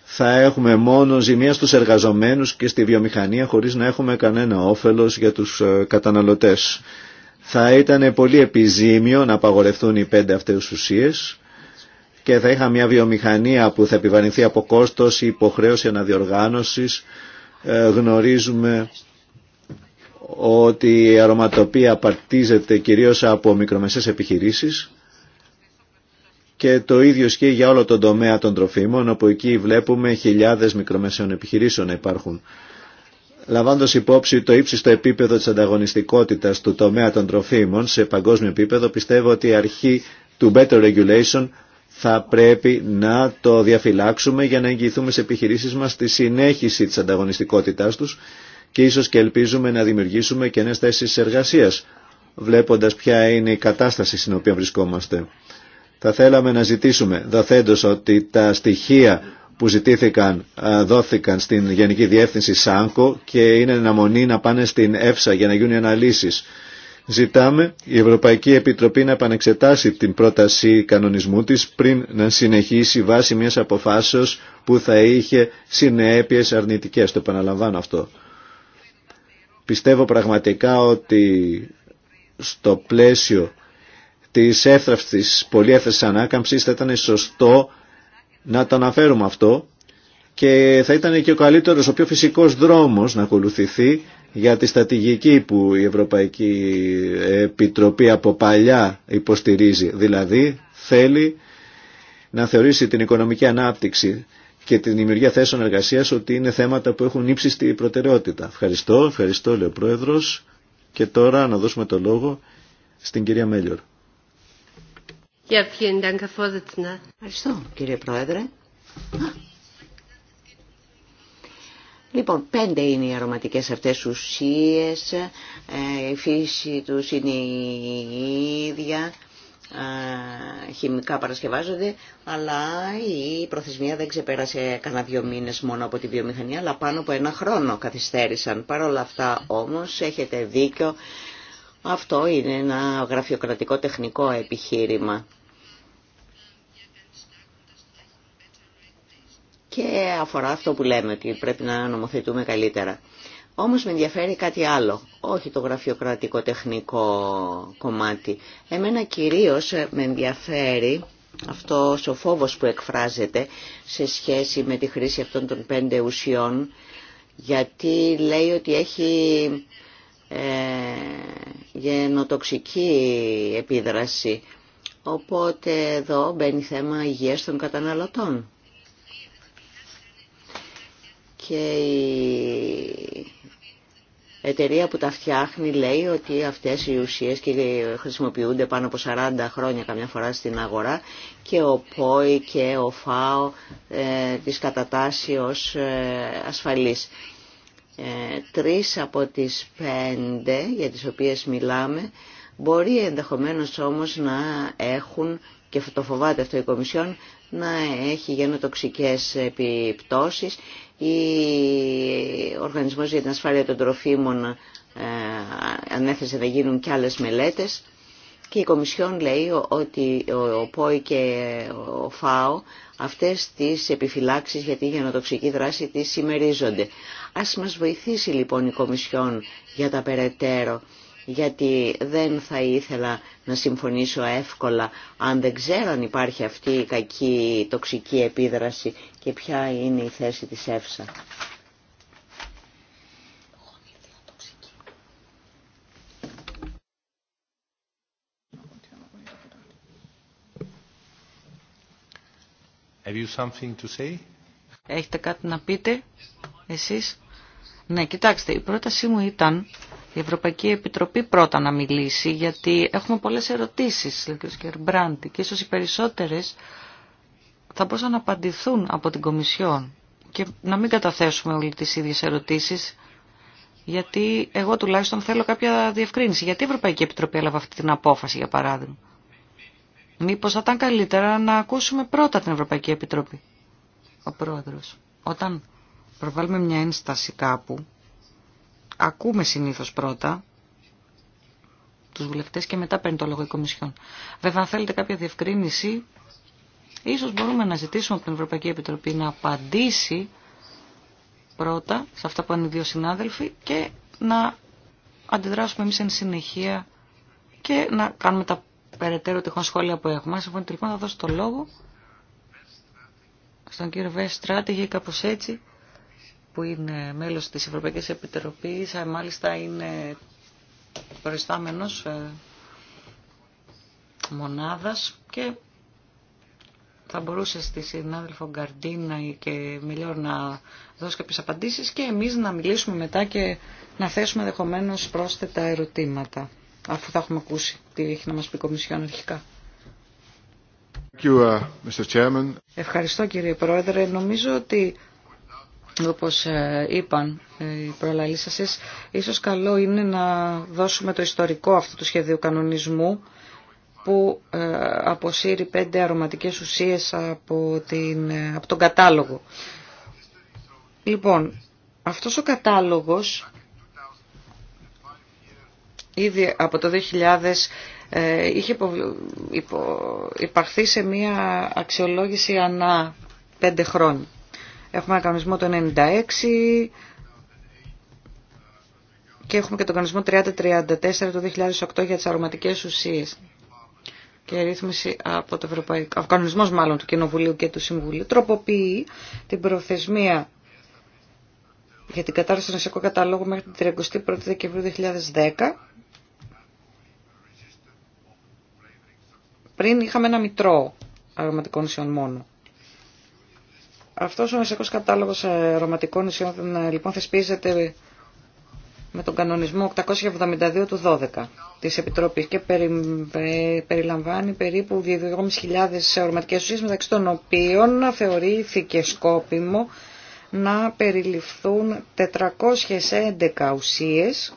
θα έχουμε μόνο ζημία στους εργαζομένους και στη βιομηχανία χωρίς να έχουμε κανένα όφελος για τους ε, καταναλωτές. Θα ήταν πολύ επιζήμιο να απαγορευτούν οι πέντε αυτές ουσίες και θα είχα μια βιομηχανία που θα επιβαρυνθεί από κόστος ή υποχρέωση αναδιοργάνωσης. Ε, γνωρίζουμε ότι η αρωματοπία απαρτίζεται κυρίως από μικρομεσαίες επιχειρήσεις και το ίδιο ισχύει για όλο τον τομέα των τροφίμων, όπου εκεί βλέπουμε χιλιάδες μικρομεσαίων επιχειρήσεων να υπάρχουν. Λαμβάνοντας υπόψη το ύψιστο επίπεδο της ανταγωνιστικότητας του τομέα των τροφίμων σε παγκόσμιο επίπεδο, πιστεύω ότι η αρχή του better regulation θα πρέπει να το διαφυλάξουμε για να εγγυηθούμε σε επιχειρήσεις μας τη συνέχιση της ανταγωνιστικότητάς τους και ίσως και ελπίζουμε να δημιουργήσουμε και νέες θέσεις εργασίας, βλέποντας ποια είναι η κατάσταση στην οποία βρισκόμαστε. Θα θέλαμε να ζητήσουμε δοθέντως ότι τα στοιχεία που ζητήθηκαν δόθηκαν στην Γενική Διεύθυνση ΣΑΝΚΟ και είναι αναμονή να πάνε στην ΕΦΣΑ για να γίνουν οι αναλύσεις. Ζητάμε η Ευρωπαϊκή Επιτροπή να επανεξετάσει την πρόταση κανονισμού της πριν να συνεχίσει βάση μιας αποφάσεως που θα είχε συνέπειες αρνητικές. Το επαναλαμβάνω αυτό. Πιστεύω πραγματικά ότι στο πλαίσιο της έφτραυστης πολυέθεσης ανάκαμψης θα ήταν σωστό να το αναφέρουμε αυτό και θα ήταν και ο καλύτερος, ο πιο φυσικός δρόμος να ακολουθηθεί για τη στατηγική που η Ευρωπαϊκή Επιτροπή από παλιά υποστηρίζει. Δηλαδή θέλει να θεωρήσει την οικονομική ανάπτυξη και την δημιουργία θέσεων εργασίας ότι είναι θέματα που έχουν ύψιστη προτεραιότητα. Ευχαριστώ, ευχαριστώ λέει ο Πρόεδρος και τώρα να δώσουμε το λόγο στην κυρία Μέλιορ. Ευχαριστώ κύριε Πρόεδρε. Λοιπόν, πέντε είναι οι αρωματικές αυτές ουσίες, ε, η φύση τους είναι η ίδια, χημικά παρασκευάζονται, αλλά η προθεσμία δεν ξεπέρασε κανένα δύο μήνες μόνο από τη βιομηχανία, αλλά πάνω από ένα χρόνο καθυστέρησαν. Παρ' όλα αυτά όμως έχετε δίκιο αυτό είναι ένα γραφειοκρατικό τεχνικό επιχείρημα. Και αφορά αυτό που λέμε ότι πρέπει να νομοθετούμε καλύτερα. Όμως με ενδιαφέρει κάτι άλλο, όχι το γραφειοκρατικό τεχνικό κομμάτι. Εμένα κυρίως με ενδιαφέρει αυτό ο φόβος που εκφράζεται σε σχέση με τη χρήση αυτών των πέντε ουσιών, γιατί λέει ότι έχει ε, γενοτοξική επίδραση. Οπότε εδώ μπαίνει θέμα υγείας των καταναλωτών. Και η εταιρεία που τα φτιάχνει λέει ότι αυτές οι ουσίες και χρησιμοποιούνται πάνω από 40 χρόνια καμιά φορά στην αγορά και ο ΠΟΗ και ο ΦΑΟ ε, τις κατατάσσει ε, ε, τρεις από τις πέντε για τις οποίες μιλάμε μπορεί ενδεχομένως όμως να έχουν και το φοβάται αυτό η Κομισιόν να έχει γενοτοξικές επιπτώσεις ο Οργανισμός για την Ασφάλεια των Τροφίμων ε, ανέθεσε να γίνουν και άλλες μελέτες και η Κομισιόν λέει ότι ο ΠΟΗ και ο ΦΑΟ αυτές τις επιφυλάξεις για τη γενοτοξική δράση τις συμμερίζονται. Ας μας βοηθήσει λοιπόν η Κομισιόν για τα περαιτέρω, γιατί δεν θα ήθελα να συμφωνήσω εύκολα αν δεν ξέρω αν υπάρχει αυτή η κακή τοξική επίδραση και ποια είναι η θέση της ΕΦΣΑ. Have you something to say? Έχετε κάτι να πείτε εσείς. Ναι, κοιτάξτε, η πρότασή μου ήταν η Ευρωπαϊκή Επιτροπή πρώτα να μιλήσει, γιατί έχουμε πολλές ερωτήσεις, λέει ο Μπράντι, και ίσως οι περισσότερες θα μπορούσαν να απαντηθούν από την Κομισιόν και να μην καταθέσουμε όλοι τις ίδιες ερωτήσεις, γιατί εγώ τουλάχιστον θέλω κάποια διευκρίνηση. Γιατί η Ευρωπαϊκή Επιτροπή έλαβε αυτή την απόφαση, για παράδειγμα. Μήπως θα ήταν καλύτερα να ακούσουμε πρώτα την Ευρωπαϊκή Επιτροπή. Ο πρόεδρος. Όταν προβάλλουμε μια ένσταση κάπου, ακούμε συνήθως πρώτα τους βουλευτές και μετά παίρνει το λόγο η Κομισιόν. Βέβαια, αν θέλετε κάποια διευκρίνηση, ίσως μπορούμε να ζητήσουμε από την Ευρωπαϊκή Επιτροπή να απαντήσει πρώτα σε αυτά που είναι οι δύο συνάδελφοι και να αντιδράσουμε εμείς εν συνεχεία και να κάνουμε τα περαιτέρω τυχόν σχόλια που έχουμε. φωνή λοιπόν, λοιπόν θα δώσω το λόγο στον κύριο Βέστρατη για κάπω έτσι που είναι μέλος της Ευρωπαϊκής Επιτροπής, ε, μάλιστα είναι ε, μονάδα, και θα μπορούσε στη συνάδελφο Γκαρντίνα και Μιλιόρ να δώσει κάποιες απαντήσεις και εμείς να μιλήσουμε μετά και να θέσουμε δεχομένως πρόσθετα ερωτήματα αφού θα έχουμε ακούσει τι έχει να μας πει η Κομισιόν αρχικά. Uh, Ευχαριστώ κύριε Πρόεδρε. Νομίζω ότι όπως ε, είπαν ε, οι προλαλήσασες, ίσως καλό είναι να δώσουμε το ιστορικό αυτού του σχεδίου κανονισμού που ε, αποσύρει πέντε αρωματικές ουσίες από, την, από τον κατάλογο. Λοιπόν, αυτός ο κατάλογος ήδη από το 2000 ε, είχε υπο, υπαρθεί σε μία αξιολόγηση ανά πέντε χρόνια. Έχουμε ένα κανονισμό το 96 και έχουμε και τον κανονισμό 3034 το 2008 για τις αρωματικές ουσίες και ρύθμιση από το Ευρωπαϊκό, ο κανονισμός μάλλον του Κοινοβουλίου και του Συμβουλίου, τροποποιεί την προθεσμία για την κατάρρευση του νοσιακού καταλόγου μέχρι την 31 η Δεκεμβρίου 2010 Πριν είχαμε ένα μητρό αρωματικών νησιών μόνο. Αυτός ο νησιακός κατάλογος αρωματικών νησιών ε, λοιπόν θεσπίζεται με τον κανονισμό 872 του 12 της Επιτροπής και περιλαμβάνει περίπου 2.500 αρωματικές ουσίες μεταξύ των οποίων θεωρήθηκε σκόπιμο να περιληφθούν 411 ουσίες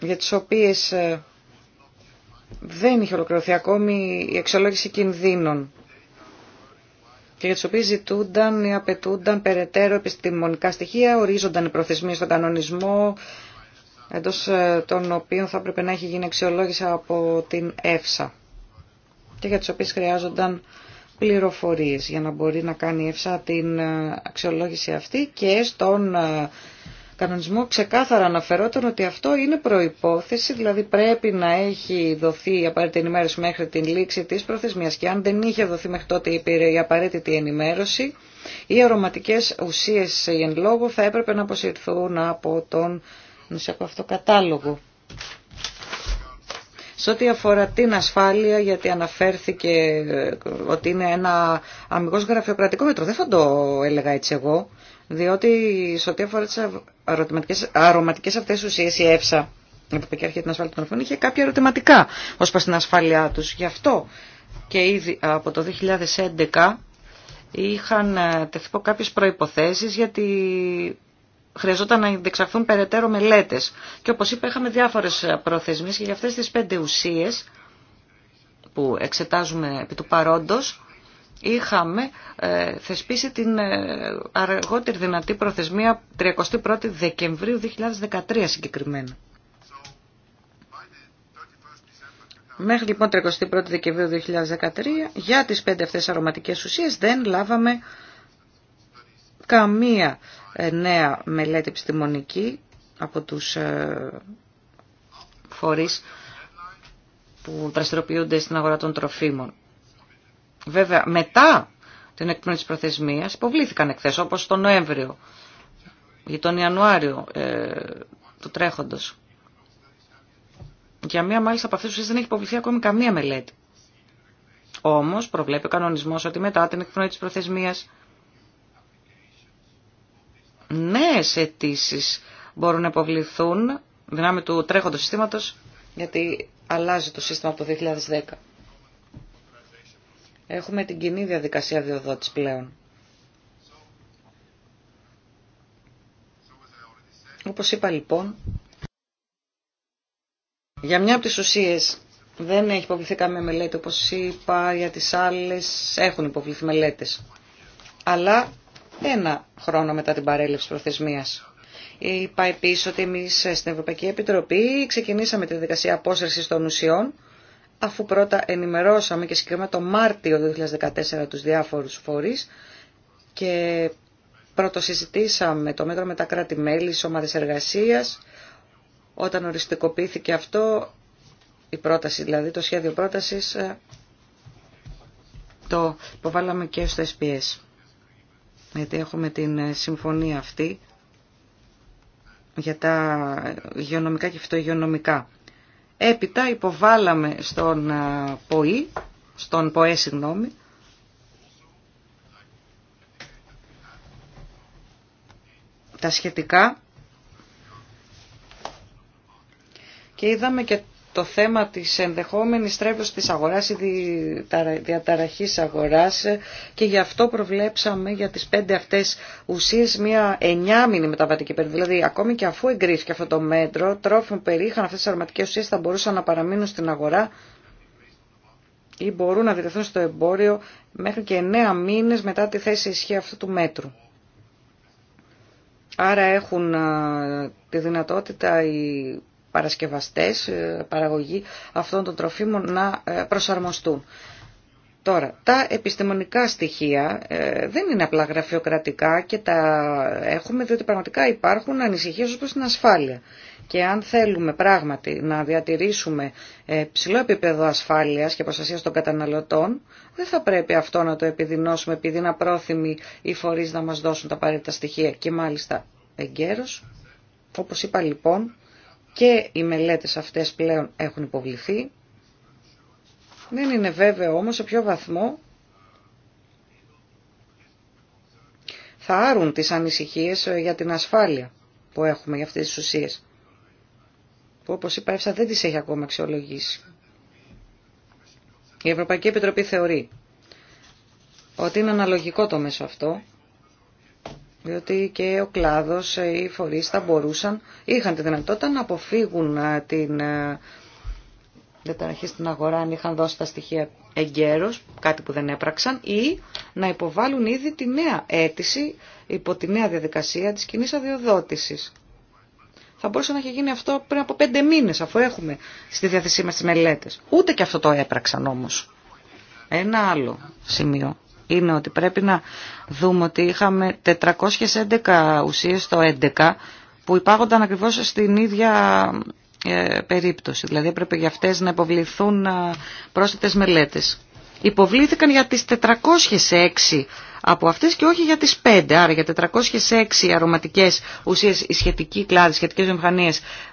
για τις οποίες ε, δεν είχε ολοκληρωθεί ακόμη η εξολόγηση κινδύνων και για τις οποίες ζητούνταν ή απαιτούνταν περαιτέρω επιστημονικά στοιχεία, ορίζονταν οι προθεσμίες στον κανονισμό, εντός ε, των οποίων θα έπρεπε να έχει γίνει αξιολόγηση από την ΕΦΣΑ και για τις οποίες χρειάζονταν πληροφορίες για να μπορεί να κάνει η ΕΦΣΑ την ε, αξιολόγηση αυτή και στον ε, κανονισμό ξεκάθαρα αναφερόταν ότι αυτό είναι προϋπόθεση, δηλαδή πρέπει να έχει δοθεί η απαραίτητη ενημέρωση μέχρι την λήξη της προθεσμίας και αν δεν είχε δοθεί μέχρι τότε η απαραίτητη ενημέρωση, οι αρωματικές ουσίες εν λόγω θα έπρεπε να αποσυρθούν από τον νοσιακό αυτό κατάλογο. Σε ό,τι αφορά την ασφάλεια, γιατί αναφέρθηκε ε, ότι είναι ένα αμυγός γραφειοκρατικό μέτρο, δεν θα το έλεγα έτσι εγώ διότι σε ό,τι αφορά τι αρωματικέ αυτές ουσίες η ΕΦΣΑ, η Ευρωπαϊκή Αρχή την Ασφάλεια των Ορφών, είχε κάποια ερωτηματικά ως προς την ασφάλειά τους. Γι' αυτό και ήδη από το 2011 είχαν ε, τεθεί κάποιες προϋποθέσεις γιατί χρειαζόταν να διεξαχθούν περαιτέρω μελέτες. Και όπως είπα είχαμε διάφορε προθεσμίε και για αυτέ τι πέντε ουσίε που εξετάζουμε επί του παρόντος είχαμε ε, θεσπίσει την ε, αργότερη δυνατή προθεσμία 31 Δεκεμβρίου 2013 συγκεκριμένα. Μέχρι λοιπόν 31 Δεκεμβρίου 2013 για τις πέντε αυτές αρωματικές ουσίες δεν λάβαμε καμία ε, νέα μελέτη επιστημονική από τους φορείς που δραστηριοποιούνται στην αγορά των τροφίμων. Βέβαια, μετά την εκπνοή της προθεσμίας υποβλήθηκαν εκθέσεις, όπως τον Νοέμβριο ή τον Ιανουάριο ε, του τρέχοντος. Για μία μάλιστα από αυτές τις δεν έχει υποβληθεί ακόμη καμία μελέτη. Όμως προβλέπει ο κανονισμός ότι μετά την εκπνοή της προθεσμίας νέες αιτήσει μπορούν να υποβληθούν δυνάμει του τρέχοντος συστήματος γιατί αλλάζει το σύστημα από το 2010. Έχουμε την κοινή διαδικασία διοδότης πλέον. Όπως είπα λοιπόν, για μια από τις ουσίες δεν έχει υποβληθεί καμία μελέτη, όπως είπα, για τις άλλες έχουν υποβληθεί μελέτες. Αλλά ένα χρόνο μετά την παρέλευση προθεσμίας. Είπα επίσης ότι εμείς στην Ευρωπαϊκή Επιτροπή ξεκινήσαμε τη διαδικασία απόσυρσης των ουσιών αφού πρώτα ενημερώσαμε και συγκεκριμένα το Μάρτιο 2014 τους διάφορους φορείς και πρωτοσυζητήσαμε το μέτρο με τα κράτη-μέλη, τις ομάδες εργασίας. Όταν οριστικοποιήθηκε αυτό, η πρόταση, δηλαδή το σχέδιο πρότασης, ε, το υποβάλαμε και στο SPS. Γιατί έχουμε την ε, συμφωνία αυτή για τα υγειονομικά και φυτοϊγειονομικά Έπειτα υποβάλαμε στον ε, ΠΟΗ, στον ΠΟΕ συγγνώμη, τα σχετικά και είδαμε και το θέμα της ενδεχόμενης τρέβλωσης της αγοράς ή διαταραχής αγοράς και γι' αυτό προβλέψαμε για τις πέντε αυτές ουσίες μια εννιάμινη μεταβατική περίοδο. Δηλαδή ακόμη και αφού εγκρίθηκε αυτό το μέτρο, τρόφιμο περίχαν αυτές τις αρωματικές ουσίες θα μπορούσαν να παραμείνουν στην αγορά ή μπορούν να διδεθούν στο εμπόριο μέχρι και εννέα μήνες μετά τη θέση ισχύ αυτού του μέτρου. Άρα έχουν τη δυνατότητα οι παρασκευαστές, ε, παραγωγή αυτών των τροφίμων να ε, προσαρμοστούν. Τώρα, τα επιστημονικά στοιχεία ε, δεν είναι απλά γραφειοκρατικά και τα έχουμε διότι πραγματικά υπάρχουν ανησυχίες όπως την ασφάλεια. Και αν θέλουμε πράγματι να διατηρήσουμε ψηλό επίπεδο ασφάλειας και προστασίας των καταναλωτών, δεν θα πρέπει αυτό να το επιδεινώσουμε επειδή είναι απρόθυμοι οι φορείς να μας δώσουν τα απαραίτητα στοιχεία. Και μάλιστα εγκαίρως, όπως είπα λοιπόν, και οι μελέτες αυτές πλέον έχουν υποβληθεί. Δεν είναι βέβαιο όμως σε ποιο βαθμό θα άρουν τις ανησυχίες για την ασφάλεια που έχουμε για αυτές τις ουσίες. Που όπως είπα ΕΦΣΑ δεν τις έχει ακόμα αξιολογήσει. Η Ευρωπαϊκή Επιτροπή θεωρεί ότι είναι αναλογικό το μέσο αυτό διότι και ο κλάδος, ε, οι φορείς θα μπορούσαν, είχαν τη δυνατότητα να αποφύγουν ε, την ε, διαταραχή στην αγορά αν είχαν δώσει τα στοιχεία εγκαίρως, κάτι που δεν έπραξαν, ή να υποβάλουν ήδη τη νέα αίτηση υπό τη νέα διαδικασία της κοινή αδειοδότησης. Θα μπορούσε να έχει γίνει αυτό πριν από πέντε μήνες, αφού έχουμε στη διάθεσή μας τις μελέτες. Ούτε και αυτό το έπραξαν όμως. Ένα άλλο σημείο είναι ότι πρέπει να δούμε ότι είχαμε 411 ουσίες στο 11 που υπάγονταν ακριβώς στην ίδια ε, περίπτωση. Δηλαδή έπρεπε για αυτές να υποβληθούν ε, πρόσθετες μελέτες. Υποβλήθηκαν για τις 406 από αυτές και όχι για τις 5. Άρα για 406 αρωματικές ουσίες, οι σχετικοί κλάδοι, οι σχετικές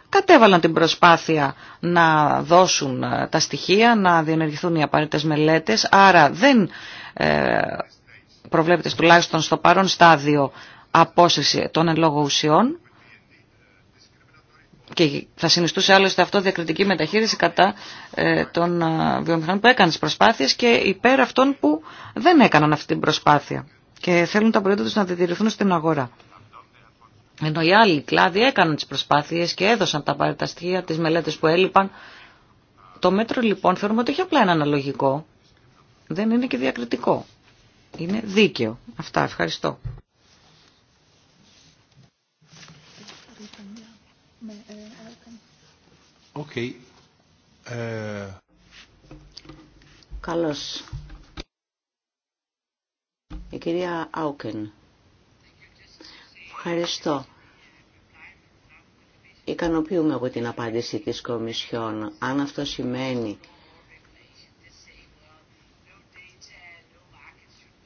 κατέβαλαν την προσπάθεια να δώσουν ε, τα στοιχεία, να διενεργηθούν οι απαραίτητες μελέτες. Άρα δεν ε, προβλέπεται τουλάχιστον στο παρόν στάδιο απόσυρση των εν λόγω ουσιών και θα συνιστούσε άλλωστε αυτό διακριτική μεταχείριση κατά ε, των ε, βιομηχανών που έκανε τις προσπάθειες και υπέρ αυτών που δεν έκαναν αυτή την προσπάθεια και θέλουν τα προϊόντα τους να διατηρηθούν στην αγορά. Ενώ οι άλλοι κλάδοι έκαναν τις προσπάθειες και έδωσαν τα απαραίτητα τι τις μελέτες που έλειπαν. Το μέτρο λοιπόν θεωρούμε ότι έχει απλά ένα αναλογικό, δεν είναι και διακριτικό. Είναι δίκαιο. Αυτά. Ευχαριστώ. Okay. Ε... Καλώς. Η κυρία Άουκεν. Ευχαριστώ. Ικανοποιούμε από την απάντηση της Κομισιόν. Αν αυτό σημαίνει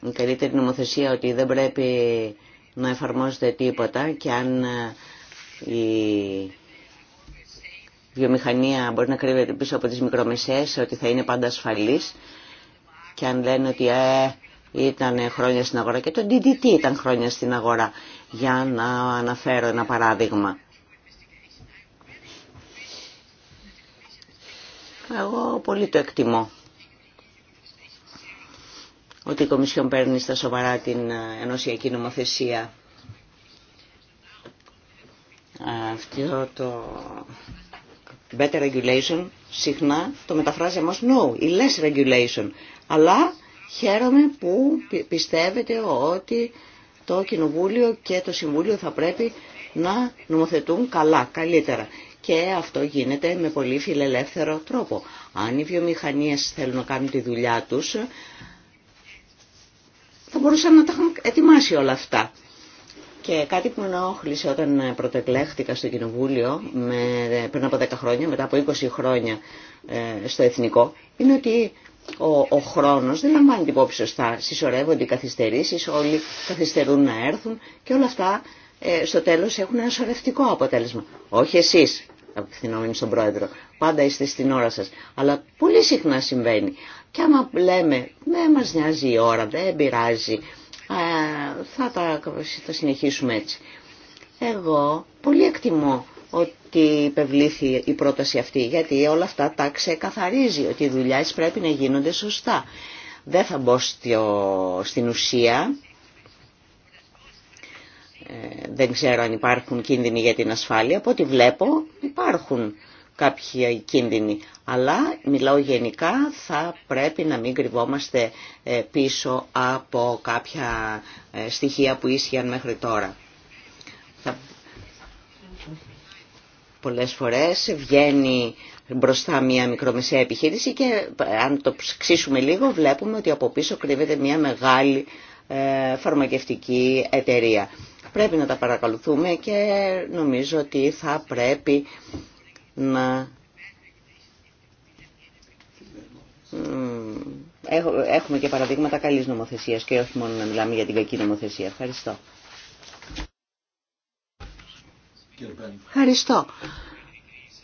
η καλύτερη νομοθεσία ότι δεν πρέπει να εφαρμόζεται τίποτα και αν ε, η βιομηχανία μπορεί να κρύβεται πίσω από τις μικρομεσαίες ότι θα είναι πάντα ασφαλής και αν λένε ότι ε, ήταν χρόνια στην αγορά και το DDT ήταν χρόνια στην αγορά για να αναφέρω ένα παράδειγμα. Εγώ πολύ το εκτιμώ ότι η Κομισιόν παίρνει στα σοβαρά την ε, ενωσιακή νομοθεσία. Αυτό το better regulation συχνά το μεταφράζει όμως no ή less regulation. Αλλά χαίρομαι που πιστεύετε ότι το Κοινοβούλιο και το Συμβούλιο θα πρέπει να νομοθετούν καλά, καλύτερα. Και αυτό γίνεται με πολύ φιλελεύθερο τρόπο. Αν οι βιομηχανίες θέλουν να κάνουν τη δουλειά τους, θα μπορούσαν να τα έχουν ετοιμάσει όλα αυτά. Και κάτι που με ενόχλησε όταν πρωτοεκλέχτηκα στο Κοινοβούλιο με, πριν από 10 χρόνια, μετά από 20 χρόνια ε, στο Εθνικό, είναι ότι ο, ο χρόνος δεν λαμβάνει την υπόψη σωστά. Συσσωρεύονται οι καθυστερήσεις, όλοι καθυστερούν να έρθουν και όλα αυτά ε, στο τέλος έχουν ένα σωρευτικό αποτέλεσμα. Όχι εσείς, απευθυνόμενοι στον πρόεδρο, πάντα είστε στην ώρα σας. Αλλά πολύ συχνά συμβαίνει. Και άμα λέμε, δεν «Ναι, μας νοιάζει η ώρα, δεν πειράζει, θα, τα, θα συνεχίσουμε έτσι. Εγώ πολύ εκτιμώ ότι υπευλήθη η πρόταση αυτή, γιατί όλα αυτά τα ξεκαθαρίζει, ότι οι δουλειές πρέπει να γίνονται σωστά. Δεν θα μπω στην ουσία, ε, δεν ξέρω αν υπάρχουν κίνδυνοι για την ασφάλεια, από ό,τι βλέπω υπάρχουν κάποια κίνδυνη. Αλλά μιλάω γενικά, θα πρέπει να μην κρυβόμαστε ε, πίσω από κάποια ε, στοιχεία που ίσχυαν μέχρι τώρα. Πολλές φορές βγαίνει μπροστά μια μικρομεσαία επιχείρηση και αν το ξύσουμε λίγο βλέπουμε ότι από πίσω κρύβεται μια μεγάλη ε, φαρμακευτική εταιρεία. Πρέπει να τα παρακολουθούμε και νομίζω ότι θα πρέπει να έχουμε και παραδείγματα καλής νομοθεσίας και όχι μόνο να μιλάμε για την κακή νομοθεσία. Ευχαριστώ. Ευχαριστώ.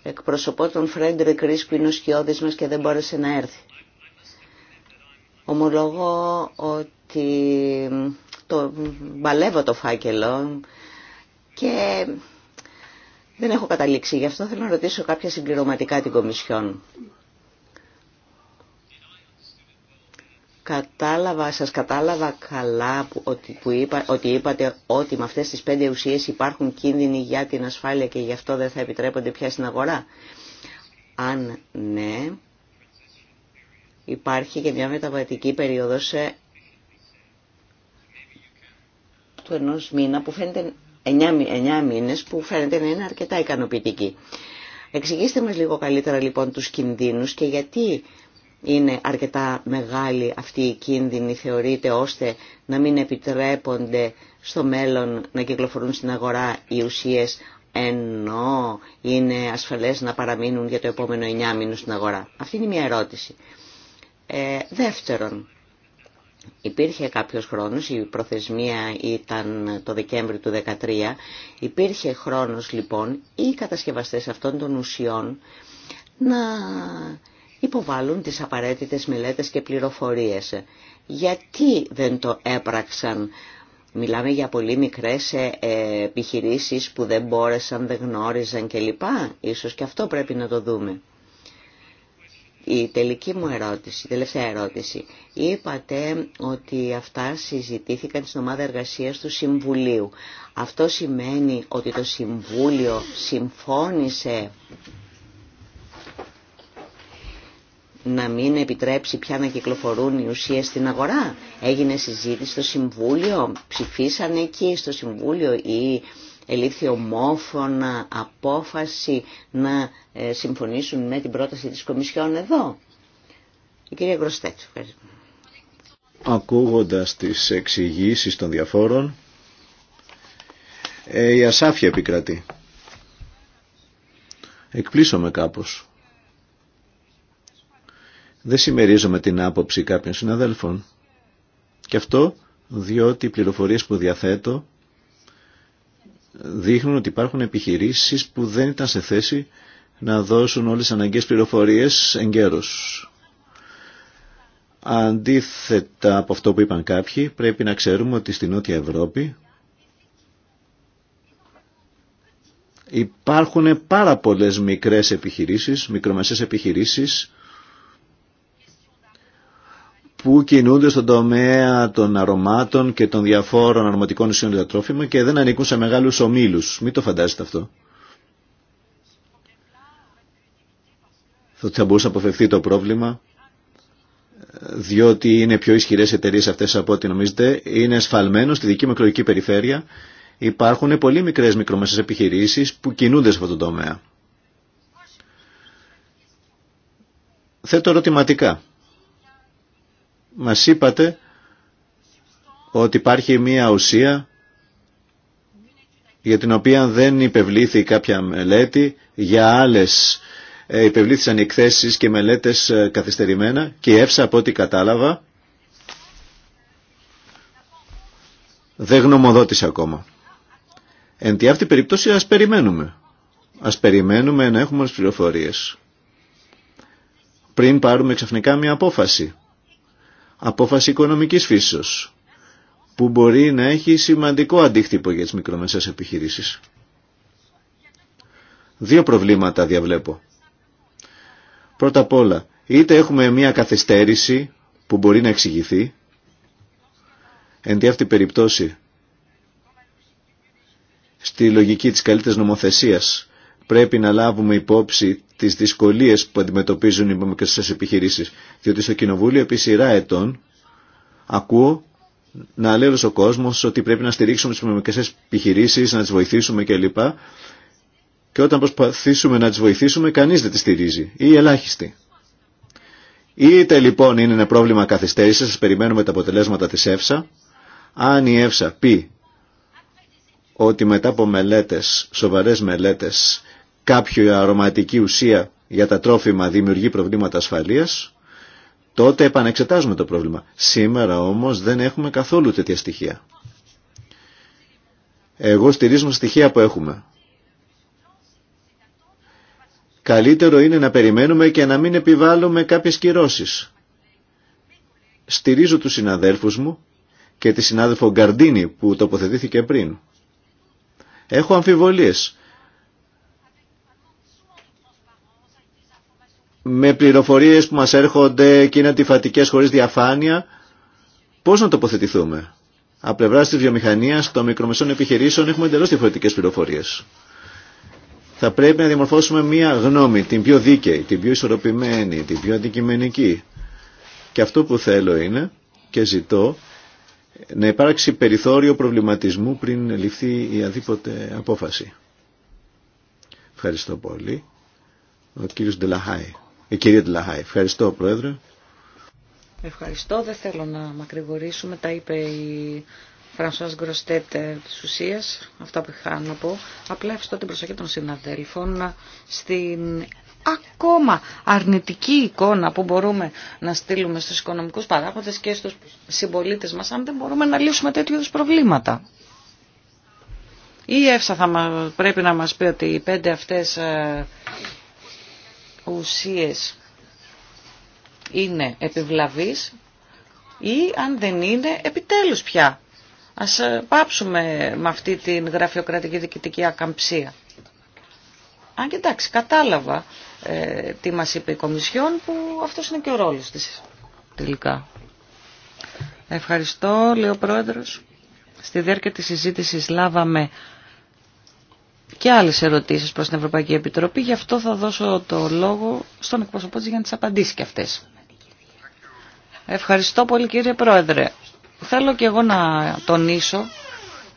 Εκπροσωπώ τον Φρέντρικ Κρίσ που είναι ο σκιώδης μας και δεν μπόρεσε να έρθει. Ομολογώ ότι το μπαλεύω το φάκελο και δεν έχω καταλήξει, γι' αυτό θέλω να ρωτήσω κάποια συμπληρωματικά την Κομισιόν. Κατάλαβα, σας κατάλαβα καλά ότι, που είπα, ότι είπατε ότι με αυτές τις πέντε ουσίες υπάρχουν κίνδυνοι για την ασφάλεια και γι' αυτό δεν θα επιτρέπονται πια στην αγορά. Αν ναι, υπάρχει και μια μεταβατική περίοδος ε, του ενός μήνα που φαίνεται 9 μήνες που φαίνεται να είναι αρκετά ικανοποιητική. Εξηγήστε μας λίγο καλύτερα λοιπόν τους κινδύνους και γιατί είναι αρκετά μεγάλη αυτή η κίνδυνη θεωρείται ώστε να μην επιτρέπονται στο μέλλον να κυκλοφορούν στην αγορά οι ουσίες ενώ είναι ασφαλές να παραμείνουν για το επόμενο εννιά μήνους στην αγορά. Αυτή είναι μια ερώτηση. Ε, δεύτερον, υπήρχε κάποιος χρόνος, η προθεσμία ήταν το Δεκέμβρη του 2013, υπήρχε χρόνος λοιπόν οι κατασκευαστές αυτών των ουσιών να υποβάλουν τις απαραίτητες μελέτες και πληροφορίες. Γιατί δεν το έπραξαν Μιλάμε για πολύ μικρές ε, επιχειρήσεις που δεν μπόρεσαν, δεν γνώριζαν κλπ. Ίσως και αυτό πρέπει να το δούμε. Η τελική μου ερώτηση, η τελευταία ερώτηση. Είπατε ότι αυτά συζητήθηκαν στην ομάδα εργασίας του Συμβουλίου. Αυτό σημαίνει ότι το Συμβούλιο συμφώνησε να μην επιτρέψει πια να κυκλοφορούν οι ουσίες στην αγορά. Έγινε συζήτηση στο Συμβούλιο, ψηφίσανε εκεί στο Συμβούλιο ή ελήφθη ομόφωνα απόφαση να ε, συμφωνήσουν με την πρόταση της Κομισιόν εδώ. Η κυρία Γκροστέτ. Ακούγοντας τις εξηγήσεις των διαφόρων, ε, η ασάφεια επικρατεί. Εκπλήσωμαι κάπως. Δεν συμμερίζομαι την άποψη κάποιων συναδέλφων. Και αυτό διότι οι πληροφορίες που διαθέτω δείχνουν ότι υπάρχουν επιχειρήσεις που δεν ήταν σε θέση να δώσουν όλες τις αναγκαίες πληροφορίες εγκαίρως. Αντίθετα από αυτό που είπαν κάποιοι, πρέπει να ξέρουμε ότι στη Νότια Ευρώπη υπάρχουν πάρα πολλές μικρές επιχειρήσεις, μικρομεσαίες επιχειρήσεις που κινούνται στον τομέα των αρωμάτων και των διαφόρων αρωματικών ουσιών για τρόφιμα και δεν ανήκουν σε μεγάλους ομίλους. Μην το φαντάζεστε αυτό. Θα μπορούσε να αποφευθεί το πρόβλημα διότι είναι πιο ισχυρές εταιρείε αυτές από ό,τι νομίζετε. Είναι σφαλμένο στη δική μου εκλογική περιφέρεια. Υπάρχουν πολύ μικρέ μικρομεσαίες επιχειρήσει που κινούνται σε αυτό το τομέα. Θέτω ερωτηματικά μας είπατε ότι υπάρχει μία ουσία για την οποία δεν υπευλήθη κάποια μελέτη, για άλλες ε, υπευλήθησαν εκθέσεις και μελέτες ε, καθυστερημένα και η ΕΦΣΑ από ό,τι κατάλαβα δεν γνωμοδότησε ακόμα. Εν τη αυτή περιπτώση ας περιμένουμε. Ας περιμένουμε να έχουμε τις πληροφορίες. Πριν πάρουμε ξαφνικά μια απόφαση απόφαση οικονομικής φύσεως που μπορεί να έχει σημαντικό αντίκτυπο για τις μικρομεσαίες επιχειρήσεις. Δύο προβλήματα διαβλέπω. Πρώτα απ' όλα, είτε έχουμε μια καθυστέρηση που μπορεί να εξηγηθεί, εν τη αυτή περιπτώσει, στη λογική της καλύτερης νομοθεσίας, πρέπει να λάβουμε υπόψη τις δυσκολίες που αντιμετωπίζουν οι μικρές επιχειρήσεις. Διότι στο Κοινοβούλιο επί σειρά ετών ακούω να λέει ο κόσμος ότι πρέπει να στηρίξουμε τις μικρές επιχειρήσεις, να τις βοηθήσουμε κλπ. Και όταν προσπαθήσουμε να τις βοηθήσουμε κανείς δεν τις στηρίζει ή ελάχιστη. Είτε λοιπόν είναι ένα πρόβλημα καθυστέρησης, σας περιμένουμε τα αποτελέσματα της ΕΦΣΑ. Αν η ΕΦΣΑ πει ότι μετά από μελέτε, σοβαρές μελέτες, κάποια αρωματική ουσία για τα τρόφιμα δημιουργεί προβλήματα ασφαλείας, τότε επανεξετάζουμε το πρόβλημα. Σήμερα όμως δεν έχουμε καθόλου τέτοια στοιχεία. Εγώ στηρίζω στοιχεία που έχουμε. Καλύτερο είναι να περιμένουμε και να μην επιβάλλουμε κάποιες κυρώσεις. Στηρίζω τους συναδέλφους μου και τη συνάδελφο Γκαρντίνη που τοποθετήθηκε πριν. Έχω αμφιβολίες με πληροφορίες που μας έρχονται και είναι αντιφατικές χωρίς διαφάνεια, πώς να τοποθετηθούμε. Από πλευρά τη βιομηχανία, των μικρομεσών επιχειρήσεων έχουμε εντελώ διαφορετικέ πληροφορίε. Θα πρέπει να διαμορφώσουμε μία γνώμη, την πιο δίκαιη, την πιο ισορροπημένη, την πιο αντικειμενική. Και αυτό που θέλω είναι και ζητώ να υπάρξει περιθώριο προβληματισμού πριν ληφθεί η αδίποτε απόφαση. Ευχαριστώ πολύ. Ο κύριος Ντελαχάη. Η ε, κυρία Τλαχάη. Ευχαριστώ, Πρόεδρε. Ευχαριστώ. Δεν θέλω να μακρηγορήσουμε. Τα είπε η Φρανσουάς Γκροστέτε, της ουσίας, αυτά που είχα να πω. Απλά ευχαριστώ την προσοχή των συναδέλφων στην ακόμα αρνητική εικόνα που μπορούμε να στείλουμε στους οικονομικούς παράγοντες και στους συμπολίτες μας αν δεν μπορούμε να λύσουμε τέτοιου είδους προβλήματα. Η ΕΦΣΑ θα πρέπει να μας πει ότι οι πέντε αυτές ε, ουσίες είναι επιβλαβείς ή αν δεν είναι επιτέλους πια. Ας ε, πάψουμε με αυτή την γραφειοκρατική διοικητική ακαμψία. Αν και εντάξει, κατάλαβα ε, τι μας είπε η Κομισιόν που αυτός είναι και ο ρόλος της τελικά. Ευχαριστώ, λέει ο Πρόεδρος. Στη διάρκεια της συζήτησης λάβαμε και άλλες ερωτήσεις προς την Ευρωπαϊκή Επιτροπή. Γι' αυτό θα δώσω το λόγο στον εκπροσωπό της για να τις απαντήσει και αυτές. Ευχαριστώ πολύ κύριε Πρόεδρε. Θέλω και εγώ να τονίσω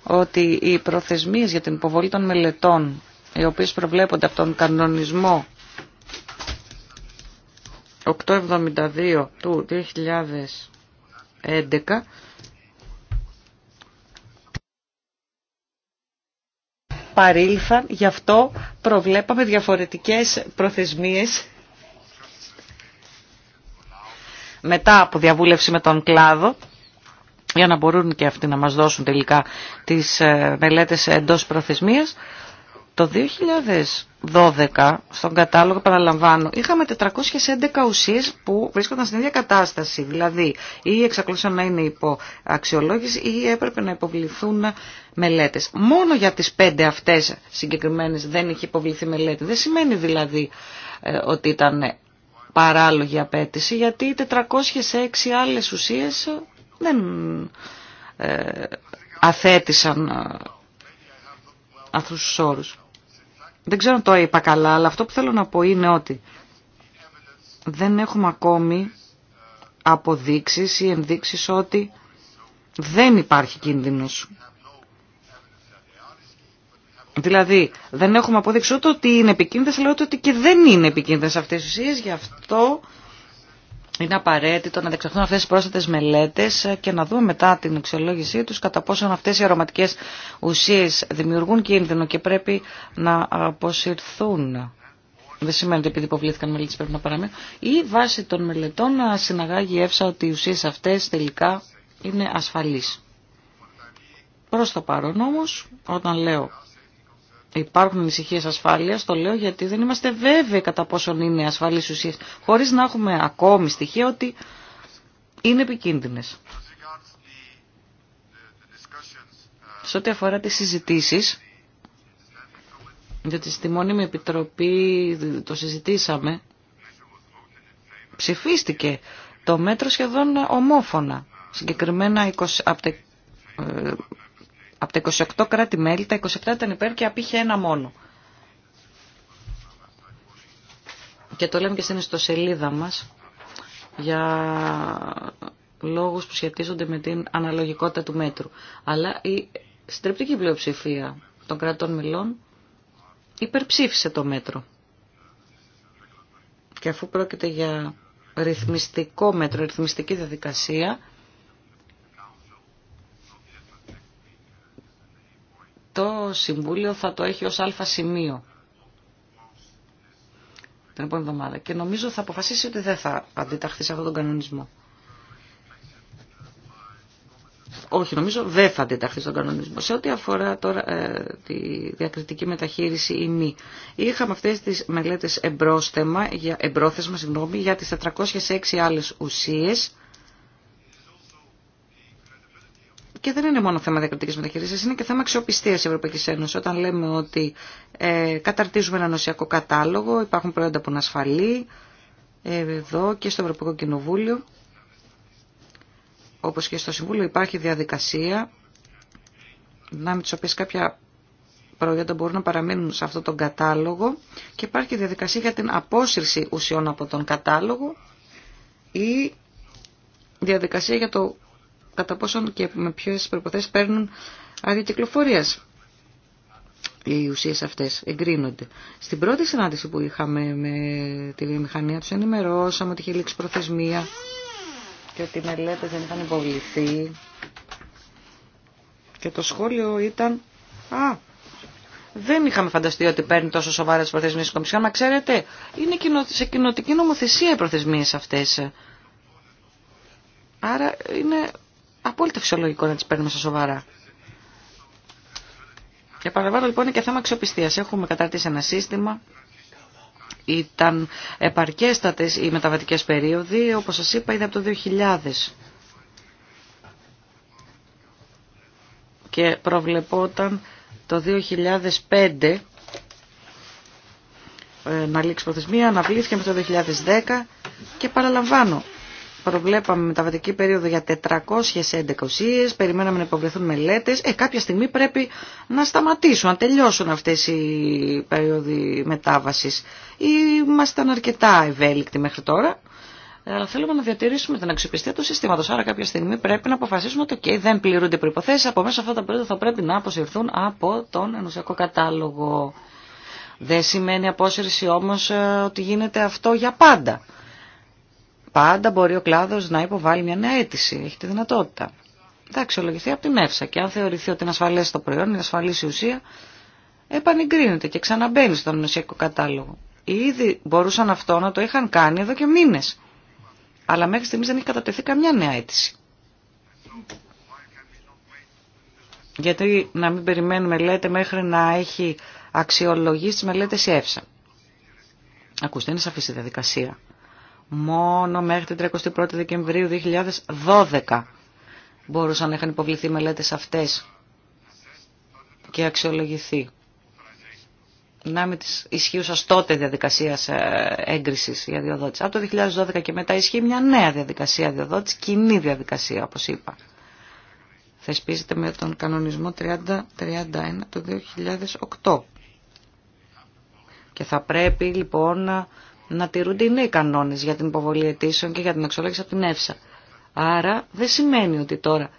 ότι οι προθεσμίες για την υποβολή των μελετών οι οποίες προβλέπονται από τον κανονισμό 872 του 2011 παρήλθαν, γι' αυτό προβλέπαμε διαφορετικές προθεσμίες μετά από διαβούλευση με τον κλάδο για να μπορούν και αυτοί να μας δώσουν τελικά τις ε, μελέτες εντός προθεσμίας. Το 2012, στον κατάλογο, παραλαμβάνω, είχαμε 411 ουσίες που βρίσκονταν στην ίδια κατάσταση. Δηλαδή, ή εξακολουθούσαν να είναι υπό αξιολόγηση ή έπρεπε να υποβληθούν μελέτες. Μόνο για τις πέντε αυτές συγκεκριμένες δεν είχε υποβληθεί μελέτη. Δεν σημαίνει δηλαδή ε, ότι ήταν παράλογη απέτηση, γιατί οι 406 άλλες ουσίες δεν ε, αθέτησαν ε, αυτούς τους όρους. Δεν ξέρω αν το είπα καλά, αλλά αυτό που θέλω να πω είναι ότι δεν έχουμε ακόμη αποδείξεις ή ενδείξεις ότι δεν υπάρχει κίνδυνος. Δηλαδή, δεν έχουμε αποδείξει ότι είναι επικίνδυνες, αλλά ότι και δεν είναι επικίνδυνες αυτές οι ουσίες, γι' αυτό είναι απαραίτητο να δεξαχθούν αυτές τις πρόσθετες μελέτες και να δούμε μετά την αξιολόγησή τους κατά πόσο αυτές οι αρωματικές ουσίες δημιουργούν κίνδυνο και πρέπει να αποσυρθούν. Δεν σημαίνει ότι επειδή υποβλήθηκαν μελέτες πρέπει να παραμείνουν. Ή βάσει των μελετών να συναγάγει η ΕΦΣΑ ότι οι ουσίες αυτές τελικά είναι ασφαλείς. Προς το παρόν όμως, όταν λέω υπάρχουν ανησυχίε ασφάλεια, το λέω γιατί δεν είμαστε βέβαιοι κατά πόσον είναι ασφαλεί ουσίε, χωρί να έχουμε ακόμη στοιχεία ότι είναι επικίνδυνε. Σε ό,τι αφορά τις συζητήσεις, γιατί στη μόνιμη επιτροπή το συζητήσαμε, ψηφίστηκε το μέτρο σχεδόν ομόφωνα. Συγκεκριμένα από τα ε, από τα 28 κράτη-μέλη, τα 27 ήταν υπέρ και απήχε ένα μόνο. Και το λέμε και στην ιστοσελίδα μας για λόγους που σχετίζονται με την αναλογικότητα του μέτρου. Αλλά η στρεπτική πλειοψηφία των κρατών μελών υπερψήφισε το μέτρο. Και αφού πρόκειται για ρυθμιστικό μέτρο, ρυθμιστική διαδικασία, Συμβούλιο θα το έχει ως άλφα σημείο την επόμενη εβδομάδα. Και νομίζω θα αποφασίσει ότι δεν θα αντιταχθεί σε αυτόν τον κανονισμό. Όχι, νομίζω δεν θα αντιταχθεί στον κανονισμό. Σε ό,τι αφορά τώρα ε, τη διακριτική μεταχείριση ή μη. Είχαμε αυτές τις μελέτες εμπρόθεσμα για, εμπρόθεσμα, συγγνώμη, για τις 406 άλλες ουσίες Και δεν είναι μόνο θέμα διακριτική μεταχείριση, είναι και θέμα αξιοπιστία Ευρωπαϊκή Ένωση. Όταν λέμε ότι ε, καταρτίζουμε ένα νοσιακό κατάλογο, υπάρχουν προϊόντα που είναι ασφαλή, ε, εδώ και στο Ευρωπαϊκό Κοινοβούλιο, όπω και στο Συμβούλιο, υπάρχει διαδικασία με τι οποίε κάποια προϊόντα μπορούν να παραμείνουν σε αυτόν τον κατάλογο και υπάρχει διαδικασία για την απόσυρση ουσιών από τον κατάλογο ή διαδικασία για το κατά πόσον και με ποιες προποθέσει παίρνουν άδεια οι ουσίες αυτές εγκρίνονται. Στην πρώτη συνάντηση που είχαμε με τη βιομηχανία τους ενημερώσαμε ότι είχε λήξει προθεσμία και ότι οι μελέτες δεν είχαν υποβληθεί και το σχόλιο ήταν «Α, δεν είχαμε φανταστεί ότι παίρνει τόσο σοβαρά τις προθεσμίες της Κομισιόν, μα ξέρετε, είναι σε κοινοτική νομοθεσία οι προθεσμίες αυτές». Άρα είναι απόλυτα φυσιολογικό να τι παίρνουμε στα σοβαρά. Και παραλαμβάνω λοιπόν και θέμα αξιοπιστία. Έχουμε καταρτήσει ένα σύστημα, ήταν επαρκέστατε οι μεταβατικές περίοδοι, όπως σα είπα είναι από το 2000. Και προβλεπόταν το 2005 ε, να λήξει προθεσμία, αναβλήθηκε με το 2010 και παραλαμβάνω προβλέπαμε μεταβατική περίοδο για 411 ουσίες, περιμέναμε να υποβληθούν μελέτες. Ε, κάποια στιγμή πρέπει να σταματήσουν, να τελειώσουν αυτές οι περίοδοι μετάβασης. Ήμασταν αρκετά ευέλικτοι μέχρι τώρα, αλλά θέλουμε να διατηρήσουμε την αξιοπιστία του συστήματος. Άρα κάποια στιγμή πρέπει να αποφασίσουμε ότι okay, δεν πληρούνται προϋποθέσεις, από μέσα αυτά τα περίοδο θα πρέπει να αποσυρθούν από τον ενωσιακό κατάλογο. Δεν σημαίνει απόσυρση όμως ε, ότι γίνεται αυτό για πάντα. Πάντα μπορεί ο κλάδο να υποβάλει μια νέα αίτηση. Έχει τη δυνατότητα. Θα αξιολογηθεί από την ΕΦΣΑ και αν θεωρηθεί ότι είναι ασφαλές το προϊόν, είναι ασφαλή η ουσία, επανεγκρίνεται και ξαναμπαίνει στον νοσιακό κατάλογο. Ήδη μπορούσαν αυτό να το είχαν κάνει εδώ και μήνε. Αλλά μέχρι στιγμής δεν έχει κατατεθεί καμιά νέα αίτηση. Γιατί να μην περιμένουμε, λέτε, μέχρι να έχει αξιολογήσει τι μελέτε η ΕΦΣΑ. Ακούστε, είναι σαφή η διαδικασία μόνο μέχρι την 31η Δεκεμβρίου 2012 μπορούσαν να είχαν υποβληθεί μελέτες αυτές και αξιολογηθεί. Να με τις ισχύουσας τότε διαδικασίας ε, έγκρισης για διοδότηση. Από το 2012 και μετά ισχύει μια νέα διαδικασία διοδότηση, κοινή διαδικασία όπως είπα. Θεσπίζεται με τον κανονισμό 3031 του 2008. Και θα πρέπει λοιπόν να τηρούνται οι νέοι κανόνες για την υποβολή αιτήσεων και για την εξολόγηση από την ΕΦΣΑ. Άρα δεν σημαίνει ότι τώρα...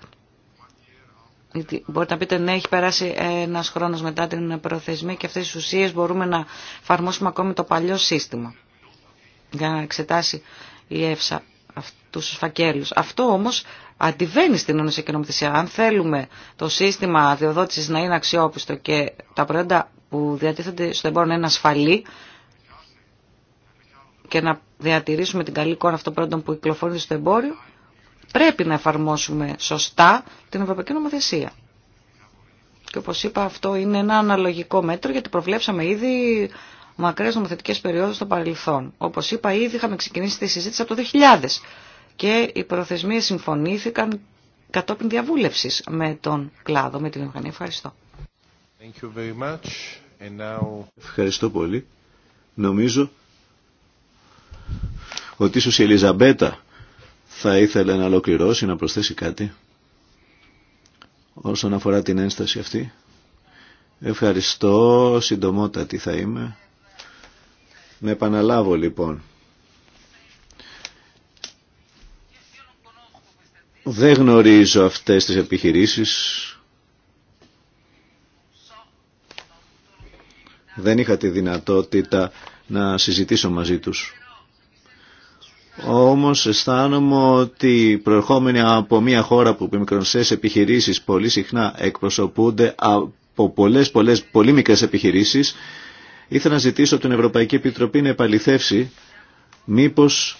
Μπορείτε να πείτε ναι, έχει περάσει ένα χρόνο μετά την προθεσμία και αυτέ τι ουσίε μπορούμε να εφαρμόσουμε ακόμη το παλιό σύστημα για να εξετάσει η ΕΦΣΑ αυτού τους φακέλους. Αυτό όμω αντιβαίνει στην όνειση και νομοθεσία. Αν θέλουμε το σύστημα αδειοδότηση να είναι αξιόπιστο και τα προϊόντα που διατίθενται στο εμπόριο να είναι ασφαλή, και να διατηρήσουμε την καλή εικόνα αυτών πρώτων που κυκλοφορούν στο εμπόριο, πρέπει να εφαρμόσουμε σωστά την Ευρωπαϊκή Νομοθεσία. Και όπως είπα αυτό είναι ένα αναλογικό μέτρο γιατί προβλέψαμε ήδη μακρές νομοθετικές περιόδους στο παρελθόν. Όπως είπα ήδη είχαμε ξεκινήσει τη συζήτηση από το 2000 και οι προθεσμίες συμφωνήθηκαν κατόπιν διαβούλευσης με τον κλάδο, με την Ευγανία. Ευχαριστώ. Thank you very much. And now... Ευχαριστώ πολύ. Νομίζω ότι ίσως η Ελιζαμπέτα θα ήθελε να ολοκληρώσει, να προσθέσει κάτι όσον αφορά την ένσταση αυτή. Ευχαριστώ, συντομότατη θα είμαι. Να επαναλάβω λοιπόν. Δεν γνωρίζω αυτές τις επιχειρήσεις. Δεν είχα τη δυνατότητα να συζητήσω μαζί τους. Όμως αισθάνομαι ότι προερχόμενοι από μια χώρα που οι μικροσές επιχειρήσεις πολύ συχνά εκπροσωπούνται από πολλές, πολλές πολύ μικρές επιχειρήσεις, ήθελα να ζητήσω από την Ευρωπαϊκή Επιτροπή να επαληθεύσει μήπως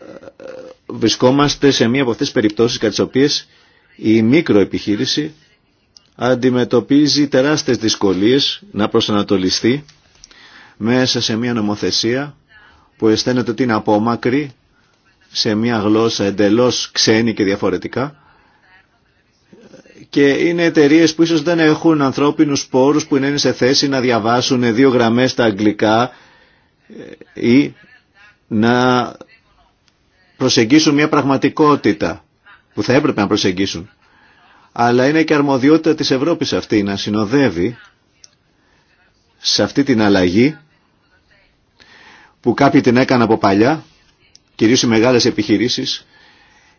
ε, βρισκόμαστε σε μία από αυτές τις περιπτώσεις κατά τις οποίες η μικροεπιχείρηση αντιμετωπίζει τεράστιες δυσκολίες να προσανατολιστεί μέσα σε μία νομοθεσία που αισθάνεται ότι είναι απόμακρη σε μια γλώσσα εντελώς ξένη και διαφορετικά και είναι εταιρείε που ίσως δεν έχουν ανθρώπινους πόρους που είναι σε θέση να διαβάσουν δύο γραμμές στα αγγλικά ε, ή να προσεγγίσουν μια πραγματικότητα που θα έπρεπε να προσεγγίσουν. Αλλά είναι και αρμοδιότητα της Ευρώπης αυτή να συνοδεύει σε αυτή την αλλαγή που κάποιοι την έκαναν από παλιά, κυρίως οι μεγάλες επιχειρήσεις.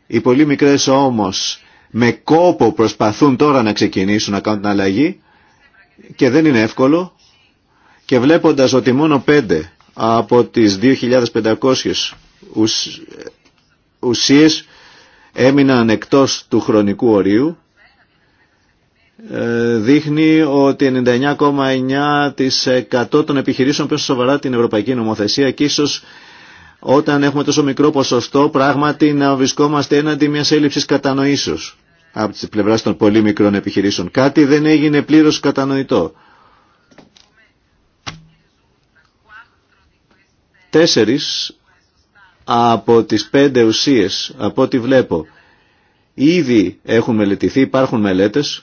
Οι πολύ μικρές όμως με κόπο προσπαθούν τώρα να ξεκινήσουν να κάνουν την αλλαγή και δεν είναι εύκολο και βλέποντας ότι μόνο πέντε από τις 2.500 ουσίες έμειναν εκτός του χρονικού ορίου ε, δείχνει ότι 99,9% των επιχειρήσεων πέσουν σοβαρά την ευρωπαϊκή νομοθεσία και ίσως όταν έχουμε τόσο μικρό ποσοστό πράγματι να βρισκόμαστε έναντι μιας έλλειψης κατανοήσεως από τις πλευράς των πολύ μικρών επιχειρήσεων. Κάτι δεν έγινε πλήρως κατανοητό. Τέσσερις από τις πέντε ουσίες, από ό,τι βλέπω, ήδη έχουν μελετηθεί, υπάρχουν μελέτες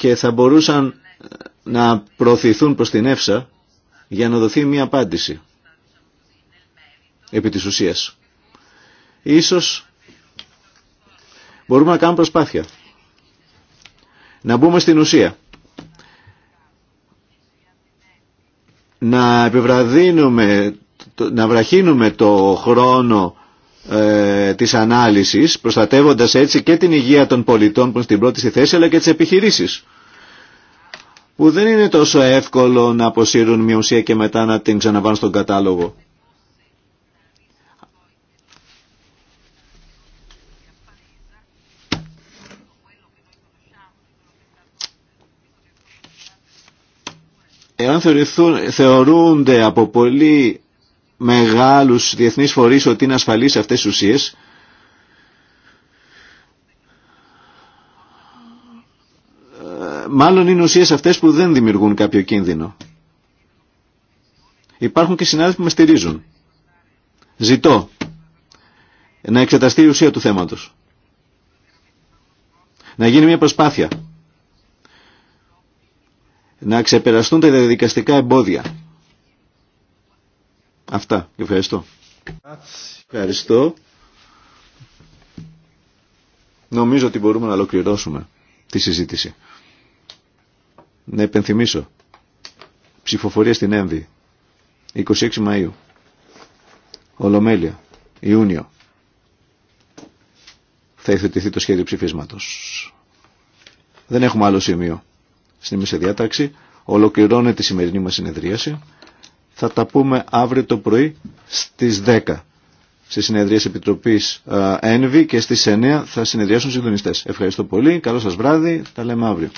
και θα μπορούσαν ε, να προωθηθούν προς την έψα για να δοθεί μια απάντηση επί της ουσίας. Ίσως μπορούμε να κάνουμε προσπάθεια. Να μπούμε στην ουσία. Να επιβραδύνουμε, να βραχύνουμε το χρόνο ε, της ανάλυσης, προστατεύοντας έτσι και την υγεία των πολιτών που είναι στην πρώτη στη θέση, αλλά και τις επιχειρήσεις. Που δεν είναι τόσο εύκολο να αποσύρουν μια και μετά να την ξαναβάλουν στον κατάλογο. Εάν θεωρούνται από πολλοί μεγάλους διεθνείς φορείς ότι είναι ασφαλείς αυτές τις ουσίες. Ε, μάλλον είναι ουσίες αυτές που δεν δημιουργούν κάποιο κίνδυνο. Υπάρχουν και συνάδελφοι που με στηρίζουν. Ζητώ να εξεταστεί η ουσία του θέματος. Να γίνει μια προσπάθεια. Να ξεπεραστούν τα διαδικαστικά εμπόδια Αυτά. Ευχαριστώ. Ευχαριστώ. Νομίζω ότι μπορούμε να ολοκληρώσουμε τη συζήτηση. Να υπενθυμίσω. Ψηφοφορία στην Έμβη. 26 Μαΐου. Ολομέλεια. Ιούνιο. Θα υιοθετηθεί το σχέδιο ψηφίσματος. Δεν έχουμε άλλο σημείο στην μισή διάταξη. Ολοκληρώνεται η σημερινή μας συνεδρίαση. Θα τα πούμε αύριο το πρωί στις 10 στη συνεδρίες Επιτροπής ΕΝΒΗ και στις 9 θα συνεδριάσουν συντονιστές. Ευχαριστώ πολύ, καλό σας βράδυ, τα λέμε αύριο.